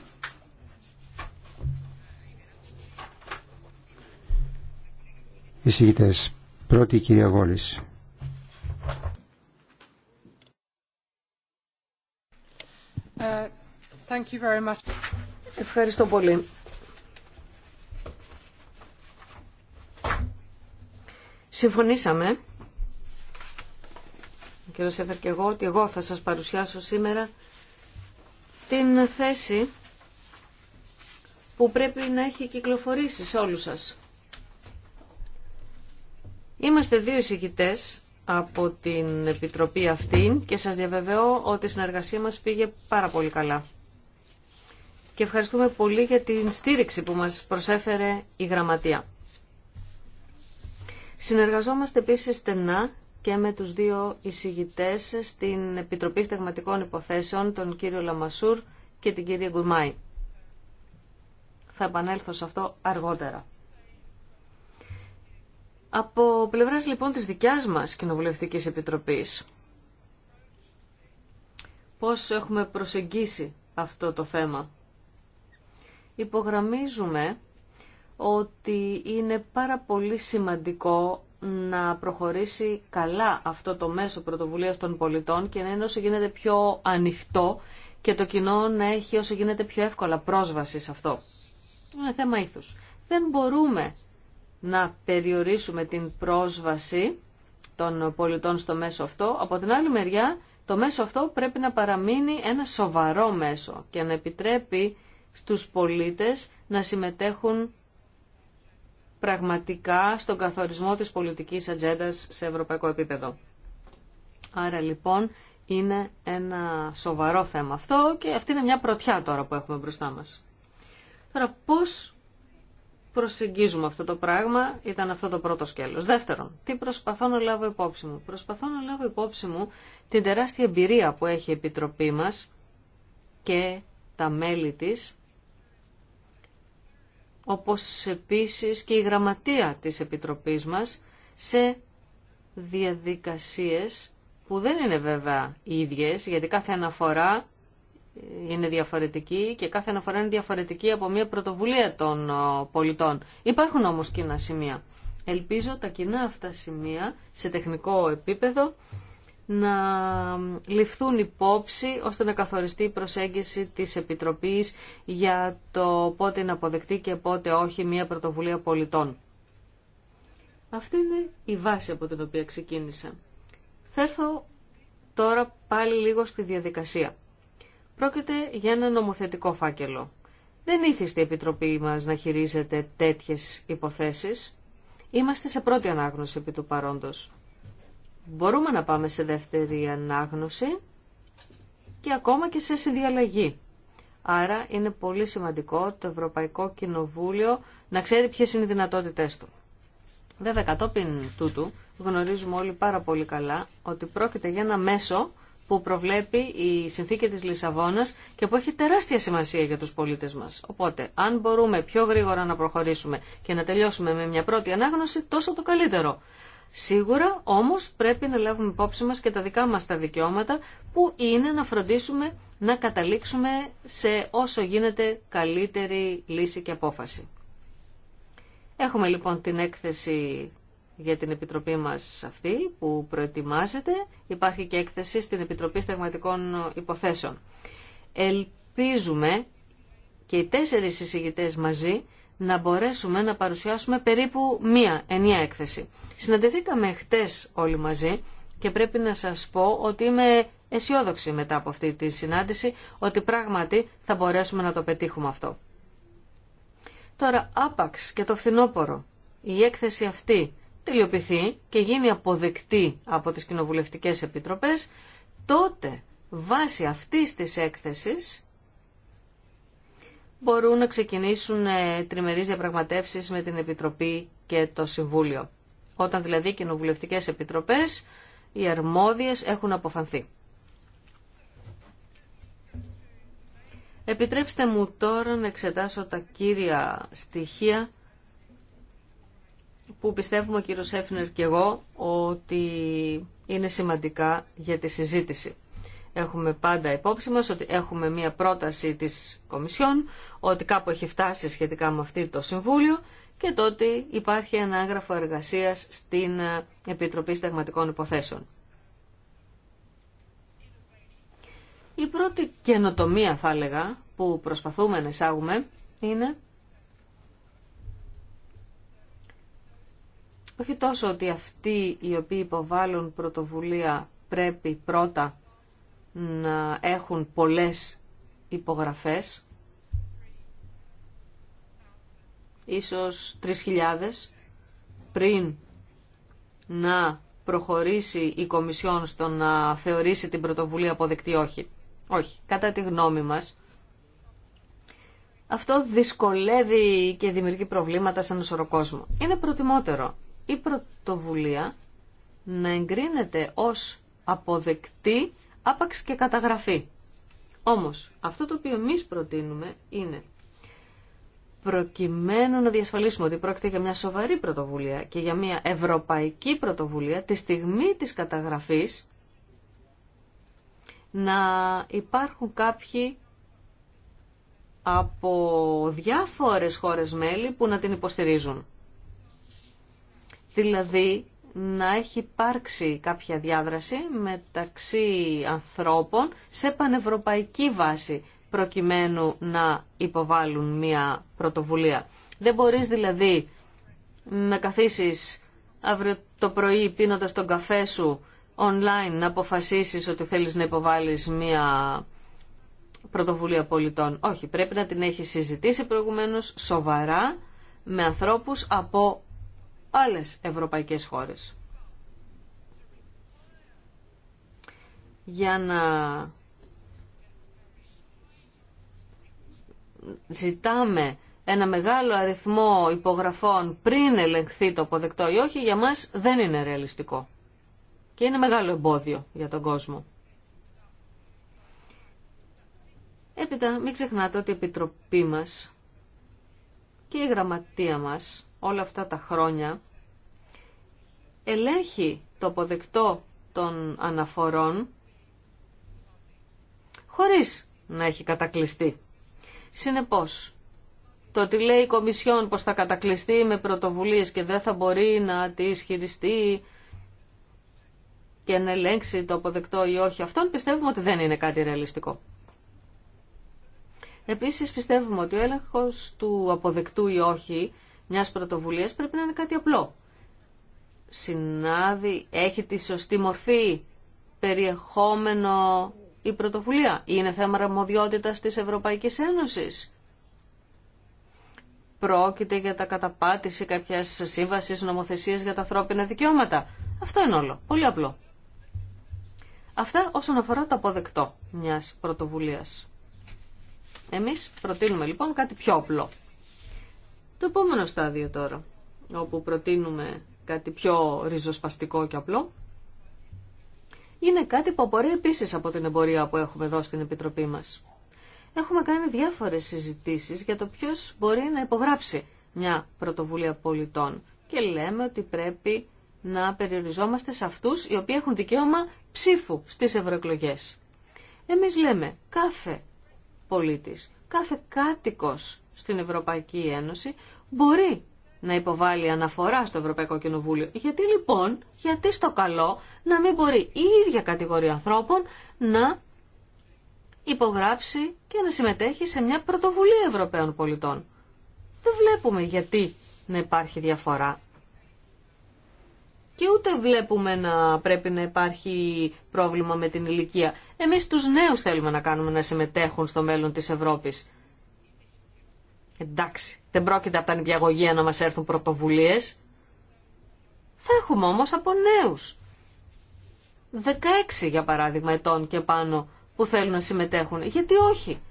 Εισηγητές. Πρώτη η κυρία Γόλης. Ευχαριστώ πολύ. Συμφωνήσαμε, ο Σέφερ και εγώ, ότι εγώ θα σας παρουσιάσω σήμερα την θέση που πρέπει να έχει κυκλοφορήσει σε όλους σας. Είμαστε δύο εισηγητές από την Επιτροπή αυτή και σας διαβεβαιώ ότι η συνεργασία μας πήγε πάρα πολύ καλά και ευχαριστούμε πολύ για την στήριξη που μας προσέφερε η Γραμματεία. Συνεργαζόμαστε επίσης στενά και με τους δύο εισηγητές στην Επιτροπή Στεγματικών Υποθέσεων, τον κύριο Λαμασούρ και την κυρία Γκουρμάη. Θα επανέλθω σε αυτό αργότερα. Από πλευράς λοιπόν της δικιάς μας Κοινοβουλευτικής Επιτροπής, πώς έχουμε προσεγγίσει αυτό το θέμα υπογραμμίζουμε ότι είναι πάρα πολύ σημαντικό να προχωρήσει καλά αυτό το μέσο πρωτοβουλίας των πολιτών και να είναι όσο γίνεται πιο ανοιχτό και το κοινό να έχει όσο γίνεται πιο εύκολα πρόσβαση σε αυτό. Είναι θέμα ήθους. Δεν μπορούμε να περιορίσουμε την πρόσβαση των πολιτών στο μέσο αυτό. Από την άλλη μεριά, το μέσο αυτό πρέπει να παραμείνει ένα σοβαρό μέσο και να επιτρέπει στους πολίτες να συμμετέχουν πραγματικά στον καθορισμό της πολιτικής ατζέντα σε ευρωπαϊκό επίπεδο. Άρα λοιπόν είναι ένα σοβαρό θέμα αυτό και αυτή είναι μια πρωτιά τώρα που έχουμε μπροστά μας. Τώρα πώς προσεγγίζουμε αυτό το πράγμα ήταν αυτό το πρώτο σκέλος. Δεύτερον, τι προσπαθώ να λάβω υπόψη μου. Προσπαθώ να λάβω υπόψη μου την τεράστια εμπειρία που έχει η Επιτροπή μας και τα μέλη της όπως επίσης και η γραμματεία της Επιτροπής μας σε διαδικασίες που δεν είναι βέβαια οι ίδιες, γιατί κάθε αναφορά είναι διαφορετική και κάθε αναφορά είναι διαφορετική από μια πρωτοβουλία των ε, πολιτών. Υπάρχουν όμως κοινά σημεία. Ελπίζω τα κοινά αυτά σημεία σε τεχνικό επίπεδο να ληφθούν υπόψη ώστε να καθοριστεί η προσέγγιση της Επιτροπής για το πότε είναι αποδεκτή και πότε όχι μια πρωτοβουλία πολιτών. Αυτή είναι η βάση από την οποία ξεκίνησα. Θα έρθω τώρα πάλι λίγο στη διαδικασία. Πρόκειται για ένα νομοθετικό φάκελο. Δεν ήθιστε η Επιτροπή μας να χειρίζεται τέτοιες υποθέσεις. Είμαστε σε πρώτη ανάγνωση επί του παρόντος. Μπορούμε να πάμε σε δεύτερη ανάγνωση και ακόμα και σε συνδιαλλαγή. Άρα είναι πολύ σημαντικό το Ευρωπαϊκό Κοινοβούλιο να ξέρει ποιες είναι οι δυνατότητές του. Βέβαια, κατόπιν τούτου γνωρίζουμε όλοι πάρα πολύ καλά ότι πρόκειται για ένα μέσο που προβλέπει η συνθήκη της Λισαβόνας και που έχει τεράστια σημασία για τους πολίτες μας. Οπότε, αν μπορούμε πιο γρήγορα να προχωρήσουμε και να τελειώσουμε με μια πρώτη ανάγνωση, τόσο το καλύτερο. Σίγουρα όμως πρέπει να λάβουμε υπόψη μας και τα δικά μας τα δικαιώματα που είναι να φροντίσουμε να καταλήξουμε σε όσο γίνεται καλύτερη λύση και απόφαση. Έχουμε λοιπόν την έκθεση για την Επιτροπή μας αυτή που προετοιμάζεται. Υπάρχει και έκθεση στην Επιτροπή Σταγματικών Υποθέσεων. Ελπίζουμε και οι τέσσερις συζητητές μαζί να μπορέσουμε να παρουσιάσουμε περίπου μία ενιαία έκθεση. Συναντηθήκαμε χτες όλοι μαζί και πρέπει να σας πω ότι είμαι αισιόδοξη μετά από αυτή τη συνάντηση ότι πράγματι θα μπορέσουμε να το πετύχουμε αυτό. Τώρα άπαξ και το φθινόπωρο. Η έκθεση αυτή τελειοποιηθεί και γίνει αποδεκτή από τις κοινοβουλευτικές επιτροπές, τότε βάσει αυτής της έκθεσης μπορούν να ξεκινήσουν ε, τριμερείς διαπραγματεύσεις με την Επιτροπή και το Συμβούλιο. Όταν δηλαδή οι κοινοβουλευτικές επιτροπές, οι αρμόδιες έχουν αποφανθεί. Επιτρέψτε μου τώρα να εξετάσω τα κύρια στοιχεία που πιστεύουμε ο κύριος Έφνερ και εγώ ότι είναι σημαντικά για τη συζήτηση. Έχουμε πάντα υπόψη μας ότι έχουμε μία πρόταση της Κομισιόν, ότι κάπου έχει φτάσει σχετικά με αυτή το Συμβούλιο και το ότι υπάρχει ένα έγγραφο εργασίας στην ε, Επιτροπή Σταγματικών Υποθέσεων. Η πρώτη καινοτομία θα έλεγα που προσπαθούμε να εισάγουμε είναι όχι τόσο ότι αυτοί οι οποίοι υποβάλλουν πρωτοβουλία πρέπει πρώτα να έχουν πολλές υπογραφές, ίσως 3.000, πριν να προχωρήσει η Κομισιόν στο να θεωρήσει την πρωτοβουλία αποδεκτή όχι. Όχι, κατά τη γνώμη μας. Αυτό δυσκολεύει και δημιουργεί προβλήματα σε έναν σωρό κόσμο. Είναι προτιμότερο η πρωτοβουλία να εγκρίνεται ως αποδεκτή άπαξ και καταγραφή. Όμως, αυτό το οποίο εμεί προτείνουμε είναι προκειμένου να διασφαλίσουμε ότι πρόκειται για μια σοβαρή πρωτοβουλία και για μια ευρωπαϊκή πρωτοβουλία τη στιγμή της καταγραφής να υπάρχουν κάποιοι από διάφορες χώρες μέλη που να την υποστηρίζουν. Δηλαδή να έχει υπάρξει κάποια διάδραση μεταξύ ανθρώπων σε πανευρωπαϊκή βάση προκειμένου να υποβάλουν μια πρωτοβουλία. Δεν μπορείς δηλαδή να καθίσεις αύριο το πρωί πίνοντας τον καφέ σου online να αποφασίσεις ότι θέλεις να υποβάλεις μια πρωτοβουλία πολιτών. Όχι, πρέπει να την έχεις συζητήσει προηγουμένως σοβαρά με ανθρώπους από άλλες ευρωπαϊκές χώρες. Για να ζητάμε ένα μεγάλο αριθμό υπογραφών πριν ελεγχθεί το αποδεκτό ή όχι, για μας δεν είναι ρεαλιστικό. Και είναι μεγάλο εμπόδιο για τον κόσμο. Έπειτα, μην ξεχνάτε ότι η Επιτροπή μας και η Γραμματεία μας όλα αυτά τα χρόνια ελέγχει το αποδεκτό των αναφορών χωρίς να έχει κατακλειστεί. Συνεπώς, το ότι λέει η Κομισιόν πως θα κατακλειστεί με πρωτοβουλίες και δεν θα μπορεί να τις χειριστεί και να ελέγξει το αποδεκτό ή όχι, αυτόν πιστεύουμε ότι δεν είναι κάτι ρεαλιστικό. Επίσης πιστεύουμε ότι ο έλεγχος του αποδεκτού ή όχι μιας πρωτοβουλίας πρέπει να είναι κάτι απλό. Συνάδει, έχει τη σωστή μορφή, περιεχόμενο η πρωτοβουλία. Είναι θέμα αρμοδιότητας της Ευρωπαϊκής Ένωσης. Πρόκειται για τα καταπάτηση κάποιας σύμβασης νομοθεσίας για τα ανθρώπινα δικαιώματα. Αυτό είναι όλο. Πολύ απλό. Αυτά όσον αφορά το αποδεκτό μιας πρωτοβουλίας. Εμείς προτείνουμε λοιπόν κάτι πιο απλό. Το επόμενο στάδιο τώρα, όπου προτείνουμε κάτι πιο ριζοσπαστικό και απλό, είναι κάτι που απορρέει επίση από την εμπορία που έχουμε εδώ στην Επιτροπή μας. Έχουμε κάνει διάφορες συζητήσει για το ποιο μπορεί να υπογράψει μια πρωτοβουλία πολιτών και λέμε ότι πρέπει να περιοριζόμαστε σε αυτούς οι οποίοι έχουν δικαίωμα ψήφου στι ευρωεκλογέ. Εμεί λέμε κάθε πολίτη, κάθε κάτοικο στην Ευρωπαϊκή Ένωση μπορεί να υποβάλει αναφορά στο Ευρωπαϊκό Κοινοβούλιο. Γιατί λοιπόν, γιατί στο καλό να μην μπορεί η ίδια κατηγορία ανθρώπων να υπογράψει και να συμμετέχει σε μια πρωτοβουλία Ευρωπαίων πολιτών. Δεν βλέπουμε γιατί να υπάρχει διαφορά. Και ούτε βλέπουμε να πρέπει να υπάρχει πρόβλημα με την ηλικία. Εμείς τους νέους θέλουμε να κάνουμε να συμμετέχουν στο μέλλον της Ευρώπης. Εντάξει, δεν πρόκειται από τα νηπιαγωγεία να μας έρθουν πρωτοβουλίες. Θα έχουμε όμως από νέους. 16 για παράδειγμα ετών και πάνω που θέλουν να συμμετέχουν. Γιατί όχι.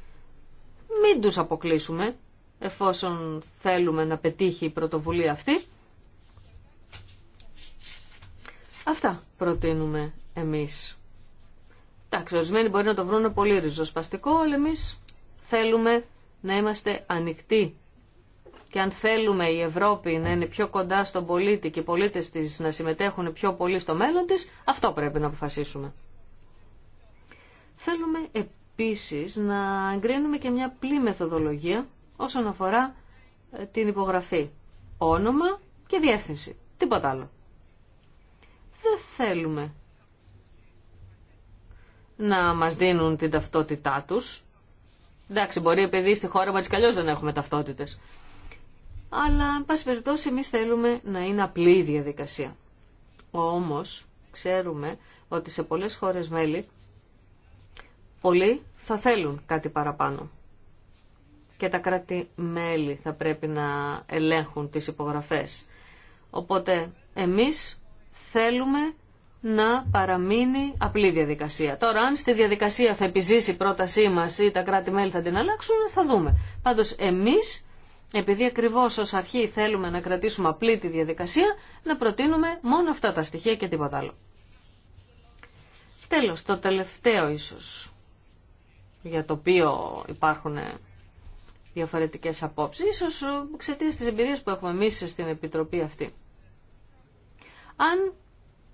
Μην τους αποκλείσουμε εφόσον θέλουμε να πετύχει η πρωτοβουλία αυτή. Αυτά προτείνουμε εμείς. Εντάξει, ορισμένοι μπορεί να το βρουν πολύ ριζοσπαστικό, αλλά εμείς θέλουμε να είμαστε ανοιχτοί και αν θέλουμε η Ευρώπη να είναι πιο κοντά στον πολίτη και οι πολίτες της να συμμετέχουν πιο πολύ στο μέλλον της, αυτό πρέπει να αποφασίσουμε. Θέλουμε επίσης να εγκρίνουμε και μια πλή μεθοδολογία όσον αφορά ε, την υπογραφή. Όνομα και διεύθυνση. Τίποτα άλλο. Δεν θέλουμε να μας δίνουν την ταυτότητά τους, Εντάξει, μπορεί επειδή στη χώρα μα καλώ δεν έχουμε ταυτότητε. Αλλά, εν πάση περιπτώσει, εμεί θέλουμε να είναι απλή η διαδικασία. Όμω, ξέρουμε ότι σε πολλέ χώρε μέλη πολλοί θα θέλουν κάτι παραπάνω. Και τα κράτη-μέλη θα πρέπει να ελέγχουν τις υπογραφές. Οπότε εμείς θέλουμε να παραμείνει απλή διαδικασία. Τώρα, αν στη διαδικασία θα επιζήσει η πρότασή μας ή τα κράτη-μέλη θα την αλλάξουν, θα δούμε. Πάντως, εμείς, επειδή ακριβώ ως αρχή θέλουμε να κρατήσουμε απλή τη διαδικασία, να προτείνουμε μόνο αυτά τα στοιχεία και τίποτα άλλο. Τέλος, το τελευταίο ίσως, για το οποίο υπάρχουν διαφορετικές απόψεις, ίσως εξαιτία της εμπειρίας που έχουμε εμείς στην Επιτροπή αυτή. Αν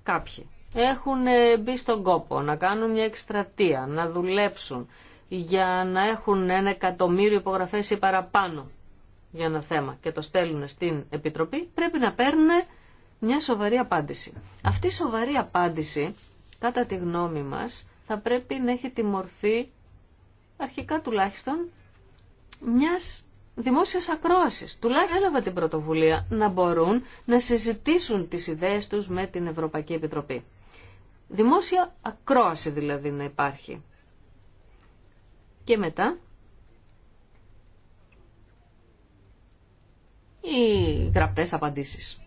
κάποιοι έχουν ε, μπει στον κόπο να κάνουν μια εκστρατεία, να δουλέψουν για να έχουν ένα εκατομμύριο υπογραφές ή παραπάνω για ένα θέμα και το στέλνουν στην Επιτροπή, πρέπει να παίρνουν μια σοβαρή απάντηση. Αυτή η σοβαρή απάντηση, κατά τη γνώμη μας, θα πρέπει να έχει τη μορφή, αρχικά τουλάχιστον, μιας δημόσιας ακρόασης. Τουλάχιστον έλαβα την πρωτοβουλία να μπορούν να συζητήσουν τι ιδέε του με την Ευρωπαϊκή Επιτροπή. Δημόσια ακρόαση δηλαδή να υπάρχει. Και μετά οι γραπτές απαντήσεις.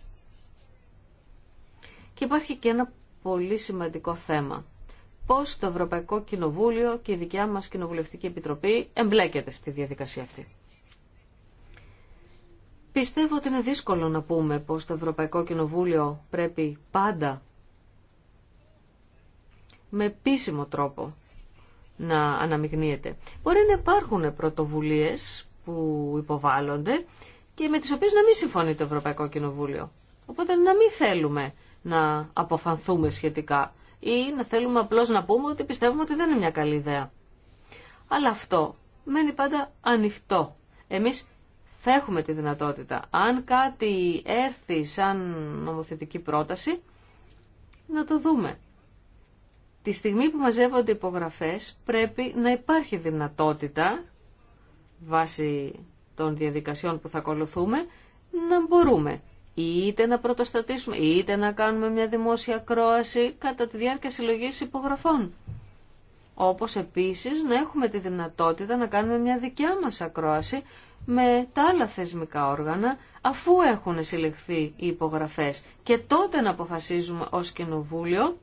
Και υπάρχει και ένα πολύ σημαντικό θέμα. Πώς το Ευρωπαϊκό Κοινοβούλιο και η δικιά μας Κοινοβουλευτική Επιτροπή εμπλέκεται στη διαδικασία αυτή. Πιστεύω ότι είναι δύσκολο να πούμε πως το Ευρωπαϊκό Κοινοβούλιο πρέπει πάντα με επίσημο τρόπο να αναμειγνύεται. Μπορεί να υπάρχουν πρωτοβουλίες που υποβάλλονται και με τις οποίες να μην συμφωνεί το Ευρωπαϊκό Κοινοβούλιο. Οπότε να μην θέλουμε να αποφανθούμε σχετικά ή να θέλουμε απλώς να πούμε ότι πιστεύουμε ότι δεν είναι μια καλή ιδέα. Αλλά αυτό μένει πάντα ανοιχτό. Εμείς θα έχουμε τη δυνατότητα, αν κάτι έρθει σαν νομοθετική πρόταση, να το δούμε. Τη στιγμή που μαζεύονται υπογραφές πρέπει να υπάρχει δυνατότητα βάσει των διαδικασιών που θα ακολουθούμε να μπορούμε είτε να πρωτοστατήσουμε είτε να κάνουμε μια δημόσια κρόαση κατά τη διάρκεια συλλογής υπογραφών. Όπως επίσης να έχουμε τη δυνατότητα να κάνουμε μια δικιά μας ακρόαση με τα άλλα θεσμικά όργανα αφού έχουν συλλεχθεί οι υπογραφές και τότε να αποφασίζουμε ως κοινοβούλιο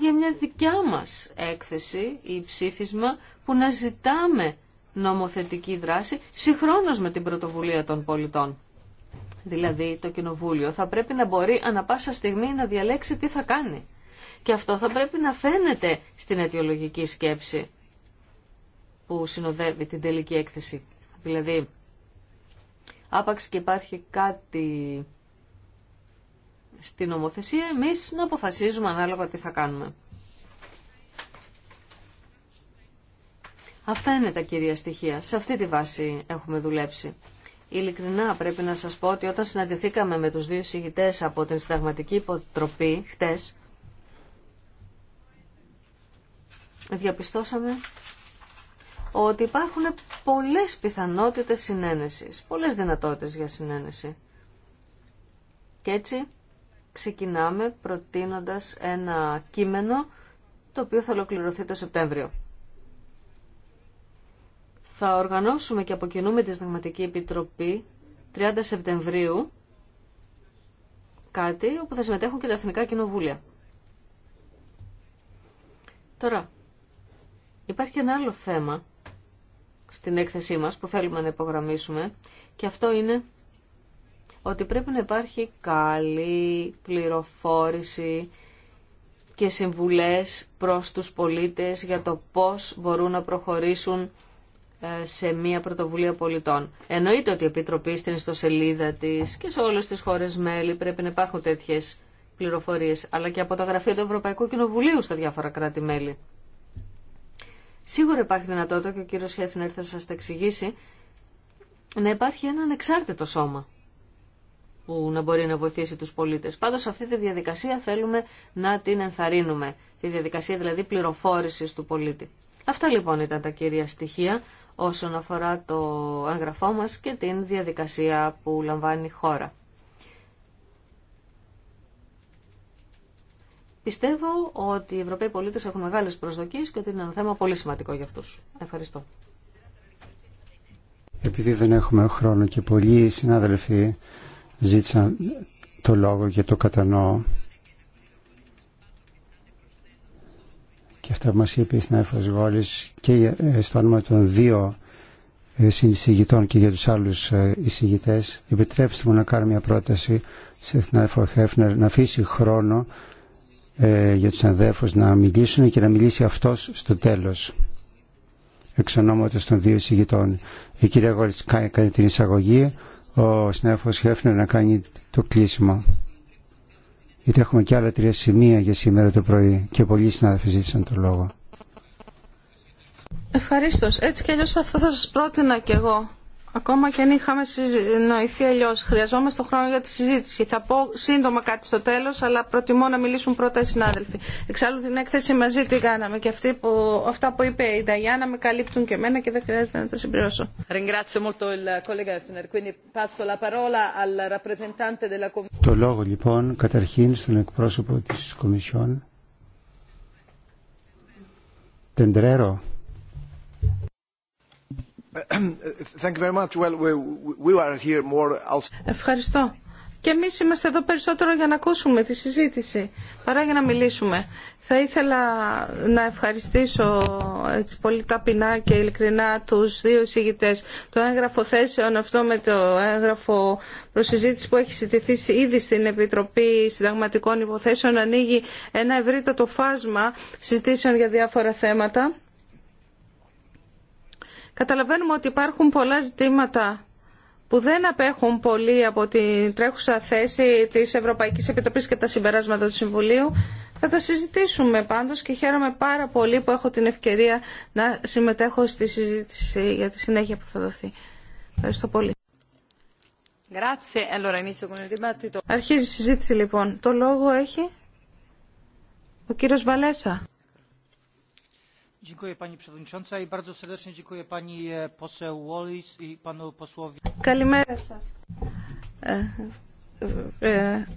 για μια δικιά μας έκθεση ή ψήφισμα που να ζητάμε νομοθετική δράση συγχρόνως με την πρωτοβουλία των πολιτών. Δηλαδή το Κοινοβούλιο θα πρέπει να μπορεί ανα πάσα στιγμή να διαλέξει τι θα κάνει. Και αυτό θα πρέπει να φαίνεται στην αιτιολογική σκέψη που συνοδεύει την τελική έκθεση. Δηλαδή, άπαξ και υπάρχει κάτι στην νομοθεσία, εμείς να αποφασίζουμε ανάλογα τι θα κάνουμε. Αυτά είναι τα κυρία στοιχεία. Σε αυτή τη βάση έχουμε δουλέψει. Ειλικρινά πρέπει να σας πω ότι όταν συναντηθήκαμε με τους δύο συγητές από την συνταγματική υποτροπή χτες, διαπιστώσαμε ότι υπάρχουν πολλές πιθανότητες συνένεσης, πολλές δυνατότητες για συνένεση. Και έτσι ξεκινάμε προτείνοντας ένα κείμενο το οποίο θα ολοκληρωθεί το Σεπτέμβριο. Θα οργανώσουμε και αποκοινούμε τη Συνταγματική Επιτροπή 30 Σεπτεμβρίου κάτι όπου θα συμμετέχουν και τα Εθνικά Κοινοβούλια. Τώρα, υπάρχει ένα άλλο θέμα στην έκθεσή μας που θέλουμε να υπογραμμίσουμε και αυτό είναι ότι πρέπει να υπάρχει καλή πληροφόρηση και συμβουλές προς τους πολίτες για το πώς μπορούν να προχωρήσουν ε, σε μια πρωτοβουλία πολιτών. Εννοείται ότι η Επιτροπή στην ιστοσελίδα της και σε όλες τις χώρες μέλη πρέπει να υπάρχουν τέτοιες πληροφορίες, αλλά και από τα γραφεία του Ευρωπαϊκού Κοινοβουλίου στα διάφορα κράτη-μέλη. Σίγουρα υπάρχει δυνατότητα, και ο κύριος Σέφνερ θα σας τα εξηγήσει, να υπάρχει ένα ανεξάρτητο σώμα που να μπορεί να βοηθήσει τους πολίτες. Πάντως αυτή τη διαδικασία θέλουμε να την ενθαρρύνουμε, τη διαδικασία δηλαδή πληροφόρησης του πολίτη. Αυτά λοιπόν ήταν τα κύρια στοιχεία όσον αφορά το έγγραφό μας και την διαδικασία που λαμβάνει η χώρα. Πιστεύω ότι οι Ευρωπαίοι πολίτες έχουν μεγάλες προσδοκίες και ότι είναι ένα θέμα πολύ σημαντικό για αυτούς. Ευχαριστώ. Επειδή δεν έχουμε χρόνο και πολλοί συνάδελφοι ζήτησαν το λόγο και το κατανοώ. Και αυτά που μας είπε η συνάδελφος Γόλης και ε, στο όνομα των δύο ε, συνεισηγητών και για τους άλλους ε, εισηγητές επιτρέψτε μου να κάνω μια πρόταση σε συνάδελφο Χέφνερ να αφήσει χρόνο για τους αδέρφους να μιλήσουν και να μιλήσει αυτός στο τέλος εξ ονόματος των δύο εισηγητών. Η κυρία Γόλης κάνει την εισαγωγή, ο συνάδελφος Χέφνερ να κάνει το κλείσιμο. Γιατί έχουμε και άλλα τρία σημεία για σήμερα το πρωί και πολλοί συνάδελφοι ζήτησαν το λόγο. Ευχαρίστω. Έτσι κι αλλιώς αυτό θα σας πρότεινα κι εγώ. Ακόμα και αν είχαμε συζητηθεί αλλιώ, χρειαζόμαστε χρόνο για τη συζήτηση. Θα πω σύντομα κάτι στο τέλο, αλλά προτιμώ να μιλήσουν πρώτα οι συνάδελφοι. Εξάλλου την έκθεση μαζί την κάναμε και αυτή που, αυτά που είπε η Νταγιάννα με καλύπτουν και εμένα και δεν χρειάζεται να τα συμπληρώσω. Το λόγο λοιπόν καταρχήν στον εκπρόσωπο τη Κομισιόν. Τεντρέρο. Ευχαριστώ. Και εμείς είμαστε εδώ περισσότερο για να ακούσουμε τη συζήτηση παρά για να μιλήσουμε. Θα ήθελα να ευχαριστήσω έτσι, πολύ ταπεινά και ειλικρινά τους δύο εισηγητές. Το έγγραφο θέσεων αυτό με το έγγραφο προσυζήτηση που έχει συζητηθεί ήδη στην Επιτροπή Συνταγματικών Υποθέσεων ανοίγει ένα ευρύτατο φάσμα συζητήσεων για διάφορα θέματα Καταλαβαίνουμε ότι υπάρχουν πολλά ζητήματα που δεν απέχουν πολύ από την τρέχουσα θέση της Ευρωπαϊκής Επιτροπής και τα συμπεράσματα του Συμβουλίου. Θα τα συζητήσουμε πάντως και χαίρομαι πάρα πολύ που έχω την ευκαιρία να συμμετέχω στη συζήτηση για τη συνέχεια που θα δοθεί. Ευχαριστώ πολύ. Αρχίζει η συζήτηση λοιπόν. Το λόγο έχει ο κύριος Βαλέσα. Καλημέρα σα.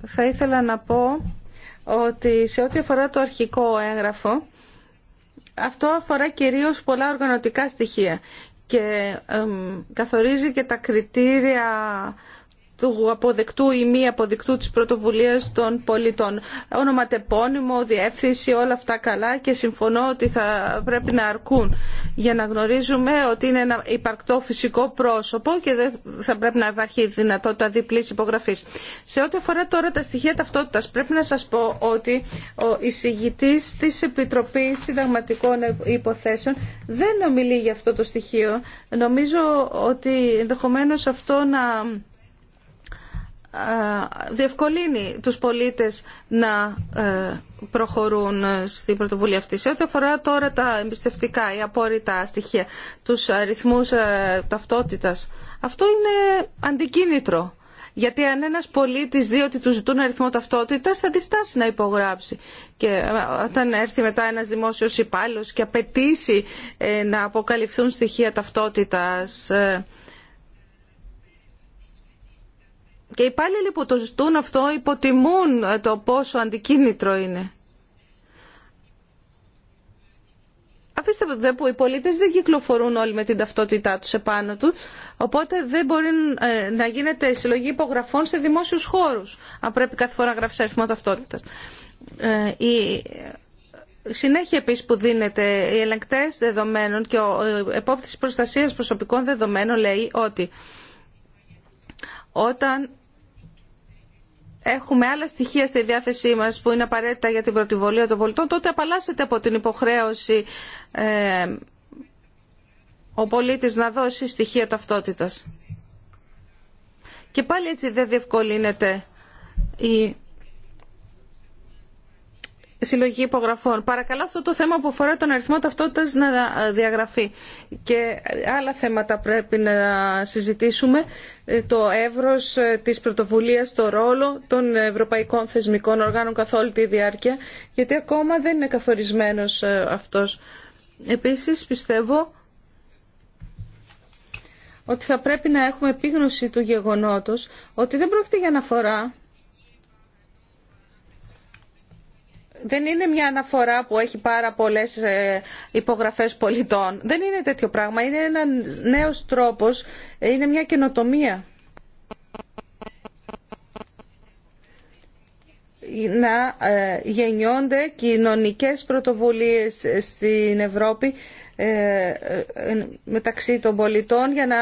θα ήθελα να πω ότι σε ό,τι αφορά το αρχικό έγγραφο, αυτό αφορά κυρίως πολλά οργανωτικά στοιχεία και καθορίζει και τα κριτήρια του αποδεκτού ή μη αποδεκτού της πρωτοβουλίας των πολιτών. Ονοματεπώνυμο, διεύθυνση, όλα αυτά καλά και συμφωνώ ότι θα πρέπει να αρκούν για να γνωρίζουμε ότι είναι ένα υπαρκτό φυσικό πρόσωπο και δεν θα πρέπει να υπάρχει δυνατότητα διπλής υπογραφής. Σε ό,τι αφορά τώρα τα στοιχεία ταυτότητας, πρέπει να σας πω ότι ο εισηγητής της Επιτροπής Συνταγματικών Υποθέσεων δεν ομιλεί για αυτό το στοιχείο. Νομίζω ότι ενδεχομένως αυτό να διευκολύνει τους πολίτες να ε, προχωρούν ε, στην πρωτοβουλία αυτή. Σε ό,τι αφορά τώρα τα εμπιστευτικά ή απόρριτα στοιχεία, τους αριθμούς ε, ταυτότητας, αυτό είναι αντικίνητρο. Γιατί αν ένας πολίτης δει ότι του ζητούν αριθμό ταυτότητας θα διστάσει να υπογράψει. Και όταν έρθει μετά ένας δημόσιος υπάλληλος και απαιτήσει να αποκαλυφθούν στοιχεία ταυτότητας Και οι υπάλληλοι που το ζητούν αυτό υποτιμούν ε, το πόσο αντικίνητρο είναι. Αφήστε δε που οι πολίτες δεν κυκλοφορούν όλοι με την ταυτότητά τους επάνω του, οπότε δεν μπορεί ε, να γίνεται συλλογή υπογραφών σε δημόσιους χώρους, αν πρέπει κάθε φορά να γράφεις αριθμό ταυτότητας. Ε, η συνέχεια επίσης που δίνεται οι ελεγκτές δεδομένων και ο επόπτης προστασίας προσωπικών δεδομένων λέει ότι όταν έχουμε άλλα στοιχεία στη διάθεσή μας που είναι απαραίτητα για την πρωτοβολία των πολιτών, τότε απαλλάσσεται από την υποχρέωση ε, ο πολίτης να δώσει στοιχεία ταυτότητας. Και πάλι έτσι δεν διευκολύνεται η συλλογή υπογραφών. Παρακαλώ αυτό το θέμα που αφορά τον αριθμό ταυτότητας να διαγραφεί. Και άλλα θέματα πρέπει να συζητήσουμε. Ε, το εύρος ε, της πρωτοβουλίας, το ρόλο των ευρωπαϊκών θεσμικών οργάνων καθ' όλη τη διάρκεια, γιατί ακόμα δεν είναι καθορισμένος ε, αυτός. Επίσης πιστεύω ότι θα πρέπει να έχουμε επίγνωση του γεγονότος ότι δεν πρόκειται για αναφορά δεν είναι μια αναφορά που έχει πάρα πολλές ε, υπογραφές πολιτών. Δεν είναι τέτοιο πράγμα. Είναι ένα νέος τρόπος, είναι μια καινοτομία. να ε, γεννιόνται κοινωνικές πρωτοβουλίες στην Ευρώπη ε, μεταξύ των πολιτών για να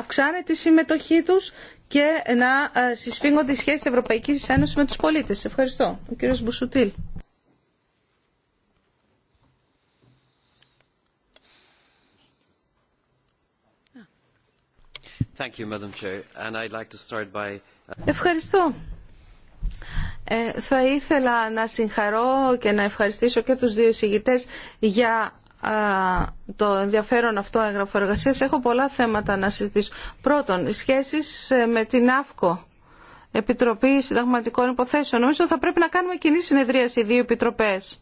αυξάνεται η συμμετοχή τους και να συσφίγονται οι σχέσεις Ευρωπαϊκής Ένωσης με τους πολίτες. Ευχαριστώ. Ο κύριος Μπουσουτήλ. Ευχαριστώ. θα ήθελα να συγχαρώ και να ευχαριστήσω και τους δύο συγητές για το ενδιαφέρον αυτό έγγραφο εργασίας. Έχω πολλά θέματα να συζητήσω. Πρώτον, σχέσεις ε, με την ΑΦΚΟ. Επιτροπή Συνταγματικών Υποθέσεων. Νομίζω θα πρέπει να κάνουμε κοινή συνεδρία οι δύο επιτροπές.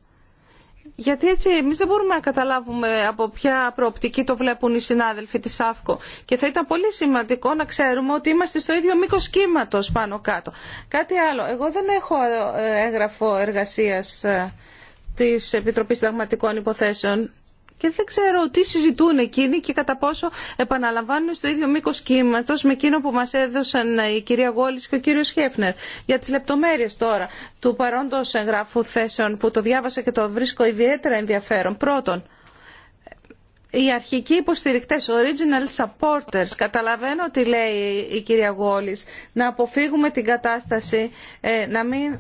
Γιατί έτσι εμεί δεν μπορούμε να καταλάβουμε από ποια προοπτική το βλέπουν οι συνάδελφοι της ΑΦΚΟ. Και θα ήταν πολύ σημαντικό να ξέρουμε ότι είμαστε στο ίδιο μήκο κύματο πάνω κάτω. Κάτι άλλο. Εγώ δεν έχω ε, έγγραφο εργασία ε, της Επιτροπής Συνταγματικών Υποθέσεων και δεν ξέρω τι συζητούν εκείνοι και κατά πόσο επαναλαμβάνουν στο ίδιο μήκο κύματο με εκείνο που μα έδωσαν η κυρία Γόλη και ο κύριο Χέφνερ. Για τι λεπτομέρειε τώρα του παρόντο εγγράφου θέσεων που το διάβασα και το βρίσκω ιδιαίτερα ενδιαφέρον. Πρώτον, οι αρχικοί υποστηρικτές, original supporters, καταλαβαίνω τι λέει η κυρία Γόλη, να αποφύγουμε την κατάσταση, ε, να μην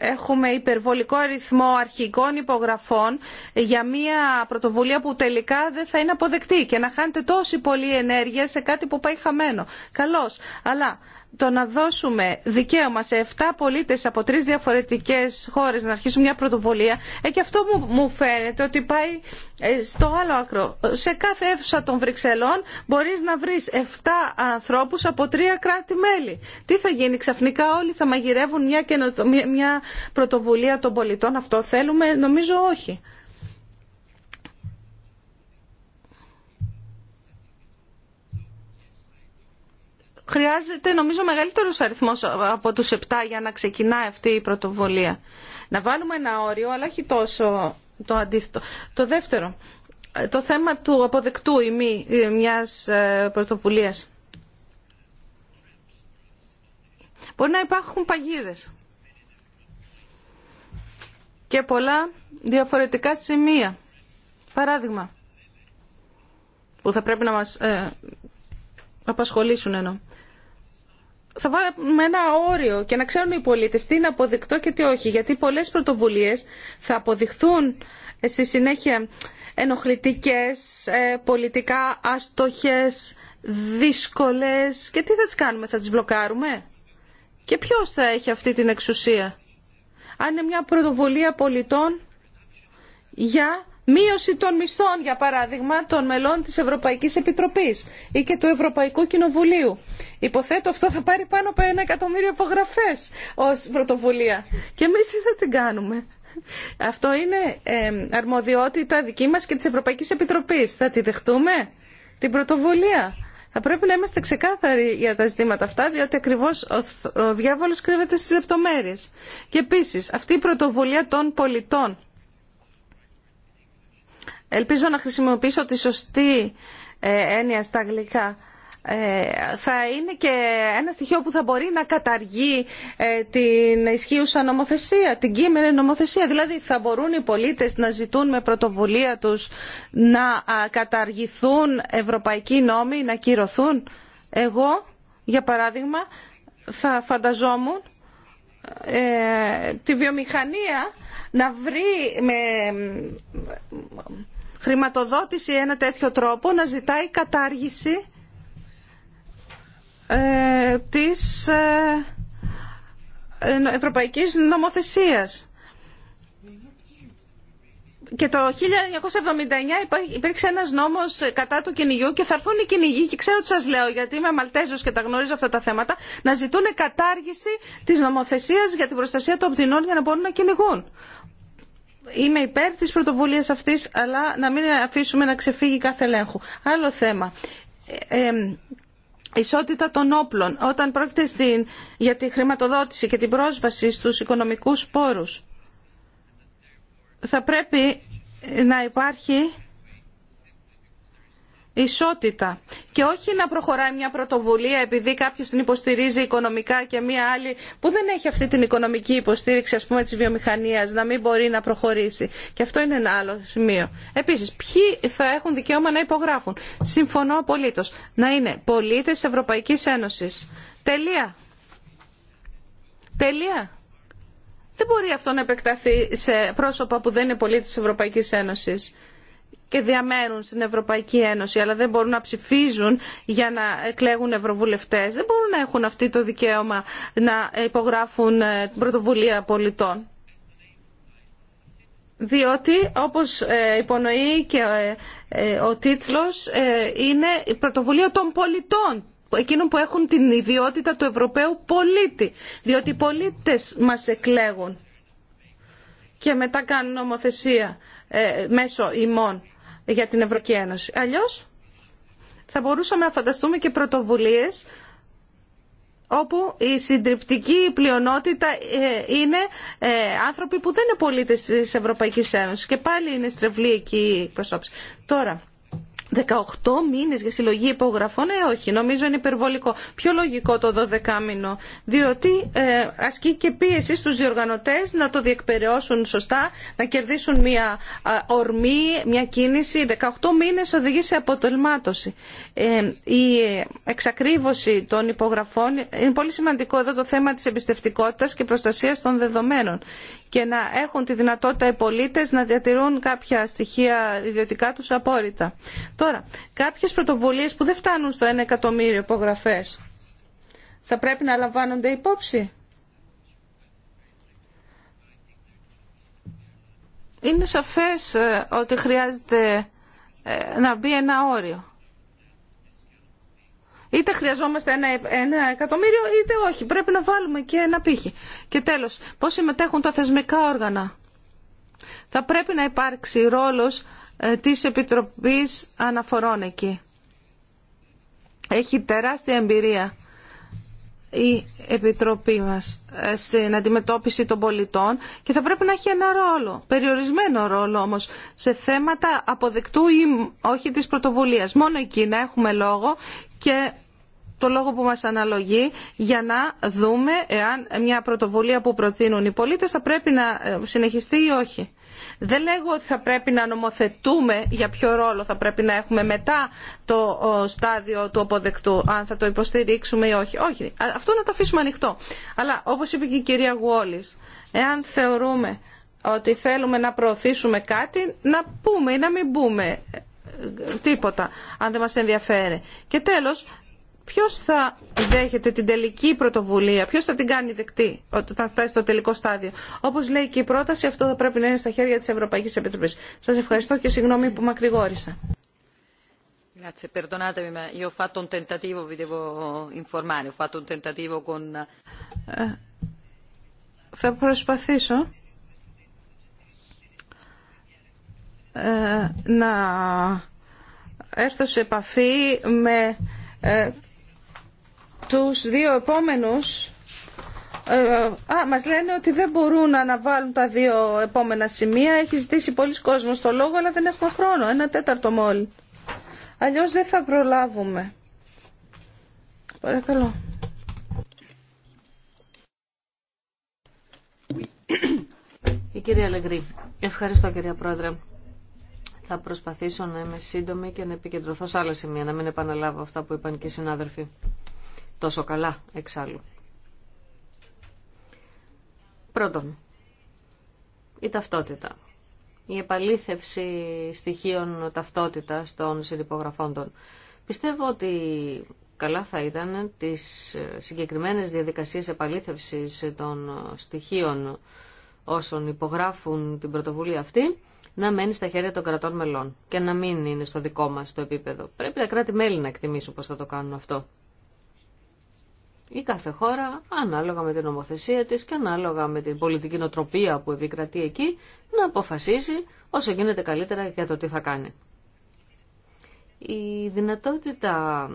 έχουμε υπερβολικό αριθμό αρχικών υπογραφών για μια πρωτοβουλία που τελικά δεν θα είναι αποδεκτή και να χάνετε τόση πολλή ενέργεια σε κάτι που πάει χαμένο. Καλώς. Αλλά το να δώσουμε δικαίωμα σε 7 πολίτες από τρει διαφορετικές χώρες να αρχίσουν μια πρωτοβουλία, ε, και αυτό μου, μου φαίνεται ότι πάει ε, στο άλλο άκρο. Σε κάθε αίθουσα των Βρυξελών μπορείς να βρει 7 ανθρώπους από τρία κράτη-μέλη. Τι θα γίνει ξαφνικά όλοι θα μαγειρεύουν μια, μια πρωτοβουλία των πολιτών. Αυτό θέλουμε, νομίζω όχι. χρειάζεται νομίζω μεγαλύτερος αριθμός από τους 7 για να ξεκινάει αυτή η πρωτοβουλία. Να βάλουμε ένα όριο, αλλά όχι τόσο το αντίθετο. Το δεύτερο, το θέμα του αποδεκτού ή μη ε, μιας ε, πρωτοβουλίας. Μπορεί να υπάρχουν παγίδες και πολλά διαφορετικά σημεία. Παράδειγμα, που θα πρέπει να μας ε, απασχολήσουν ενώ θα βάλουμε ένα όριο και να ξέρουν οι πολίτε τι είναι αποδεικτό και τι όχι. Γιατί πολλέ πρωτοβουλίε θα αποδειχθούν ε, στη συνέχεια ενοχλητικές, ε, πολιτικά άστοχε, δύσκολε. Και τι θα τι κάνουμε, θα τις μπλοκάρουμε. Και ποιο θα έχει αυτή την εξουσία. Αν είναι μια πρωτοβουλία πολιτών για μείωση των μισθών, για παράδειγμα, των μελών της Ευρωπαϊκής Επιτροπής ή και του Ευρωπαϊκού Κοινοβουλίου. Υποθέτω αυτό θα πάρει πάνω από ένα εκατομμύριο υπογραφές ως πρωτοβουλία. Και εμείς τι θα την κάνουμε. Αυτό είναι αρμοδιότητα δική μας και της Ευρωπαϊκής Επιτροπής. Θα τη δεχτούμε την πρωτοβουλία. Θα πρέπει να είμαστε ξεκάθαροι για τα ζητήματα αυτά, διότι ακριβώ ο διάβολο κρύβεται στι λεπτομέρειε. Και επίση, αυτή η πρωτοβουλία των πολιτών Ελπίζω να χρησιμοποιήσω τη σωστή ε, έννοια στα αγγλικά. Ε, θα είναι και ένα στοιχείο που θα μπορεί να καταργεί ε, την ισχύουσα νομοθεσία, την κείμενη νομοθεσία. Δηλαδή θα μπορούν οι πολίτες να ζητούν με πρωτοβουλία τους να καταργηθούν ευρωπαϊκοί νόμοι, να κυρωθούν. Εγώ, για παράδειγμα, θα φανταζόμουν τη βιομηχανία να βρει με χρηματοδότηση ένα τέτοιο τρόπο να ζητάει κατάργηση ε, της ε, ε ευρωπαϊκής νομοθεσίας. Και το 1979 υπήρξε ένας νόμος κατά του κυνηγιού και θα έρθουν οι κυνηγοί και ξέρω τι σας λέω γιατί είμαι Μαλτέζος και τα γνωρίζω αυτά τα θέματα να ζητούν κατάργηση της νομοθεσίας για την προστασία των πτηνών για να μπορούν να κυνηγούν είμαι υπέρ της πρωτοβουλίας αυτής, αλλά να μην αφήσουμε να ξεφύγει κάθε ελέγχου. Άλλο θέμα. Ε, ε, ισότητα των όπλων. Όταν πρόκειται στην, για τη χρηματοδότηση και την πρόσβαση στους οικονομικούς πόρους, θα πρέπει να υπάρχει ισότητα και όχι να προχωράει μια πρωτοβουλία επειδή κάποιος την υποστηρίζει οικονομικά και μια άλλη που δεν έχει αυτή την οικονομική υποστήριξη ας πούμε της βιομηχανίας να μην μπορεί να προχωρήσει και αυτό είναι ένα άλλο σημείο επίσης ποιοι θα έχουν δικαίωμα να υπογράφουν συμφωνώ απολύτως να είναι πολίτες της Ευρωπαϊκής Ένωσης τελεία τελεία δεν μπορεί αυτό να επεκταθεί σε πρόσωπα που δεν είναι πολίτες της Ευρωπαϊκής Ένωσης και διαμένουν στην Ευρωπαϊκή Ένωση αλλά δεν μπορούν να ψηφίζουν για να εκλέγουν ευρωβουλευτές. Δεν μπορούν να έχουν αυτή το δικαίωμα να υπογράφουν την ε, πρωτοβουλία πολιτών. Διότι, όπως ε, υπονοεί και ε, ο τίτλος, είναι η πρωτοβουλία των πολιτών εκείνων που έχουν την ιδιότητα του Ευρωπαίου πολίτη. Διότι οι πολίτες μας εκλέγουν και μετά κάνουν νομοθεσία μέσω ημών για την Ευρωπαϊκή Ένωση. Αλλιώς θα μπορούσαμε να φανταστούμε και πρωτοβουλίες όπου η συντριπτική πλειονότητα ε, είναι ε, άνθρωποι που δεν είναι πολίτες της Ευρωπαϊκής Ένωσης και πάλι είναι στρεβλή εκεί η προσώπηση. Τώρα, 18 μήνε για συλλογή υπογραφών, ε όχι, νομίζω είναι υπερβολικό. Πιο λογικό το 12 μήνο, διότι ε, ασκεί και πίεση στου διοργανωτέ να το διεκπαιρεώσουν σωστά, να κερδίσουν μια ορμή, μια κίνηση. 18 μήνε οδηγεί σε αποτελμάτωση. Ε, η εξακρίβωση των υπογραφών είναι πολύ σημαντικό εδώ το θέμα της εμπιστευτικότητα και προστασία των δεδομένων και να έχουν τη δυνατότητα οι πολίτες να διατηρούν κάποια στοιχεία ιδιωτικά τους απόρριτα. Τώρα, κάποιες πρωτοβουλίες που δεν φτάνουν στο 1 εκατομμύριο υπογραφέ θα πρέπει να λαμβάνονται υπόψη. Είναι σαφές ε, ότι χρειάζεται ε, να μπει ένα όριο. Είτε χρειαζόμαστε ένα, ένα εκατομμύριο είτε όχι. Πρέπει να βάλουμε και ένα πύχη. Και τέλος, πώ συμμετέχουν τα θεσμικά όργανα. Θα πρέπει να υπάρξει ρόλος ε, της Επιτροπής Αναφορών εκεί. Έχει τεράστια εμπειρία η Επιτροπή μας ε, στην αντιμετώπιση των πολιτών και θα πρέπει να έχει ένα ρόλο, περιορισμένο ρόλο όμως, σε θέματα αποδεκτού ή όχι της πρωτοβουλίας. Μόνο εκεί να έχουμε λόγο και το λόγο που μας αναλογεί για να δούμε εάν μια πρωτοβουλία που προτείνουν οι πολίτες θα πρέπει να ε, συνεχιστεί ή όχι. Δεν λέγω ότι θα πρέπει να νομοθετούμε για ποιο ρόλο θα πρέπει να έχουμε μετά το στάδιο του αποδεκτού, αν θα το υποστηρίξουμε ή όχι. Όχι, αυτό να το αφήσουμε ανοιχτό. Αλλά όπως είπε και η κυρία Γουόλης, εάν θεωρούμε ότι θέλουμε να προωθήσουμε κάτι, να πούμε ή να μην πούμε τίποτα, αν δεν μας ενδιαφέρει. Και τέλος, ποιος θα δέχεται την τελική πρωτοβουλία, ποιος θα την κάνει δεκτή όταν φτάσει στο τελικό στάδιο. Όπως λέει και η πρόταση, αυτό θα πρέπει να είναι στα χέρια της Ευρωπαϊκής Επιτροπής. Σας ευχαριστώ και συγγνώμη που μακρηγόρησα. con... θα προσπαθήσω ε, να έρθω σε επαφή με ε, τους δύο επόμενους ε, α, μας λένε ότι δεν μπορούν να αναβάλουν τα δύο επόμενα σημεία. Έχει ζητήσει πολλοί κόσμος το λόγο, αλλά δεν έχουμε χρόνο. Ένα τέταρτο μόλι. Αλλιώς δεν θα προλάβουμε. Παρακαλώ. Η κυρία Λεγκρή. Ευχαριστώ κυρία Πρόεδρε. Θα προσπαθήσω να είμαι σύντομη και να επικεντρωθώ σε άλλα σημεία, να μην επαναλάβω αυτά που είπαν και οι συνάδελφοι. Τόσο καλά, εξάλλου. Πρώτον, η ταυτότητα. Η επαλήθευση στοιχείων ταυτότητας των συνυπογραφών Πιστεύω ότι καλά θα ήταν τις συγκεκριμένες διαδικασίες επαλήθευσης των στοιχείων όσων υπογράφουν την πρωτοβουλία αυτή να μένει στα χέρια των κρατών μελών και να μην είναι στο δικό μας το επίπεδο. Πρέπει τα κράτη-μέλη να εκτιμήσουν πώς θα το κάνουν αυτό. Η κάθε χώρα, ανάλογα με την νομοθεσία της και ανάλογα με την πολιτική νοτροπία που επικρατεί εκεί, να αποφασίσει όσο γίνεται καλύτερα για το τι θα κάνει. Η δυνατότητα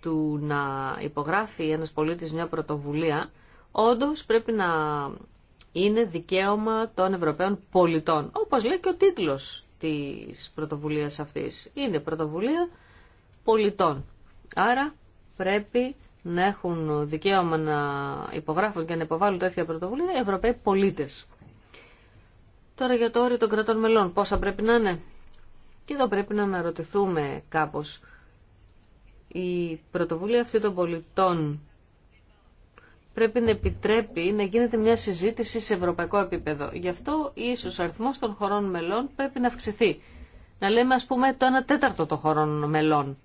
του να υπογράφει ένας πολίτης μια πρωτοβουλία, όντως πρέπει να είναι δικαίωμα των Ευρωπαίων πολιτών. Όπως λέει και ο τίτλος της πρωτοβουλίας αυτής. Είναι πρωτοβουλία πολιτών. Άρα πρέπει να έχουν δικαίωμα να υπογράφουν και να υποβάλουν τέτοια πρωτοβουλία Ευρωπαίοι πολίτες. Τώρα για το όριο των κρατών μελών, πόσα πρέπει να είναι. Και εδώ πρέπει να αναρωτηθούμε κάπως. Η πρωτοβουλία αυτή των πολιτών πρέπει να επιτρέπει να γίνεται μια συζήτηση σε ευρωπαϊκό επίπεδο. Γι' αυτό ίσω ο αριθμό των χωρών μελών πρέπει να αυξηθεί. Να λέμε ας πούμε το 1 τέταρτο των χωρών μελών.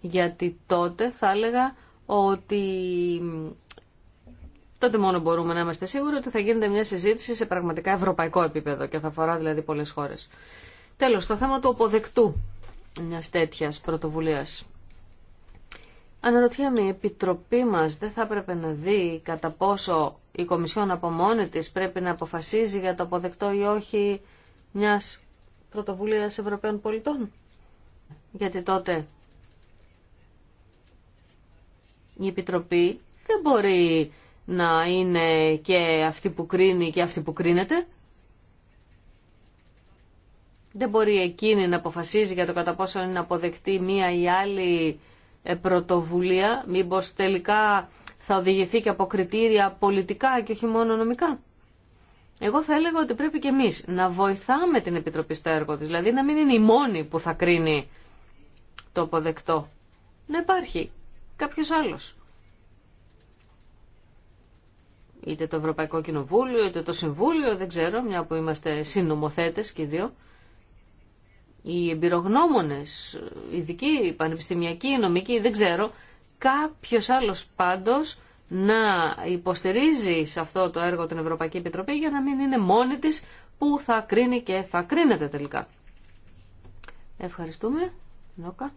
Γιατί τότε θα έλεγα ότι τότε μόνο μπορούμε να είμαστε σίγουροι ότι θα γίνεται μια συζήτηση σε πραγματικά ευρωπαϊκό επίπεδο και θα αφορά δηλαδή πολλές χώρες. Τέλος, το θέμα του αποδεκτού μια τέτοια πρωτοβουλίας. Αναρωτιέμαι, η Επιτροπή μας δεν θα έπρεπε να δει κατά πόσο η Κομισιόν από μόνη της πρέπει να αποφασίζει για το αποδεκτό ή όχι μιας πρωτοβουλίας Ευρωπαίων πολιτών. Γιατί τότε η Επιτροπή δεν μπορεί να είναι και αυτή που κρίνει και αυτή που κρίνεται. Δεν μπορεί εκείνη να αποφασίζει για το κατά πόσο είναι αποδεκτή μία ή άλλη ε, πρωτοβουλία, μήπως τελικά θα οδηγηθεί και από κριτήρια πολιτικά και όχι μόνο νομικά. Εγώ θα έλεγα ότι πρέπει και εμείς να βοηθάμε την Επιτροπή στο έργο της, δηλαδή να μην είναι η μόνη που θα κρίνει το αποδεκτό. Να υπάρχει κάποιος άλλος. Είτε το Ευρωπαϊκό Κοινοβούλιο, είτε το Συμβούλιο, δεν ξέρω, μια που είμαστε συνομοθέτες και δύο οι εμπειρογνώμονες, ειδικοί, πανεπιστημιακοί, νομικοί, δεν ξέρω, κάποιος άλλος πάντως να υποστηρίζει σε αυτό το έργο την Ευρωπαϊκή Επιτροπή για να μην είναι μόνη της που θα κρίνει και θα κρίνεται τελικά. Ευχαριστούμε. Νόκα.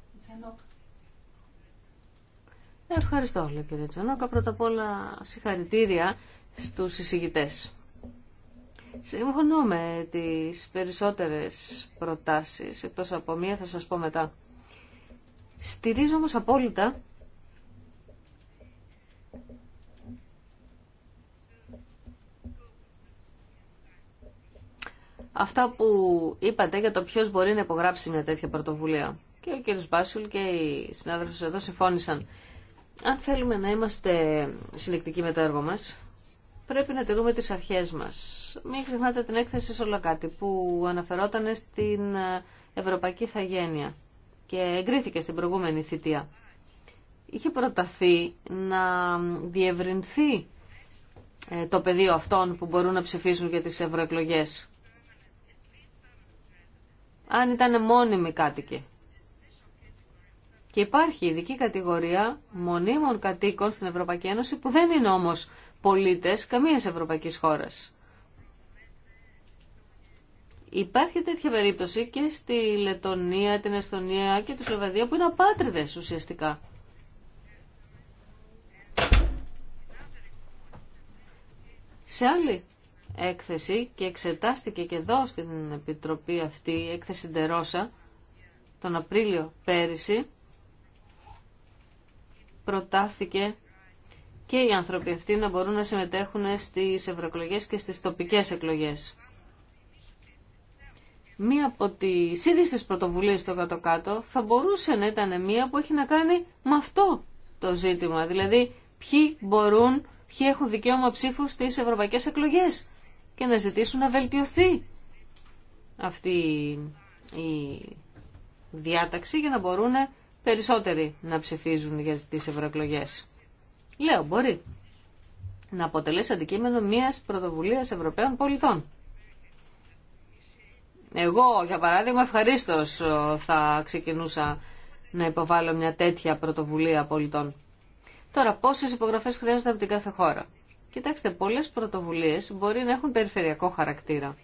Ευχαριστώ, λέει κύριε Τζανόκα. Πρώτα απ' όλα συγχαρητήρια στους εισηγητές. Συμφωνώ με τις περισσότερες προτάσεις, εκτός από μία θα σας πω μετά. Στηρίζω όμως απόλυτα αυτά που είπατε για το ποιος μπορεί να υπογράψει μια τέτοια πρωτοβουλία. Και ο κύριος Μπάσουλ και οι συνάδελφοι εδώ συμφώνησαν. Αν θέλουμε να είμαστε συνεκτικοί με το έργο μας, πρέπει να τηρούμε τις αρχές μας. Μην ξεχνάτε την έκθεση όλα κάτι που αναφερόταν στην ε, Ευρωπαϊκή Θαγένεια και εγκρίθηκε στην προηγούμενη θητεία. Είχε προταθεί να διευρυνθεί ε, το πεδίο αυτών που μπορούν να ψηφίσουν για τις ευρωεκλογέ. Αν ήταν μόνιμοι κάτοικοι. Και υπάρχει ειδική κατηγορία μονίμων κατοίκων στην Ευρωπαϊκή Ένωση που δεν είναι όμως πολίτες καμίας ευρωπαϊκής χώρας. Υπάρχει τέτοια περίπτωση και στη Λετωνία, την Εσθονία, και τη Σλοβαδία που είναι απάτριδες ουσιαστικά. Σε άλλη έκθεση και εξετάστηκε και εδώ στην Επιτροπή αυτή η έκθεση Ντερόσα τον Απρίλιο πέρυσι προτάθηκε και οι άνθρωποι αυτοί να μπορούν να συμμετέχουν στις ευρωεκλογέ και στις τοπικές εκλογές. Μία από τις ίδιες τις πρωτοβουλίες στο κάτω-κάτω θα μπορούσε να ήταν μία που έχει να κάνει με αυτό το ζήτημα. Δηλαδή ποιοι μπορούν, ποιοι έχουν δικαίωμα ψήφου στις ευρωπαϊκές εκλογές και να ζητήσουν να βελτιωθεί αυτή η διάταξη για να μπορούν περισσότεροι να ψηφίζουν για τις ευρωεκλογές. Λέω, μπορεί να αποτελέσει αντικείμενο μιας πρωτοβουλίας Ευρωπαίων πολιτών. Εγώ, για παράδειγμα, ευχαρίστω ε, θα ξεκινούσα να υποβάλω μια τέτοια πρωτοβουλία πολιτών. Τώρα, πόσε υπογραφέ χρειάζονται από την κάθε χώρα. Κοιτάξτε, πολλέ πρωτοβουλίε μπορεί να έχουν περιφερειακό χαρακτήρα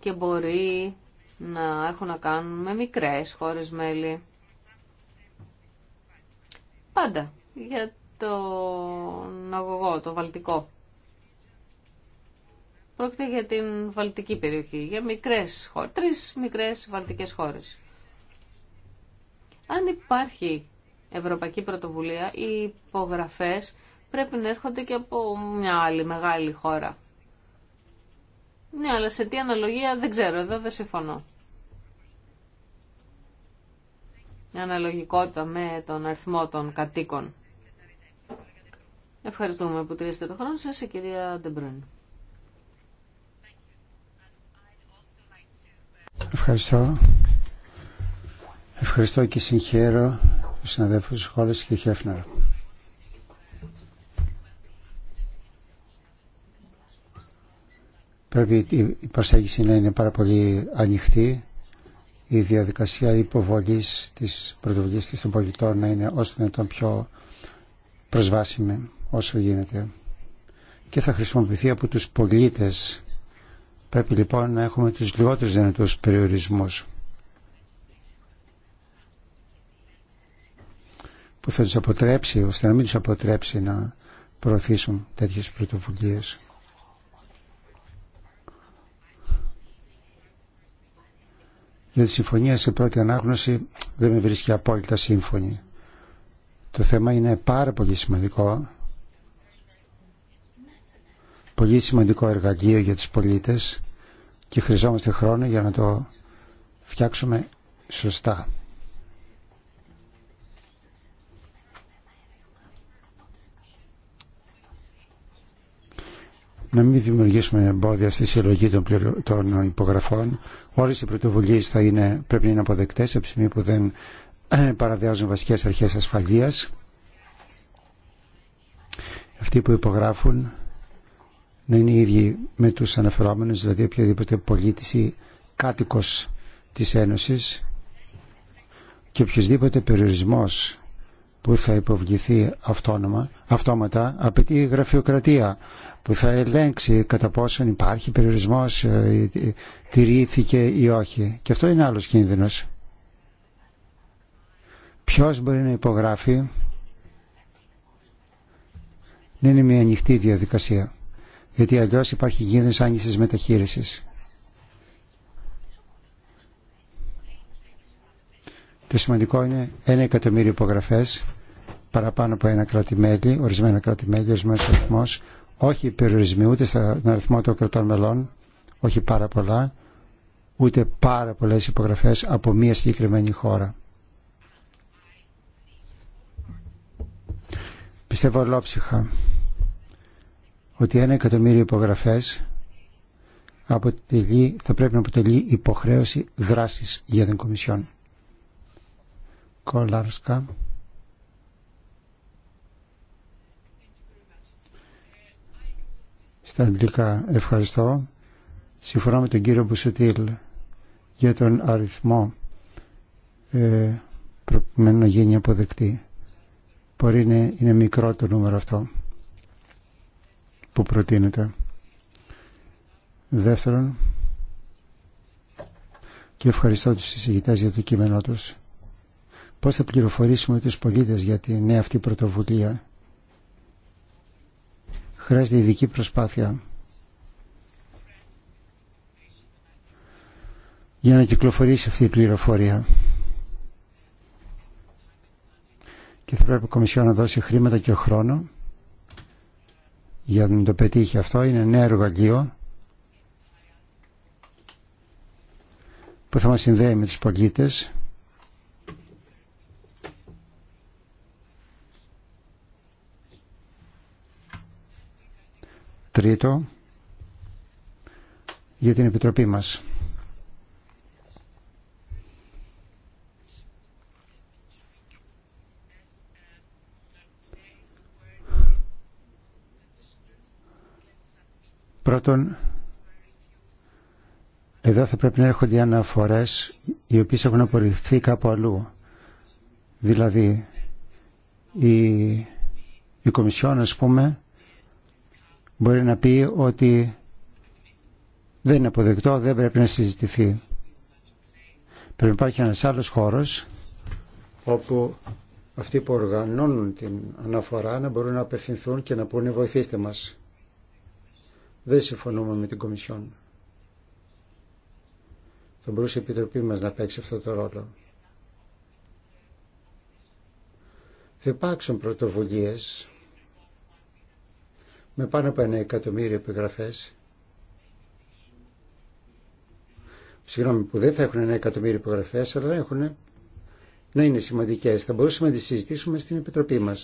και μπορεί να έχουν να κάνουν με μικρέ χώρε μέλη. Πάντα. Γιατί το αγωγό, το βαλτικό. Πρόκειται για την βαλτική περιοχή, για μικρές χώρες, τρεις μικρές βαλτικές χώρες. Αν υπάρχει ευρωπαϊκή πρωτοβουλία, οι υπογραφές πρέπει να έρχονται και από μια άλλη μεγάλη χώρα. Ναι, αλλά σε τι αναλογία δεν ξέρω, εδώ δεν συμφωνώ. Αναλογικότητα με τον αριθμό των κατοίκων. Ευχαριστούμε που τηρήσετε το χρόνο σας, η κυρία Ντεμπρούν. Ευχαριστώ. Ευχαριστώ και συγχαίρω τους συναδέλφους Χόλες και Χέφνερ. Πρέπει η προσέγγιση να είναι πάρα πολύ ανοιχτή, η διαδικασία υποβολής της πρωτοβουλίας της των πολιτών να είναι όσο δυνατόν πιο προσβάσιμη όσο γίνεται και θα χρησιμοποιηθεί από τους πολίτες. Πρέπει λοιπόν να έχουμε τους λιγότερους δυνατούς περιορισμούς που θα τους αποτρέψει, ώστε να μην τους αποτρέψει να προωθήσουν τέτοιες πρωτοβουλίες. Για τη συμφωνία σε πρώτη ανάγνωση δεν με βρίσκει απόλυτα σύμφωνη. Το θέμα είναι πάρα πολύ σημαντικό πολύ σημαντικό εργαλείο για τους πολίτες και χρειαζόμαστε χρόνο για να το φτιάξουμε σωστά. να μην δημιουργήσουμε εμπόδια στη συλλογή των, υπογραφών. Όλε οι πρωτοβουλίε θα είναι, πρέπει να είναι αποδεκτέ σε ψημή που δεν ε, παραβιάζουν βασικέ αρχέ ασφαλεία. Αυτοί που υπογράφουν να είναι οι ίδιοι με τους αναφερόμενους, δηλαδή οποιοδήποτε πολίτης ή κάτοικος της Ένωσης και οποιοδήποτε περιορισμός που θα υποβληθεί αυτόνομα, αυτόματα απαιτεί γραφειοκρατία που θα ελέγξει κατά πόσον υπάρχει περιορισμός, ε, ε, τηρήθηκε ή όχι. Και αυτό είναι άλλος κίνδυνος. Ποιος μπορεί να υπογράφει να είναι μια ανοιχτή διαδικασία γιατί αλλιώ υπάρχει κίνδυνος άγγισης μεταχείριση. Το σημαντικό είναι ένα εκατομμύριο υπογραφές παραπάνω από ένα κράτη-μέλη, ορισμένα κράτη-μέλη, ορισμένο αριθμό, όχι περιορισμοί ούτε στον αριθμό των κρατών μελών, όχι πάρα πολλά, ούτε πάρα πολλέ υπογραφέ από μία συγκεκριμένη χώρα. Πιστεύω ολόψυχα ότι ένα εκατομμύριο υπογραφέ θα πρέπει να αποτελεί υποχρέωση δράσης για την Κομισιόν. Κολάρσκα. Στα αγγλικά ευχαριστώ. Συμφωνώ με τον κύριο Μπουσουτήλ για τον αριθμό ε, προκειμένου να γίνει αποδεκτή. Μπορεί είναι, είναι μικρό το νούμερο αυτό που προτείνεται. Δεύτερον, και ευχαριστώ τους συζητητές για το κείμενό τους. Πώς θα πληροφορήσουμε τους πολίτες για τη νέα αυτή πρωτοβουλία. Χρειάζεται ειδική προσπάθεια για να κυκλοφορήσει αυτή η πληροφορία. Και θα πρέπει η Κομισιόν να δώσει χρήματα και χρόνο για να το πετύχει αυτό. Είναι νέο εργαλείο που θα μας συνδέει με τους πολίτες Τρίτο, για την Επιτροπή μας. Πρώτον, εδώ θα πρέπει να έρχονται οι αναφορές οι οποίες έχουν απορριφθεί κάπου αλλού. Δηλαδή, η, η Κομισιόν, ας πούμε, μπορεί να πει ότι δεν είναι αποδεκτό, δεν πρέπει να συζητηθεί. Πρέπει να υπάρχει ένας άλλος χώρος όπου αυτοί που οργανώνουν την αναφορά να μπορούν να απευθυνθούν και να πούνε βοηθήστε μας δεν συμφωνούμε με την Κομισιόν. Θα μπορούσε η Επιτροπή μας να παίξει αυτό το ρόλο. Θα υπάρξουν πρωτοβουλίες με πάνω από ένα εκατομμύριο επιγραφές συγγνώμη, που δεν θα έχουν ένα εκατομμύριο υπογραφέ, αλλά έχουν να είναι σημαντικέ. Θα μπορούσαμε να τι συζητήσουμε στην Επιτροπή μα.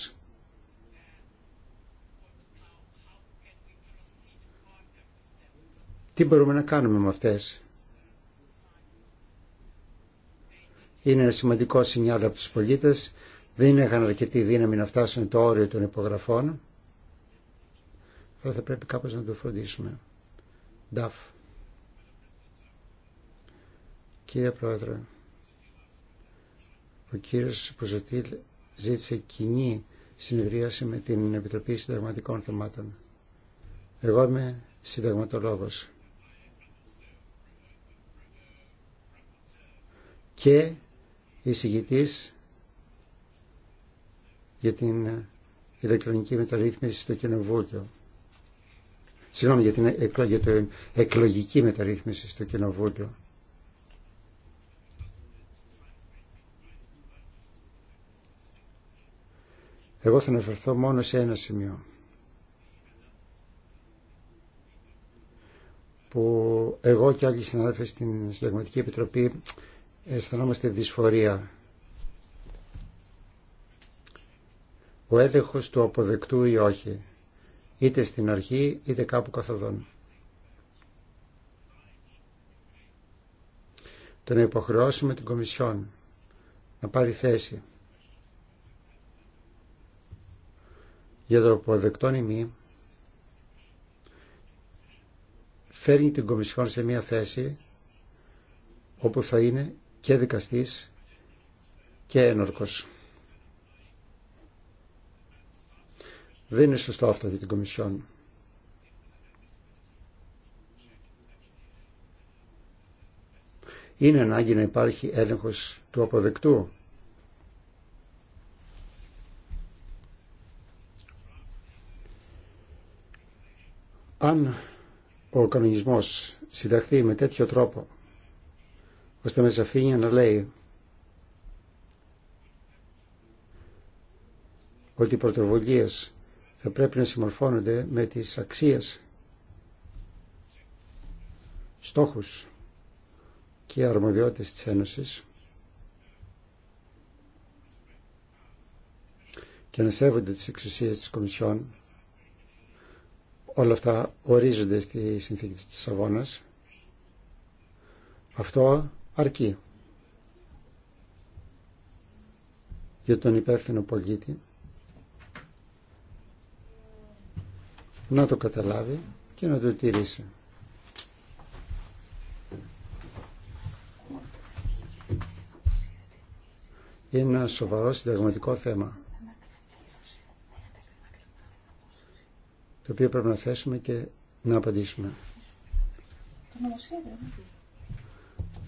Τι μπορούμε να κάνουμε με αυτές. Είναι ένα σημαντικό σινιάλο από τους πολίτες. Δεν είχαν αρκετή δύναμη να φτάσουν το όριο των υπογραφών. Αλλά θα πρέπει κάπως να το φροντίσουμε. Νταφ. Κύριε Πρόεδρε, ο κύριος Ποζωτήλ ζήτησε κοινή συνεδρίαση με την Επιτροπή Συνταγματικών Θεμάτων. Εγώ είμαι συνταγματολόγος. και εισηγητής για την ηλεκτρονική μεταρρύθμιση στο Κοινοβούλιο. Συγγνώμη, για την για το εκλογική μεταρρύθμιση στο Κοινοβούλιο. Εγώ θα αναφερθώ μόνο σε ένα σημείο. που εγώ και άλλοι συνάδελφοι στην Συνταγματική Επιτροπή αισθανόμαστε δυσφορία. Ο έλεγχος του αποδεκτού ή όχι, είτε στην αρχή είτε κάπου καθοδόν. Το να υποχρεώσουμε την Κομισιόν να πάρει θέση για το αποδεκτό νημί φέρνει την Κομισιόν σε μια θέση όπου θα είναι και δικαστής και ένορκος. Δεν είναι σωστό αυτό για την Κομισιόν. Είναι ανάγκη να υπάρχει έλεγχος του αποδεκτού. Αν ο κανονισμός συνταχθεί με τέτοιο τρόπο ώστε με σαφήνεια να λέει ότι οι πρωτοβουλίες θα πρέπει να συμμορφώνονται με τις αξίες, στόχους και αρμοδιότητες της Ένωσης και να σέβονται τις εξουσίες της Κομισιόν. Όλα αυτά ορίζονται στη συνθήκη της Σαββόνας. Αυτό αρκεί για τον υπεύθυνο πολίτη να το καταλάβει και να το τηρήσει. Είναι ένα σοβαρό συνταγματικό θέμα το οποίο πρέπει να θέσουμε και να απαντήσουμε. Το νομοσχέδιο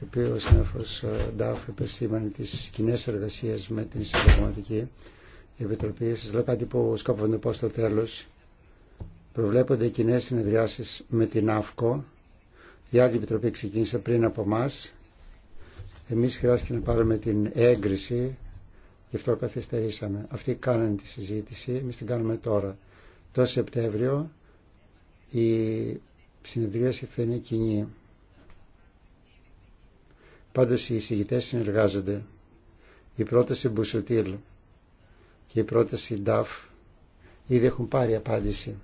οποίο ο συνάδελφο ε, Ντάφ επεσήμανε τι κοινέ εργασίε με την Συνταγματική Επιτροπή. Σα λέω κάτι που σκόπευα να πω στο τέλο. Προβλέπονται κοινέ συνεδριάσει με την ΑΦΚΟ. Η άλλη επιτροπή ξεκίνησε πριν από εμά. Εμεί χρειάστηκε να πάρουμε την έγκριση, γι' αυτό καθυστερήσαμε. Αυτοί κάνανε τη συζήτηση, Εμεί την κάνουμε τώρα. Το Σεπτέμβριο η συνεδρίαση θα είναι κοινή. Πάντω οι εισηγητέ συνεργάζονται. Η πρόταση Μπουσουτήλ και η πρόταση Νταφ ήδη έχουν πάρει απάντηση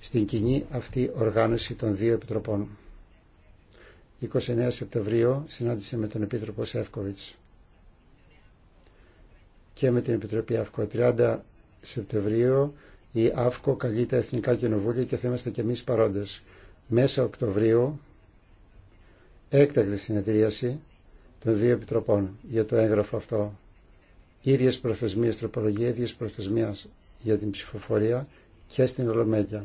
στην κοινή αυτή οργάνωση των δύο επιτροπών. 29 Σεπτεμβρίου συνάντησε με τον Επίτροπο Σεύκοβιτς και με την Επιτροπή ΑΦΚΟ. 30 Σεπτεμβρίου η ΑΦΚΟ καλεί τα Εθνικά Κοινοβούλια και θα είμαστε και εμείς παρόντες. Μέσα Οκτωβρίου έκτακτη συνεδρίαση των δύο επιτροπών για το έγγραφο αυτό. Ίδιες προθεσμίες τροπολογία, ίδιες προθεσμίες για την ψηφοφορία και στην Ολομέλεια.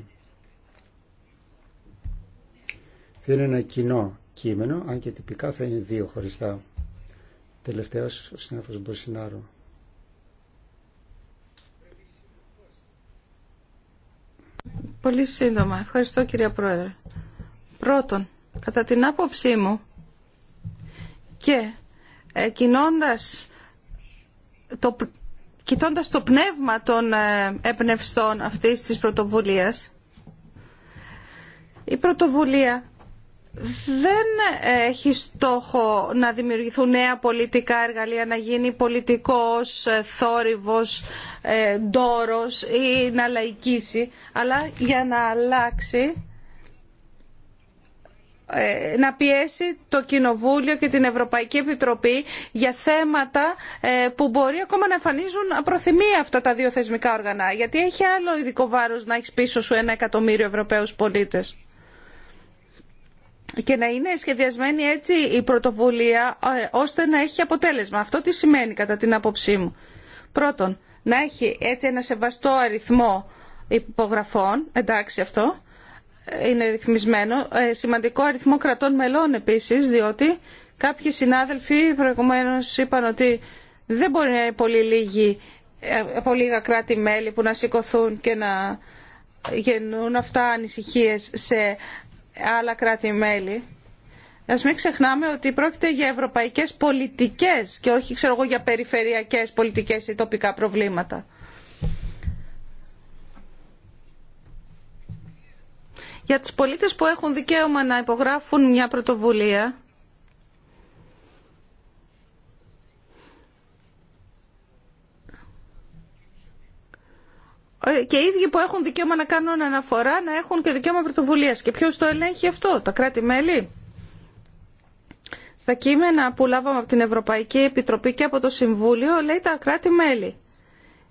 Θα είναι ένα κοινό κείμενο, αν και τυπικά θα είναι δύο χωριστά. Τελευταίος ο συνάδελφος Μποσινάρου. Πολύ σύντομα. Ευχαριστώ κυρία Πρόεδρε. Πρώτον, Κατά την άποψή μου και ε, κοινώντας το, κοιτώντας το πνεύμα των έπνευστων ε, αυτής της πρωτοβουλίας, η πρωτοβουλία δεν έχει στόχο να δημιουργηθούν νέα πολιτικά εργαλεία, να γίνει πολιτικός ε, θόρυβος, ε, ντόρος ή να λαϊκίσει, αλλά για να αλλάξει ε, να πιέσει το Κοινοβούλιο και την Ευρωπαϊκή Επιτροπή για θέματα ε, που μπορεί ακόμα να εμφανίζουν απροθυμία αυτά τα δύο θεσμικά όργανα. Γιατί έχει άλλο ειδικό βάρος να έχει πίσω σου ένα εκατομμύριο Ευρωπαίους πολίτες. Και να είναι σχεδιασμένη έτσι η πρωτοβουλία ε, ώστε να έχει αποτέλεσμα. Αυτό τι σημαίνει κατά την άποψή μου. Πρώτον, να έχει έτσι ένα σεβαστό αριθμό υπογραφών, εντάξει αυτό, είναι ρυθμισμένο. Ε, σημαντικό αριθμό κρατών μελών επίσης, διότι κάποιοι συνάδελφοι προηγουμένω είπαν ότι δεν μπορεί να είναι πολύ ε, πολύ από λίγα κράτη-μέλη που να σηκωθούν και να γεννούν αυτά ανησυχίε σε άλλα κράτη-μέλη. Α μην ξεχνάμε ότι πρόκειται για ευρωπαϊκές πολιτικές και όχι ξέρω για περιφερειακές πολιτικές ή τοπικά προβλήματα. για τους πολίτες που έχουν δικαίωμα να υπογράφουν μια πρωτοβουλία ε, και οι ίδιοι που έχουν δικαίωμα να κάνουν αναφορά να έχουν και δικαίωμα πρωτοβουλίας. Και ποιος το ελέγχει αυτό, τα κράτη-μέλη. Στα κείμενα που λάβαμε από την Ευρωπαϊκή Επιτροπή και από το Συμβούλιο λέει τα κράτη-μέλη.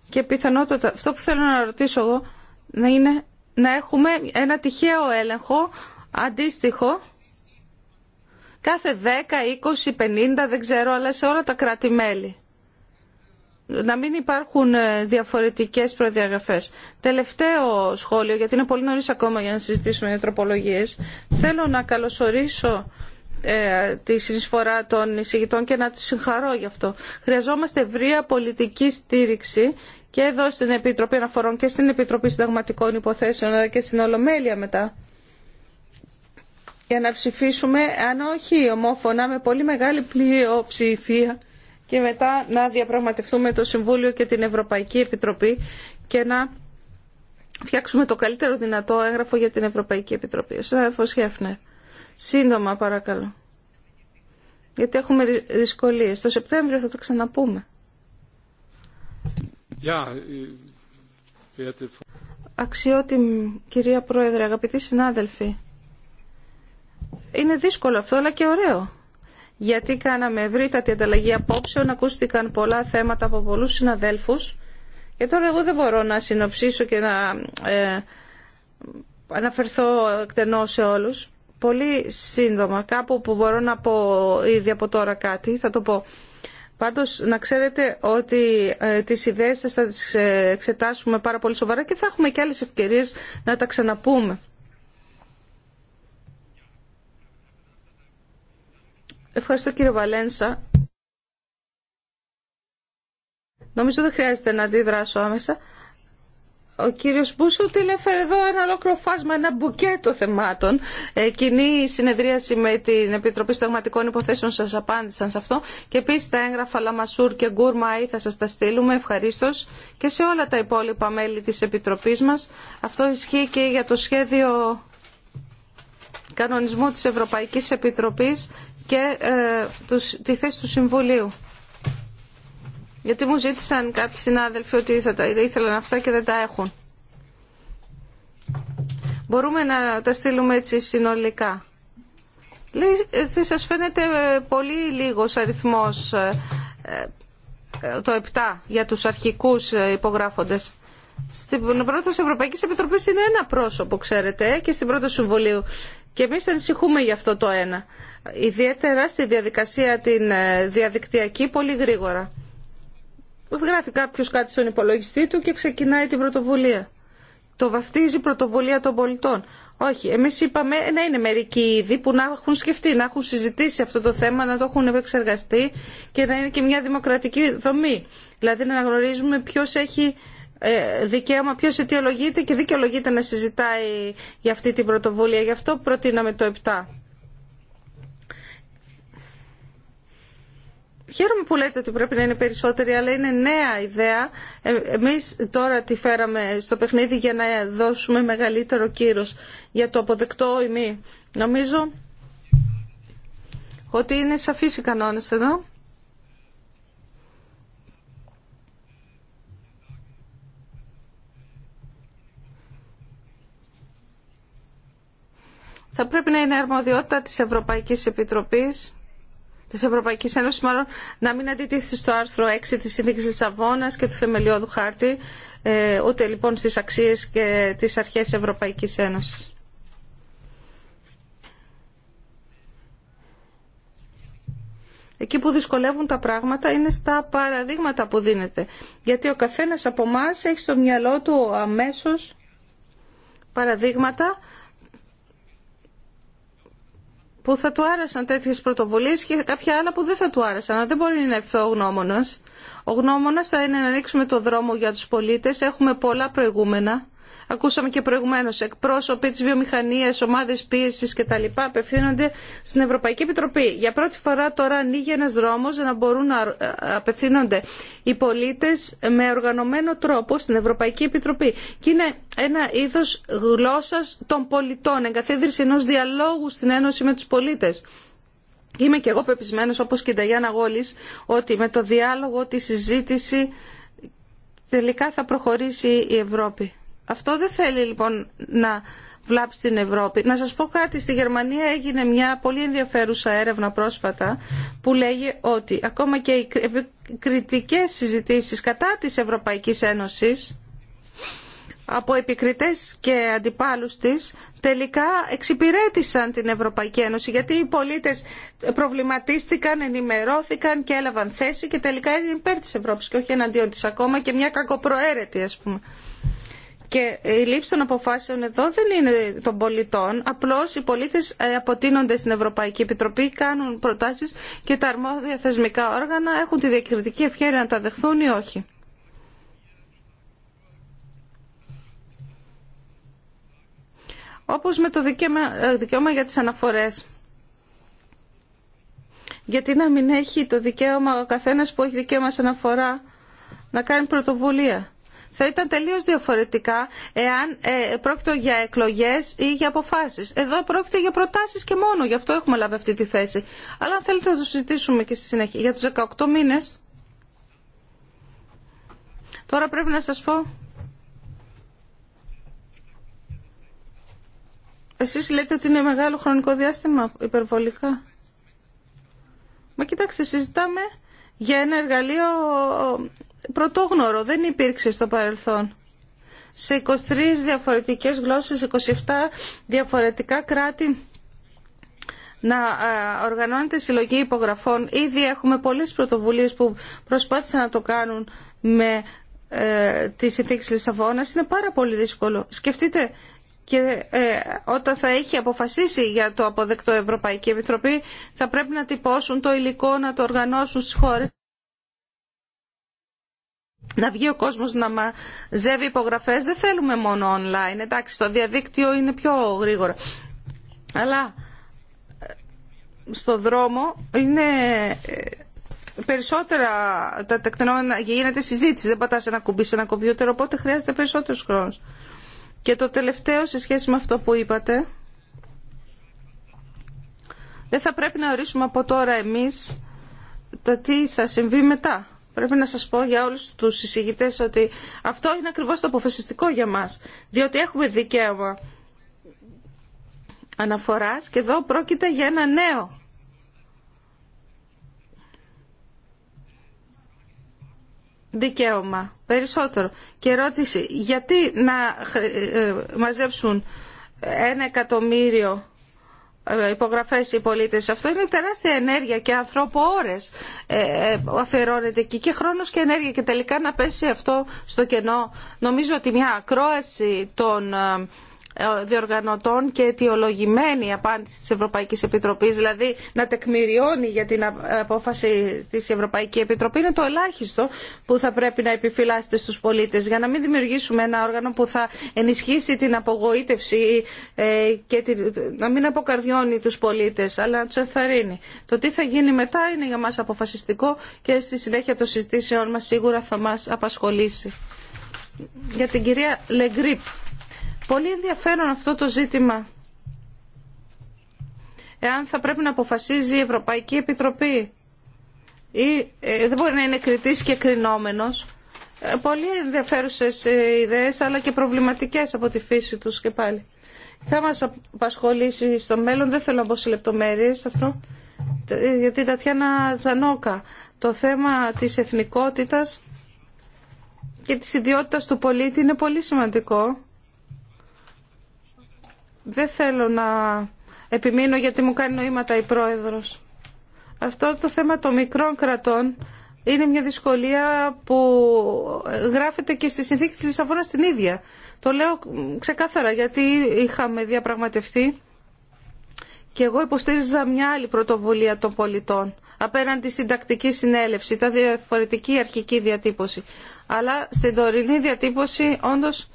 Και πιθανότατα αυτό που θέλω να ρωτήσω εγώ να είναι να έχουμε ένα τυχαίο έλεγχο αντίστοιχο κάθε 10, 20, 50, δεν ξέρω, αλλά σε όλα τα κράτη-μέλη. Να μην υπάρχουν ε, διαφορετικές προδιαγραφές. Τελευταίο σχόλιο, γιατί είναι πολύ νωρίς ακόμα για να συζητήσουμε για τροπολογίες. Θέλω να καλωσορίσω ε, τη συνεισφορά των εισηγητών και να τους συγχαρώ γι' αυτό. Χρειαζόμαστε ευρεία πολιτική στήριξη και εδώ στην Επιτροπή Αναφορών και στην Επιτροπή Συνταγματικών Υποθέσεων αλλά και στην Ολομέλεια μετά για να ψηφίσουμε αν όχι ομόφωνα με πολύ μεγάλη πλειοψηφία και μετά να διαπραγματευτούμε το Συμβούλιο και την Ευρωπαϊκή Επιτροπή και να φτιάξουμε το καλύτερο δυνατό έγγραφο για την Ευρωπαϊκή Επιτροπή. Συνάδελφος ευχαριστώ. σύντομα παρακαλώ. Γιατί έχουμε δυσκολίες. Το Σεπτέμβριο θα το ξαναπούμε. Äh, Αξιότιμη κυρία Πρόεδρε, αγαπητοί συνάδελφοι, είναι δύσκολο αυτό αλλά και ωραίο. Γιατί κάναμε ευρύτατη ανταλλαγή απόψεων, ακούστηκαν πολλά θέματα από πολλούς συναδέλφους και τώρα εγώ δεν μπορώ να συνοψίσω και να ε, αναφερθώ εκτενώς σε όλους. Πολύ σύντομα, κάπου που μπορώ να πω ήδη από τώρα κάτι, θα το πω. Πάντως να ξέρετε ότι ε, τις ιδέες σας θα τις ε, εξετάσουμε πάρα πολύ σοβαρά και θα έχουμε και άλλες ευκαιρίες να τα ξαναπούμε. Ευχαριστώ κύριε Βαλένσα. Νομίζω δεν χρειάζεται να αντιδράσω άμεσα. Ο κύριος Μπούσου έφερε εδώ ένα ολόκληρο φάσμα, ένα μπουκέτο θεμάτων. Ε, κοινή συνεδρίαση με την Επιτροπή Σταγματικών Υποθέσεων σας απάντησαν σε αυτό. Και επίσης τα έγγραφα Λαμασούρ και ή θα σας τα στείλουμε ευχαρίστω και σε όλα τα υπόλοιπα μέλη της Επιτροπής μας. Αυτό ισχύει και για το σχέδιο κανονισμού της Ευρωπαϊκής Επιτροπής και ε, τη θέση του Συμβουλίου. Γιατί μου ζήτησαν κάποιοι συνάδελφοι ότι θα τα ήθελαν αυτά και δεν τα έχουν. Μπορούμε να τα στείλουμε έτσι συνολικά. Λέει, θα σας φαίνεται πολύ λίγος αριθμός ε, ε, το 7 για τους αρχικούς ε, υπογράφοντες. Στην πρόταση Ευρωπαϊκή Επιτροπή είναι ένα πρόσωπο, ξέρετε, και στην πρώτη Συμβουλίου. Και εμεί ανησυχούμε γι' αυτό το ένα. Ιδιαίτερα στη διαδικασία την διαδικτυακή πολύ γρήγορα γράφει κάποιος κάτι στον υπολογιστή του και ξεκινάει την πρωτοβουλία. Το βαφτίζει πρωτοβουλία των πολιτών. Όχι, εμείς είπαμε ε, να είναι μερικοί ήδη που να έχουν σκεφτεί, να έχουν συζητήσει αυτό το θέμα, να το έχουν επεξεργαστεί και να είναι και μια δημοκρατική δομή. Δηλαδή να γνωρίζουμε ποιος έχει ε, δικαίωμα, ποιος αιτιολογείται και δικαιολογείται να συζητάει για αυτή την πρωτοβουλία. Γι' αυτό προτείναμε το 7. Χαίρομαι που λέτε ότι πρέπει να είναι περισσότεροι, αλλά είναι νέα ιδέα. Ε, εμείς τώρα τη φέραμε στο παιχνίδι για να δώσουμε μεγαλύτερο κύρος για το αποδεκτό ή μη. Νομίζω ότι είναι σαφείς οι κανόνες εδώ. Θα πρέπει να είναι αρμοδιότητα της Ευρωπαϊκής Επιτροπής της Ευρωπαϊκής Ένωσης μάλλον να μην αντιτίθεται στο άρθρο 6 της Σύνδεξης της Αβώνας και του Θεμελιώδου Χάρτη ε, ούτε λοιπόν στις αξίες και τις αρχές Ευρωπαϊκής Ένωσης. Εκεί που δυσκολεύουν τα πράγματα είναι στα παραδείγματα που δίνεται. Γιατί ο καθένας από εμά έχει στο μυαλό του αμέσως παραδείγματα που θα του άρεσαν τέτοιες πρωτοβουλίες και κάποια άλλα που δεν θα του άρεσαν. Αλλά δεν μπορεί να είναι αυτό ο γνώμονας. Ο γνώμονας θα είναι να ανοίξουμε το δρόμο για τους πολίτες. Έχουμε πολλά προηγούμενα ακούσαμε και προηγουμένω εκπρόσωποι τη βιομηχανία, ομάδε πίεση κτλ. απευθύνονται στην Ευρωπαϊκή Επιτροπή. Για πρώτη φορά τώρα ανοίγει ένα δρόμο για να μπορούν να απευθύνονται οι πολίτε με οργανωμένο τρόπο στην Ευρωπαϊκή Επιτροπή. Και είναι ένα είδο γλώσσα των πολιτών, εγκαθίδρυση ενό διαλόγου στην Ένωση με του πολίτε. Είμαι και εγώ πεπισμένος, όπως και η Νταγιάννα Γόλης, ότι με το διάλογο, τη συζήτηση, τελικά θα προχωρήσει η Ευρώπη. Αυτό δεν θέλει λοιπόν να βλάψει την Ευρώπη. Να σας πω κάτι, στη Γερμανία έγινε μια πολύ ενδιαφέρουσα έρευνα πρόσφατα που λέγει ότι ακόμα και οι κριτικές συζητήσεις κατά της Ευρωπαϊκής Ένωσης από επικριτές και αντιπάλους της τελικά εξυπηρέτησαν την Ευρωπαϊκή Ένωση γιατί οι πολίτες προβληματίστηκαν, ενημερώθηκαν και έλαβαν θέση και τελικά είναι υπέρ της Ευρώπης και όχι εναντίον της ακόμα και μια κακοπροαίρετη ας πούμε. Και η λήψη των αποφάσεων εδώ δεν είναι των πολιτών. Απλώς οι πολίτες ε, αποτείνονται στην Ευρωπαϊκή Επιτροπή, κάνουν προτάσεις και τα αρμόδια θεσμικά όργανα έχουν τη διακριτική ευχαίρεια να τα δεχθούν ή όχι. Όπως με το δικαίωμα ε, για τις αναφορές. Γιατί να μην έχει το δικαίωμα ο καθένας που έχει δικαίωμα σε αναφορά να κάνει πρωτοβουλία θα ήταν τελείως διαφορετικά εάν ε, πρόκειται για εκλογές ή για αποφάσεις. Εδώ πρόκειται για προτάσεις και μόνο, γι' αυτό έχουμε λάβει αυτή τη θέση. Αλλά αν θέλετε να το συζητήσουμε και στη συνέχεια. Για τους 18 μήνες, τώρα πρέπει να σας πω... Εσείς λέτε ότι είναι μεγάλο χρονικό διάστημα υπερβολικά. Μα κοιτάξτε, συζητάμε για ένα εργαλείο πρωτόγνωρο, δεν υπήρξε στο παρελθόν. Σε 23 διαφορετικές γλώσσες, 27 διαφορετικά κράτη να ε, οργανώνεται συλλογή υπογραφών. Ήδη έχουμε πολλές πρωτοβουλίες που προσπάθησαν να το κάνουν με ε, τις συνθήκες της Αβώνας. Είναι πάρα πολύ δύσκολο. Σκεφτείτε και ε, όταν θα έχει αποφασίσει για το αποδεκτό Ευρωπαϊκή Επιτροπή θα πρέπει να τυπώσουν το υλικό, να το οργανώσουν στις χώρες να βγει ο κόσμος να μαζεύει υπογραφές. Δεν θέλουμε μόνο online. Εντάξει, στο διαδίκτυο είναι πιο γρήγορα. Αλλά ε, στο δρόμο είναι ε, περισσότερα τα τεκτενόμενα γίνεται συζήτηση. Δεν πατάς ένα κουμπί σε ένα κομπιούτερ, οπότε χρειάζεται περισσότερος χρόνος. Και το τελευταίο σε σχέση με αυτό που είπατε, δεν θα πρέπει να ορίσουμε από τώρα εμείς το τι θα συμβεί μετά. Πρέπει να σας πω για όλους τους συζητητές ότι αυτό είναι ακριβώς το αποφασιστικό για μας, διότι έχουμε δικαίωμα αναφοράς και εδώ πρόκειται για ένα νέο δικαίωμα, περισσότερο. Και ερώτηση, γιατί να ε, μαζέψουν ένα εκατομμύριο ε, υπογραφές οι πολίτες. Αυτό είναι τεράστια ενέργεια και ανθρώπου ώρες ε, ε, αφιερώνεται εκεί και χρόνος και ενέργεια και τελικά να πέσει αυτό στο κενό. Νομίζω ότι μια ακρόαση των ε, διοργανωτών και αιτιολογημένη απάντηση της Ευρωπαϊκής Επιτροπής, δηλαδή να τεκμηριώνει για την απόφαση της Ευρωπαϊκή Επιτροπή, είναι το ελάχιστο που θα πρέπει να επιφυλάσσεται στους πολίτες για να μην δημιουργήσουμε ένα όργανο που θα ενισχύσει την απογοήτευση ε, και να μην αποκαρδιώνει τους πολίτες, αλλά να τους ευθαρρύνει. Το τι θα γίνει μετά είναι για μας αποφασιστικό και στη συνέχεια των συζητήσεων μας σίγουρα θα μας απασχολήσει. Για την κυρία Λεγκρίπ. Πολύ ενδιαφέρον αυτό το ζήτημα. Εάν θα πρέπει να αποφασίζει η Ευρωπαϊκή Επιτροπή ή ε, δεν μπορεί να είναι κριτής και κρινόμενος. Ε, πολύ ενδιαφέρουσες ε, ιδέες αλλά και προβληματικές από τη φύση τους και πάλι. Θα μας απασχολήσει στο μέλλον, δεν θέλω να μπω σε λεπτομέρειες αυτό, γιατί η Τατιάνα Ζανόκα, το θέμα της εθνικότητας και της ιδιότητας του πολίτη είναι πολύ σημαντικό δεν θέλω να επιμείνω γιατί μου κάνει νοήματα η πρόεδρος. Αυτό το θέμα των μικρών κρατών είναι μια δυσκολία που γράφεται και στη συνθήκη της Λισαβόνας την ίδια. Το λέω ξεκάθαρα γιατί είχαμε διαπραγματευτεί και εγώ υποστήριζα μια άλλη πρωτοβουλία των πολιτών απέναντι στην τακτική συνέλευση, τα διαφορετική αρχική διατύπωση. Αλλά στην τωρινή διατύπωση όντως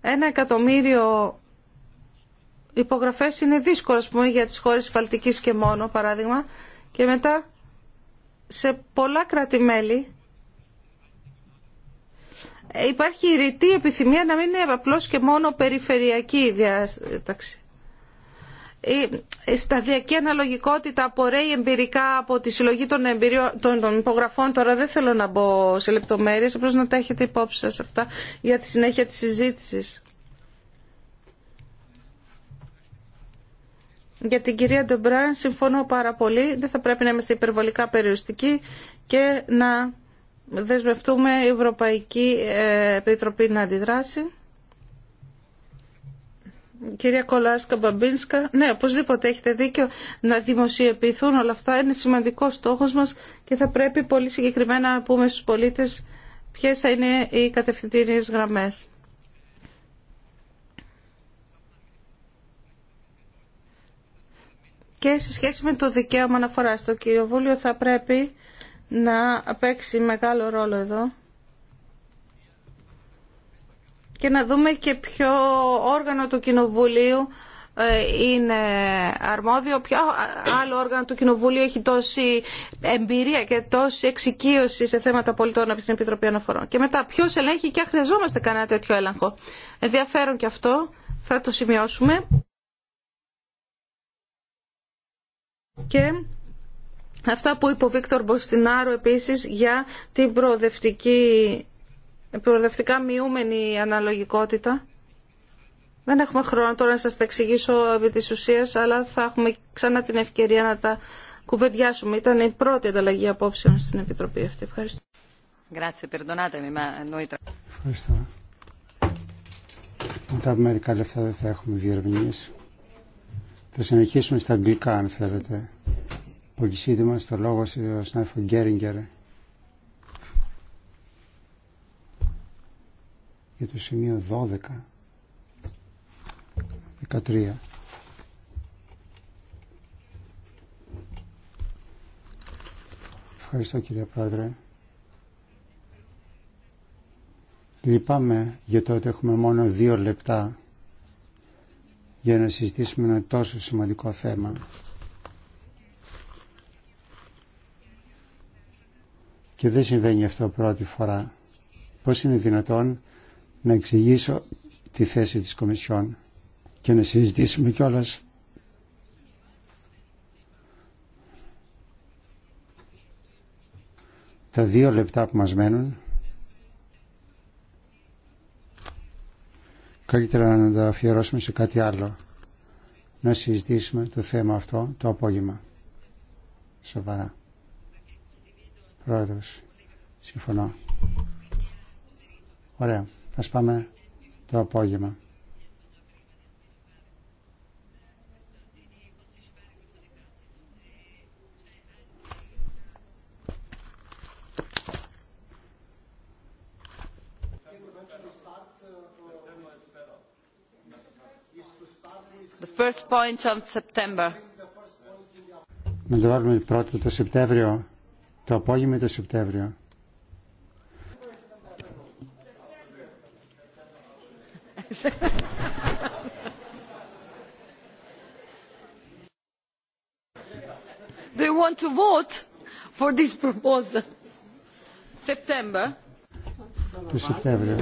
ένα εκατομμύριο υπογραφέ είναι που πούμε, για τις χώρες φαλτικής και μόνο παράδειγμα και μετά σε πολλά κράτη-μέλη υπάρχει η ρητή επιθυμία να μην είναι απλώ και μόνο περιφερειακή διαταξή. Η σταδιακή αναλογικότητα απορρέει εμπειρικά από τη συλλογή των, εμπειριών, των, υπογραφών. Τώρα δεν θέλω να μπω σε λεπτομέρειες, απλώς να τα έχετε υπόψη σας αυτά για τη συνέχεια της συζήτησης. Για την κυρία Ντεμπρά συμφωνώ πάρα πολύ. Δεν θα πρέπει να είμαστε υπερβολικά περιοριστικοί και να δεσμευτούμε η Ευρωπαϊκή ε, Επιτροπή να αντιδράσει. Κυρία Κολάσκα Μπαμπίνσκα, ναι, οπωσδήποτε έχετε δίκιο να δημοσιοποιηθούν όλα αυτά. Είναι σημαντικό στόχος μας και θα πρέπει πολύ συγκεκριμένα να πούμε στου πολίτε ποιε θα είναι οι κατευθυντήριε γραμμέ. και σε σχέση με το δικαίωμα αναφορά Το Κοινοβούλιο θα πρέπει να παίξει μεγάλο ρόλο εδώ και να δούμε και ποιο όργανο του Κοινοβουλίου ε, είναι αρμόδιο, ποιο άλλο όργανο του Κοινοβουλίου έχει τόση εμπειρία και τόση εξοικείωση σε θέματα πολιτών από την Επιτροπή Αναφορών. Και μετά, ποιο ελέγχει και αν χρειαζόμαστε κανένα τέτοιο έλεγχο. Ενδιαφέρον και αυτό, θα το σημειώσουμε. και αυτά που είπε ο Βίκτορ Μποστινάρου επίσης για την προοδευτική, προοδευτικά μειούμενη αναλογικότητα. Δεν έχουμε χρόνο τώρα να σας τα εξηγήσω επί της ουσίας, αλλά θα έχουμε ξανά την ευκαιρία να τα κουβεντιάσουμε. Ήταν η πρώτη ανταλλαγή απόψεων στην Επιτροπή αυτή. Ευχαριστώ. Ευχαριστώ. Μετά από μερικά λεφτά δεν θα έχουμε διερμηνίες. Θα συνεχίσουμε στα αγγλικά αν θέλετε πολύ σύντομα στο λόγο ο Σνάφου Γκέριγκερ για το σημείο 12 13 Ευχαριστώ κύριε Πρόεδρε. Λυπάμαι για το ότι έχουμε μόνο δύο λεπτά για να συζητήσουμε ένα τόσο σημαντικό θέμα. και δεν συμβαίνει αυτό πρώτη φορά. Πώς είναι δυνατόν να εξηγήσω τη θέση της Κομισιόν και να συζητήσουμε κιόλας τα δύο λεπτά που μας μένουν καλύτερα να τα αφιερώσουμε σε κάτι άλλο να συζητήσουμε το θέμα αυτό το απόγευμα σοβαρά Πρόεδρος. Συμφωνώ. Ωραία. Ας πάμε το απόγευμα. Με το βάλουμε πρώτο το Σεπτέμβριο το απόγευμα το Σεπτέμβριο. Do you want to vote for this proposal? September. September.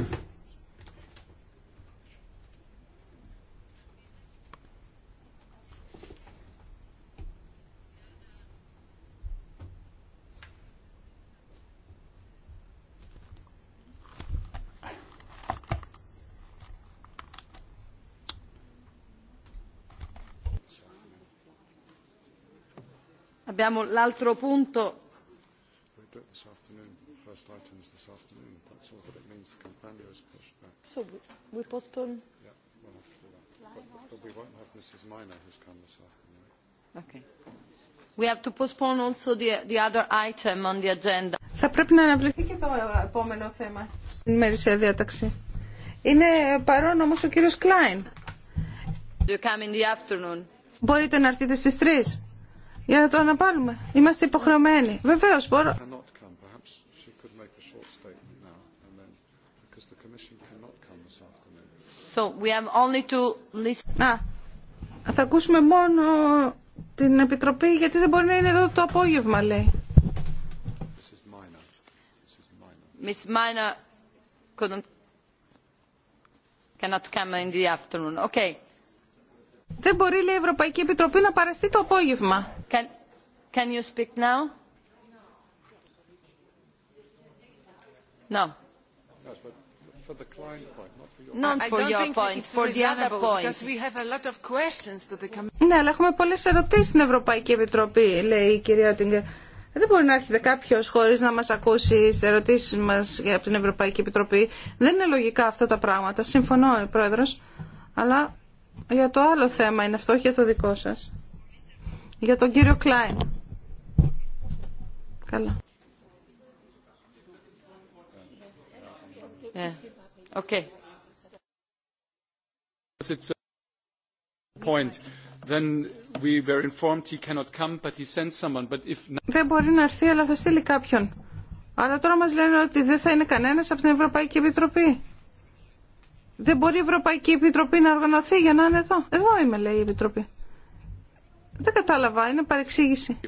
θα πρέπει να αναβληθεί και το επόμενο θέμα στην ημερησία διάταξη. Είναι παρόν όμως ο κύριος Κλάιν. Μπορείτε να έρθετε στις 3 για να το αναπάρουμε. Είμαστε υποχρεωμένοι. Βεβαίω, μπορώ... So θα ακούσουμε μόνο την Επιτροπή γιατί δεν μπορεί να είναι εδώ το απόγευμα, λέει. Miss Minor cannot come in the afternoon. Okay. Δεν μπορεί, λέει η Ευρωπαϊκή Επιτροπή, να παραστεί το απόγευμα. Ναι, αλλά έχουμε πολλές ερωτήσεις στην Ευρωπαϊκή Επιτροπή, λέει η κυρία Τιγκέ. Δεν μπορεί να έρχεται κάποιο χωρί να μα ακούσει τι ερωτήσει μα από την Ευρωπαϊκή Επιτροπή. Δεν είναι λογικά αυτά τα πράγματα. Συμφωνώ, Πρόεδρο. Αλλά για το άλλο θέμα είναι αυτό, όχι για το δικό σα για τον κύριο Κλάιν. Καλά. Ε, then we were informed he cannot come, but he sends someone. But if δεν μπορεί να έρθει, αλλά θα στείλει κάποιον. Αλλά τώρα μας λένε ότι δεν θα είναι κανένας από την Ευρωπαϊκή Επιτροπή. Δεν μπορεί η Ευρωπαϊκή Επιτροπή να οργανωθεί για να είναι εδώ. Εδώ είμαι, λέει η Επιτροπή. Δεν κατάλαβα, είναι παρεξήγηση.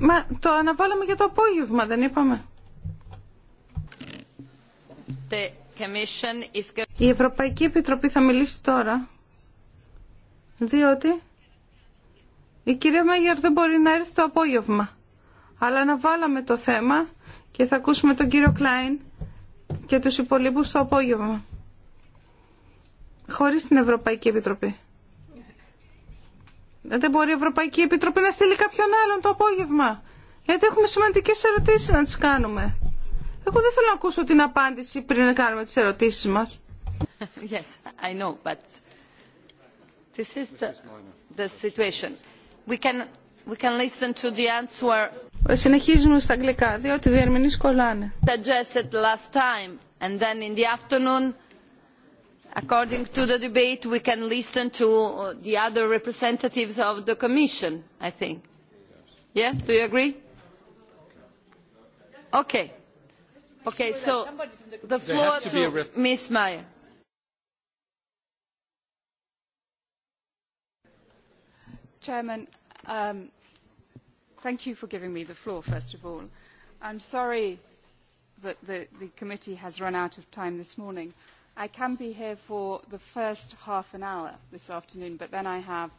Μα το αναβάλαμε για το απόγευμα, δεν είπαμε. Η Ευρωπαϊκή Επιτροπή θα μιλήσει τώρα, διότι η κυρία Μέγερ δεν μπορεί να έρθει το απόγευμα. Αλλά αναβάλαμε το θέμα και θα ακούσουμε τον κύριο Κλάιν και τους υπολείπους το απόγευμα. Χωρίς την Ευρωπαϊκή Επιτροπή. Δεν μπορεί η Ευρωπαϊκή Επιτροπή να στείλει κάποιον άλλον το απόγευμα. Γιατί έχουμε σημαντικές ερωτήσεις να τις κάνουμε. Εγώ δεν θέλω να ακούσω την απάντηση πριν να κάνουμε τις ερωτήσεις μας. [LAUGHS] Yes, I know, but this is the, the situation. We can, we can listen to the answer Συνεχίζουμε στα αγγλικά, διότι οι διερμηνείς κολλάνε. Suggested last time, and then in the afternoon, according to the debate, we can listen to the other representatives of the Commission, I think. Yes, do you agree? Okay. Okay, so the floor to Ms. Meyer. Chairman, um, thank you for giving me the floor, first of all. I'm sorry that the committee has run out of time this morning. I can be here for the first half an hour this afternoon, but then I have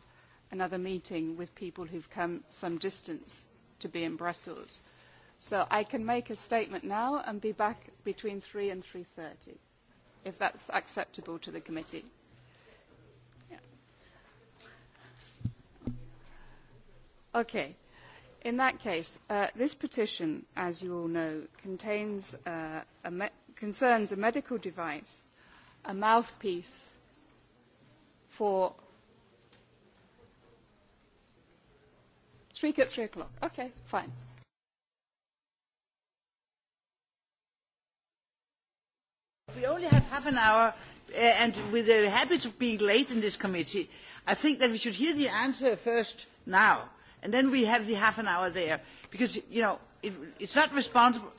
another meeting with people who've come some distance to be in Brussels. So I can make a statement now and be back between 3 and 3.30, if that's acceptable to the committee. Okay. In that case, this petition, as you all know, contains concerns a medical device, a mouthpiece for speak at three o'clock. Okay, fine. We only have half an hour, and with the habit of being late in this committee, I think that we should hear the answer first now and then we have the half an hour there because you know it, it's not responsible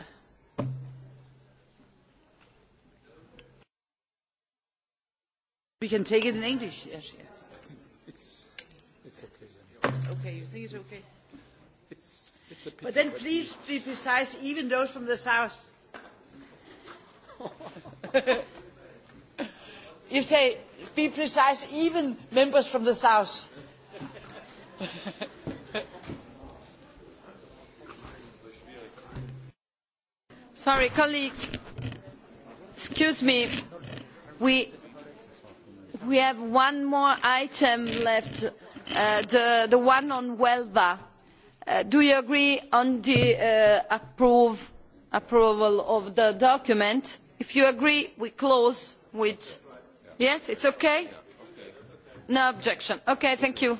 we can take it in english yes, yes. it's it's okay okay you think it's okay it's but then please be precise even those from the south you say be precise even members from the south Sorry, colleagues. Excuse me. We have one more item left, the the one on Welva Do you agree on the approve approval of the document? If you agree, we close with. Yes, it's okay. No objection. Okay, thank you.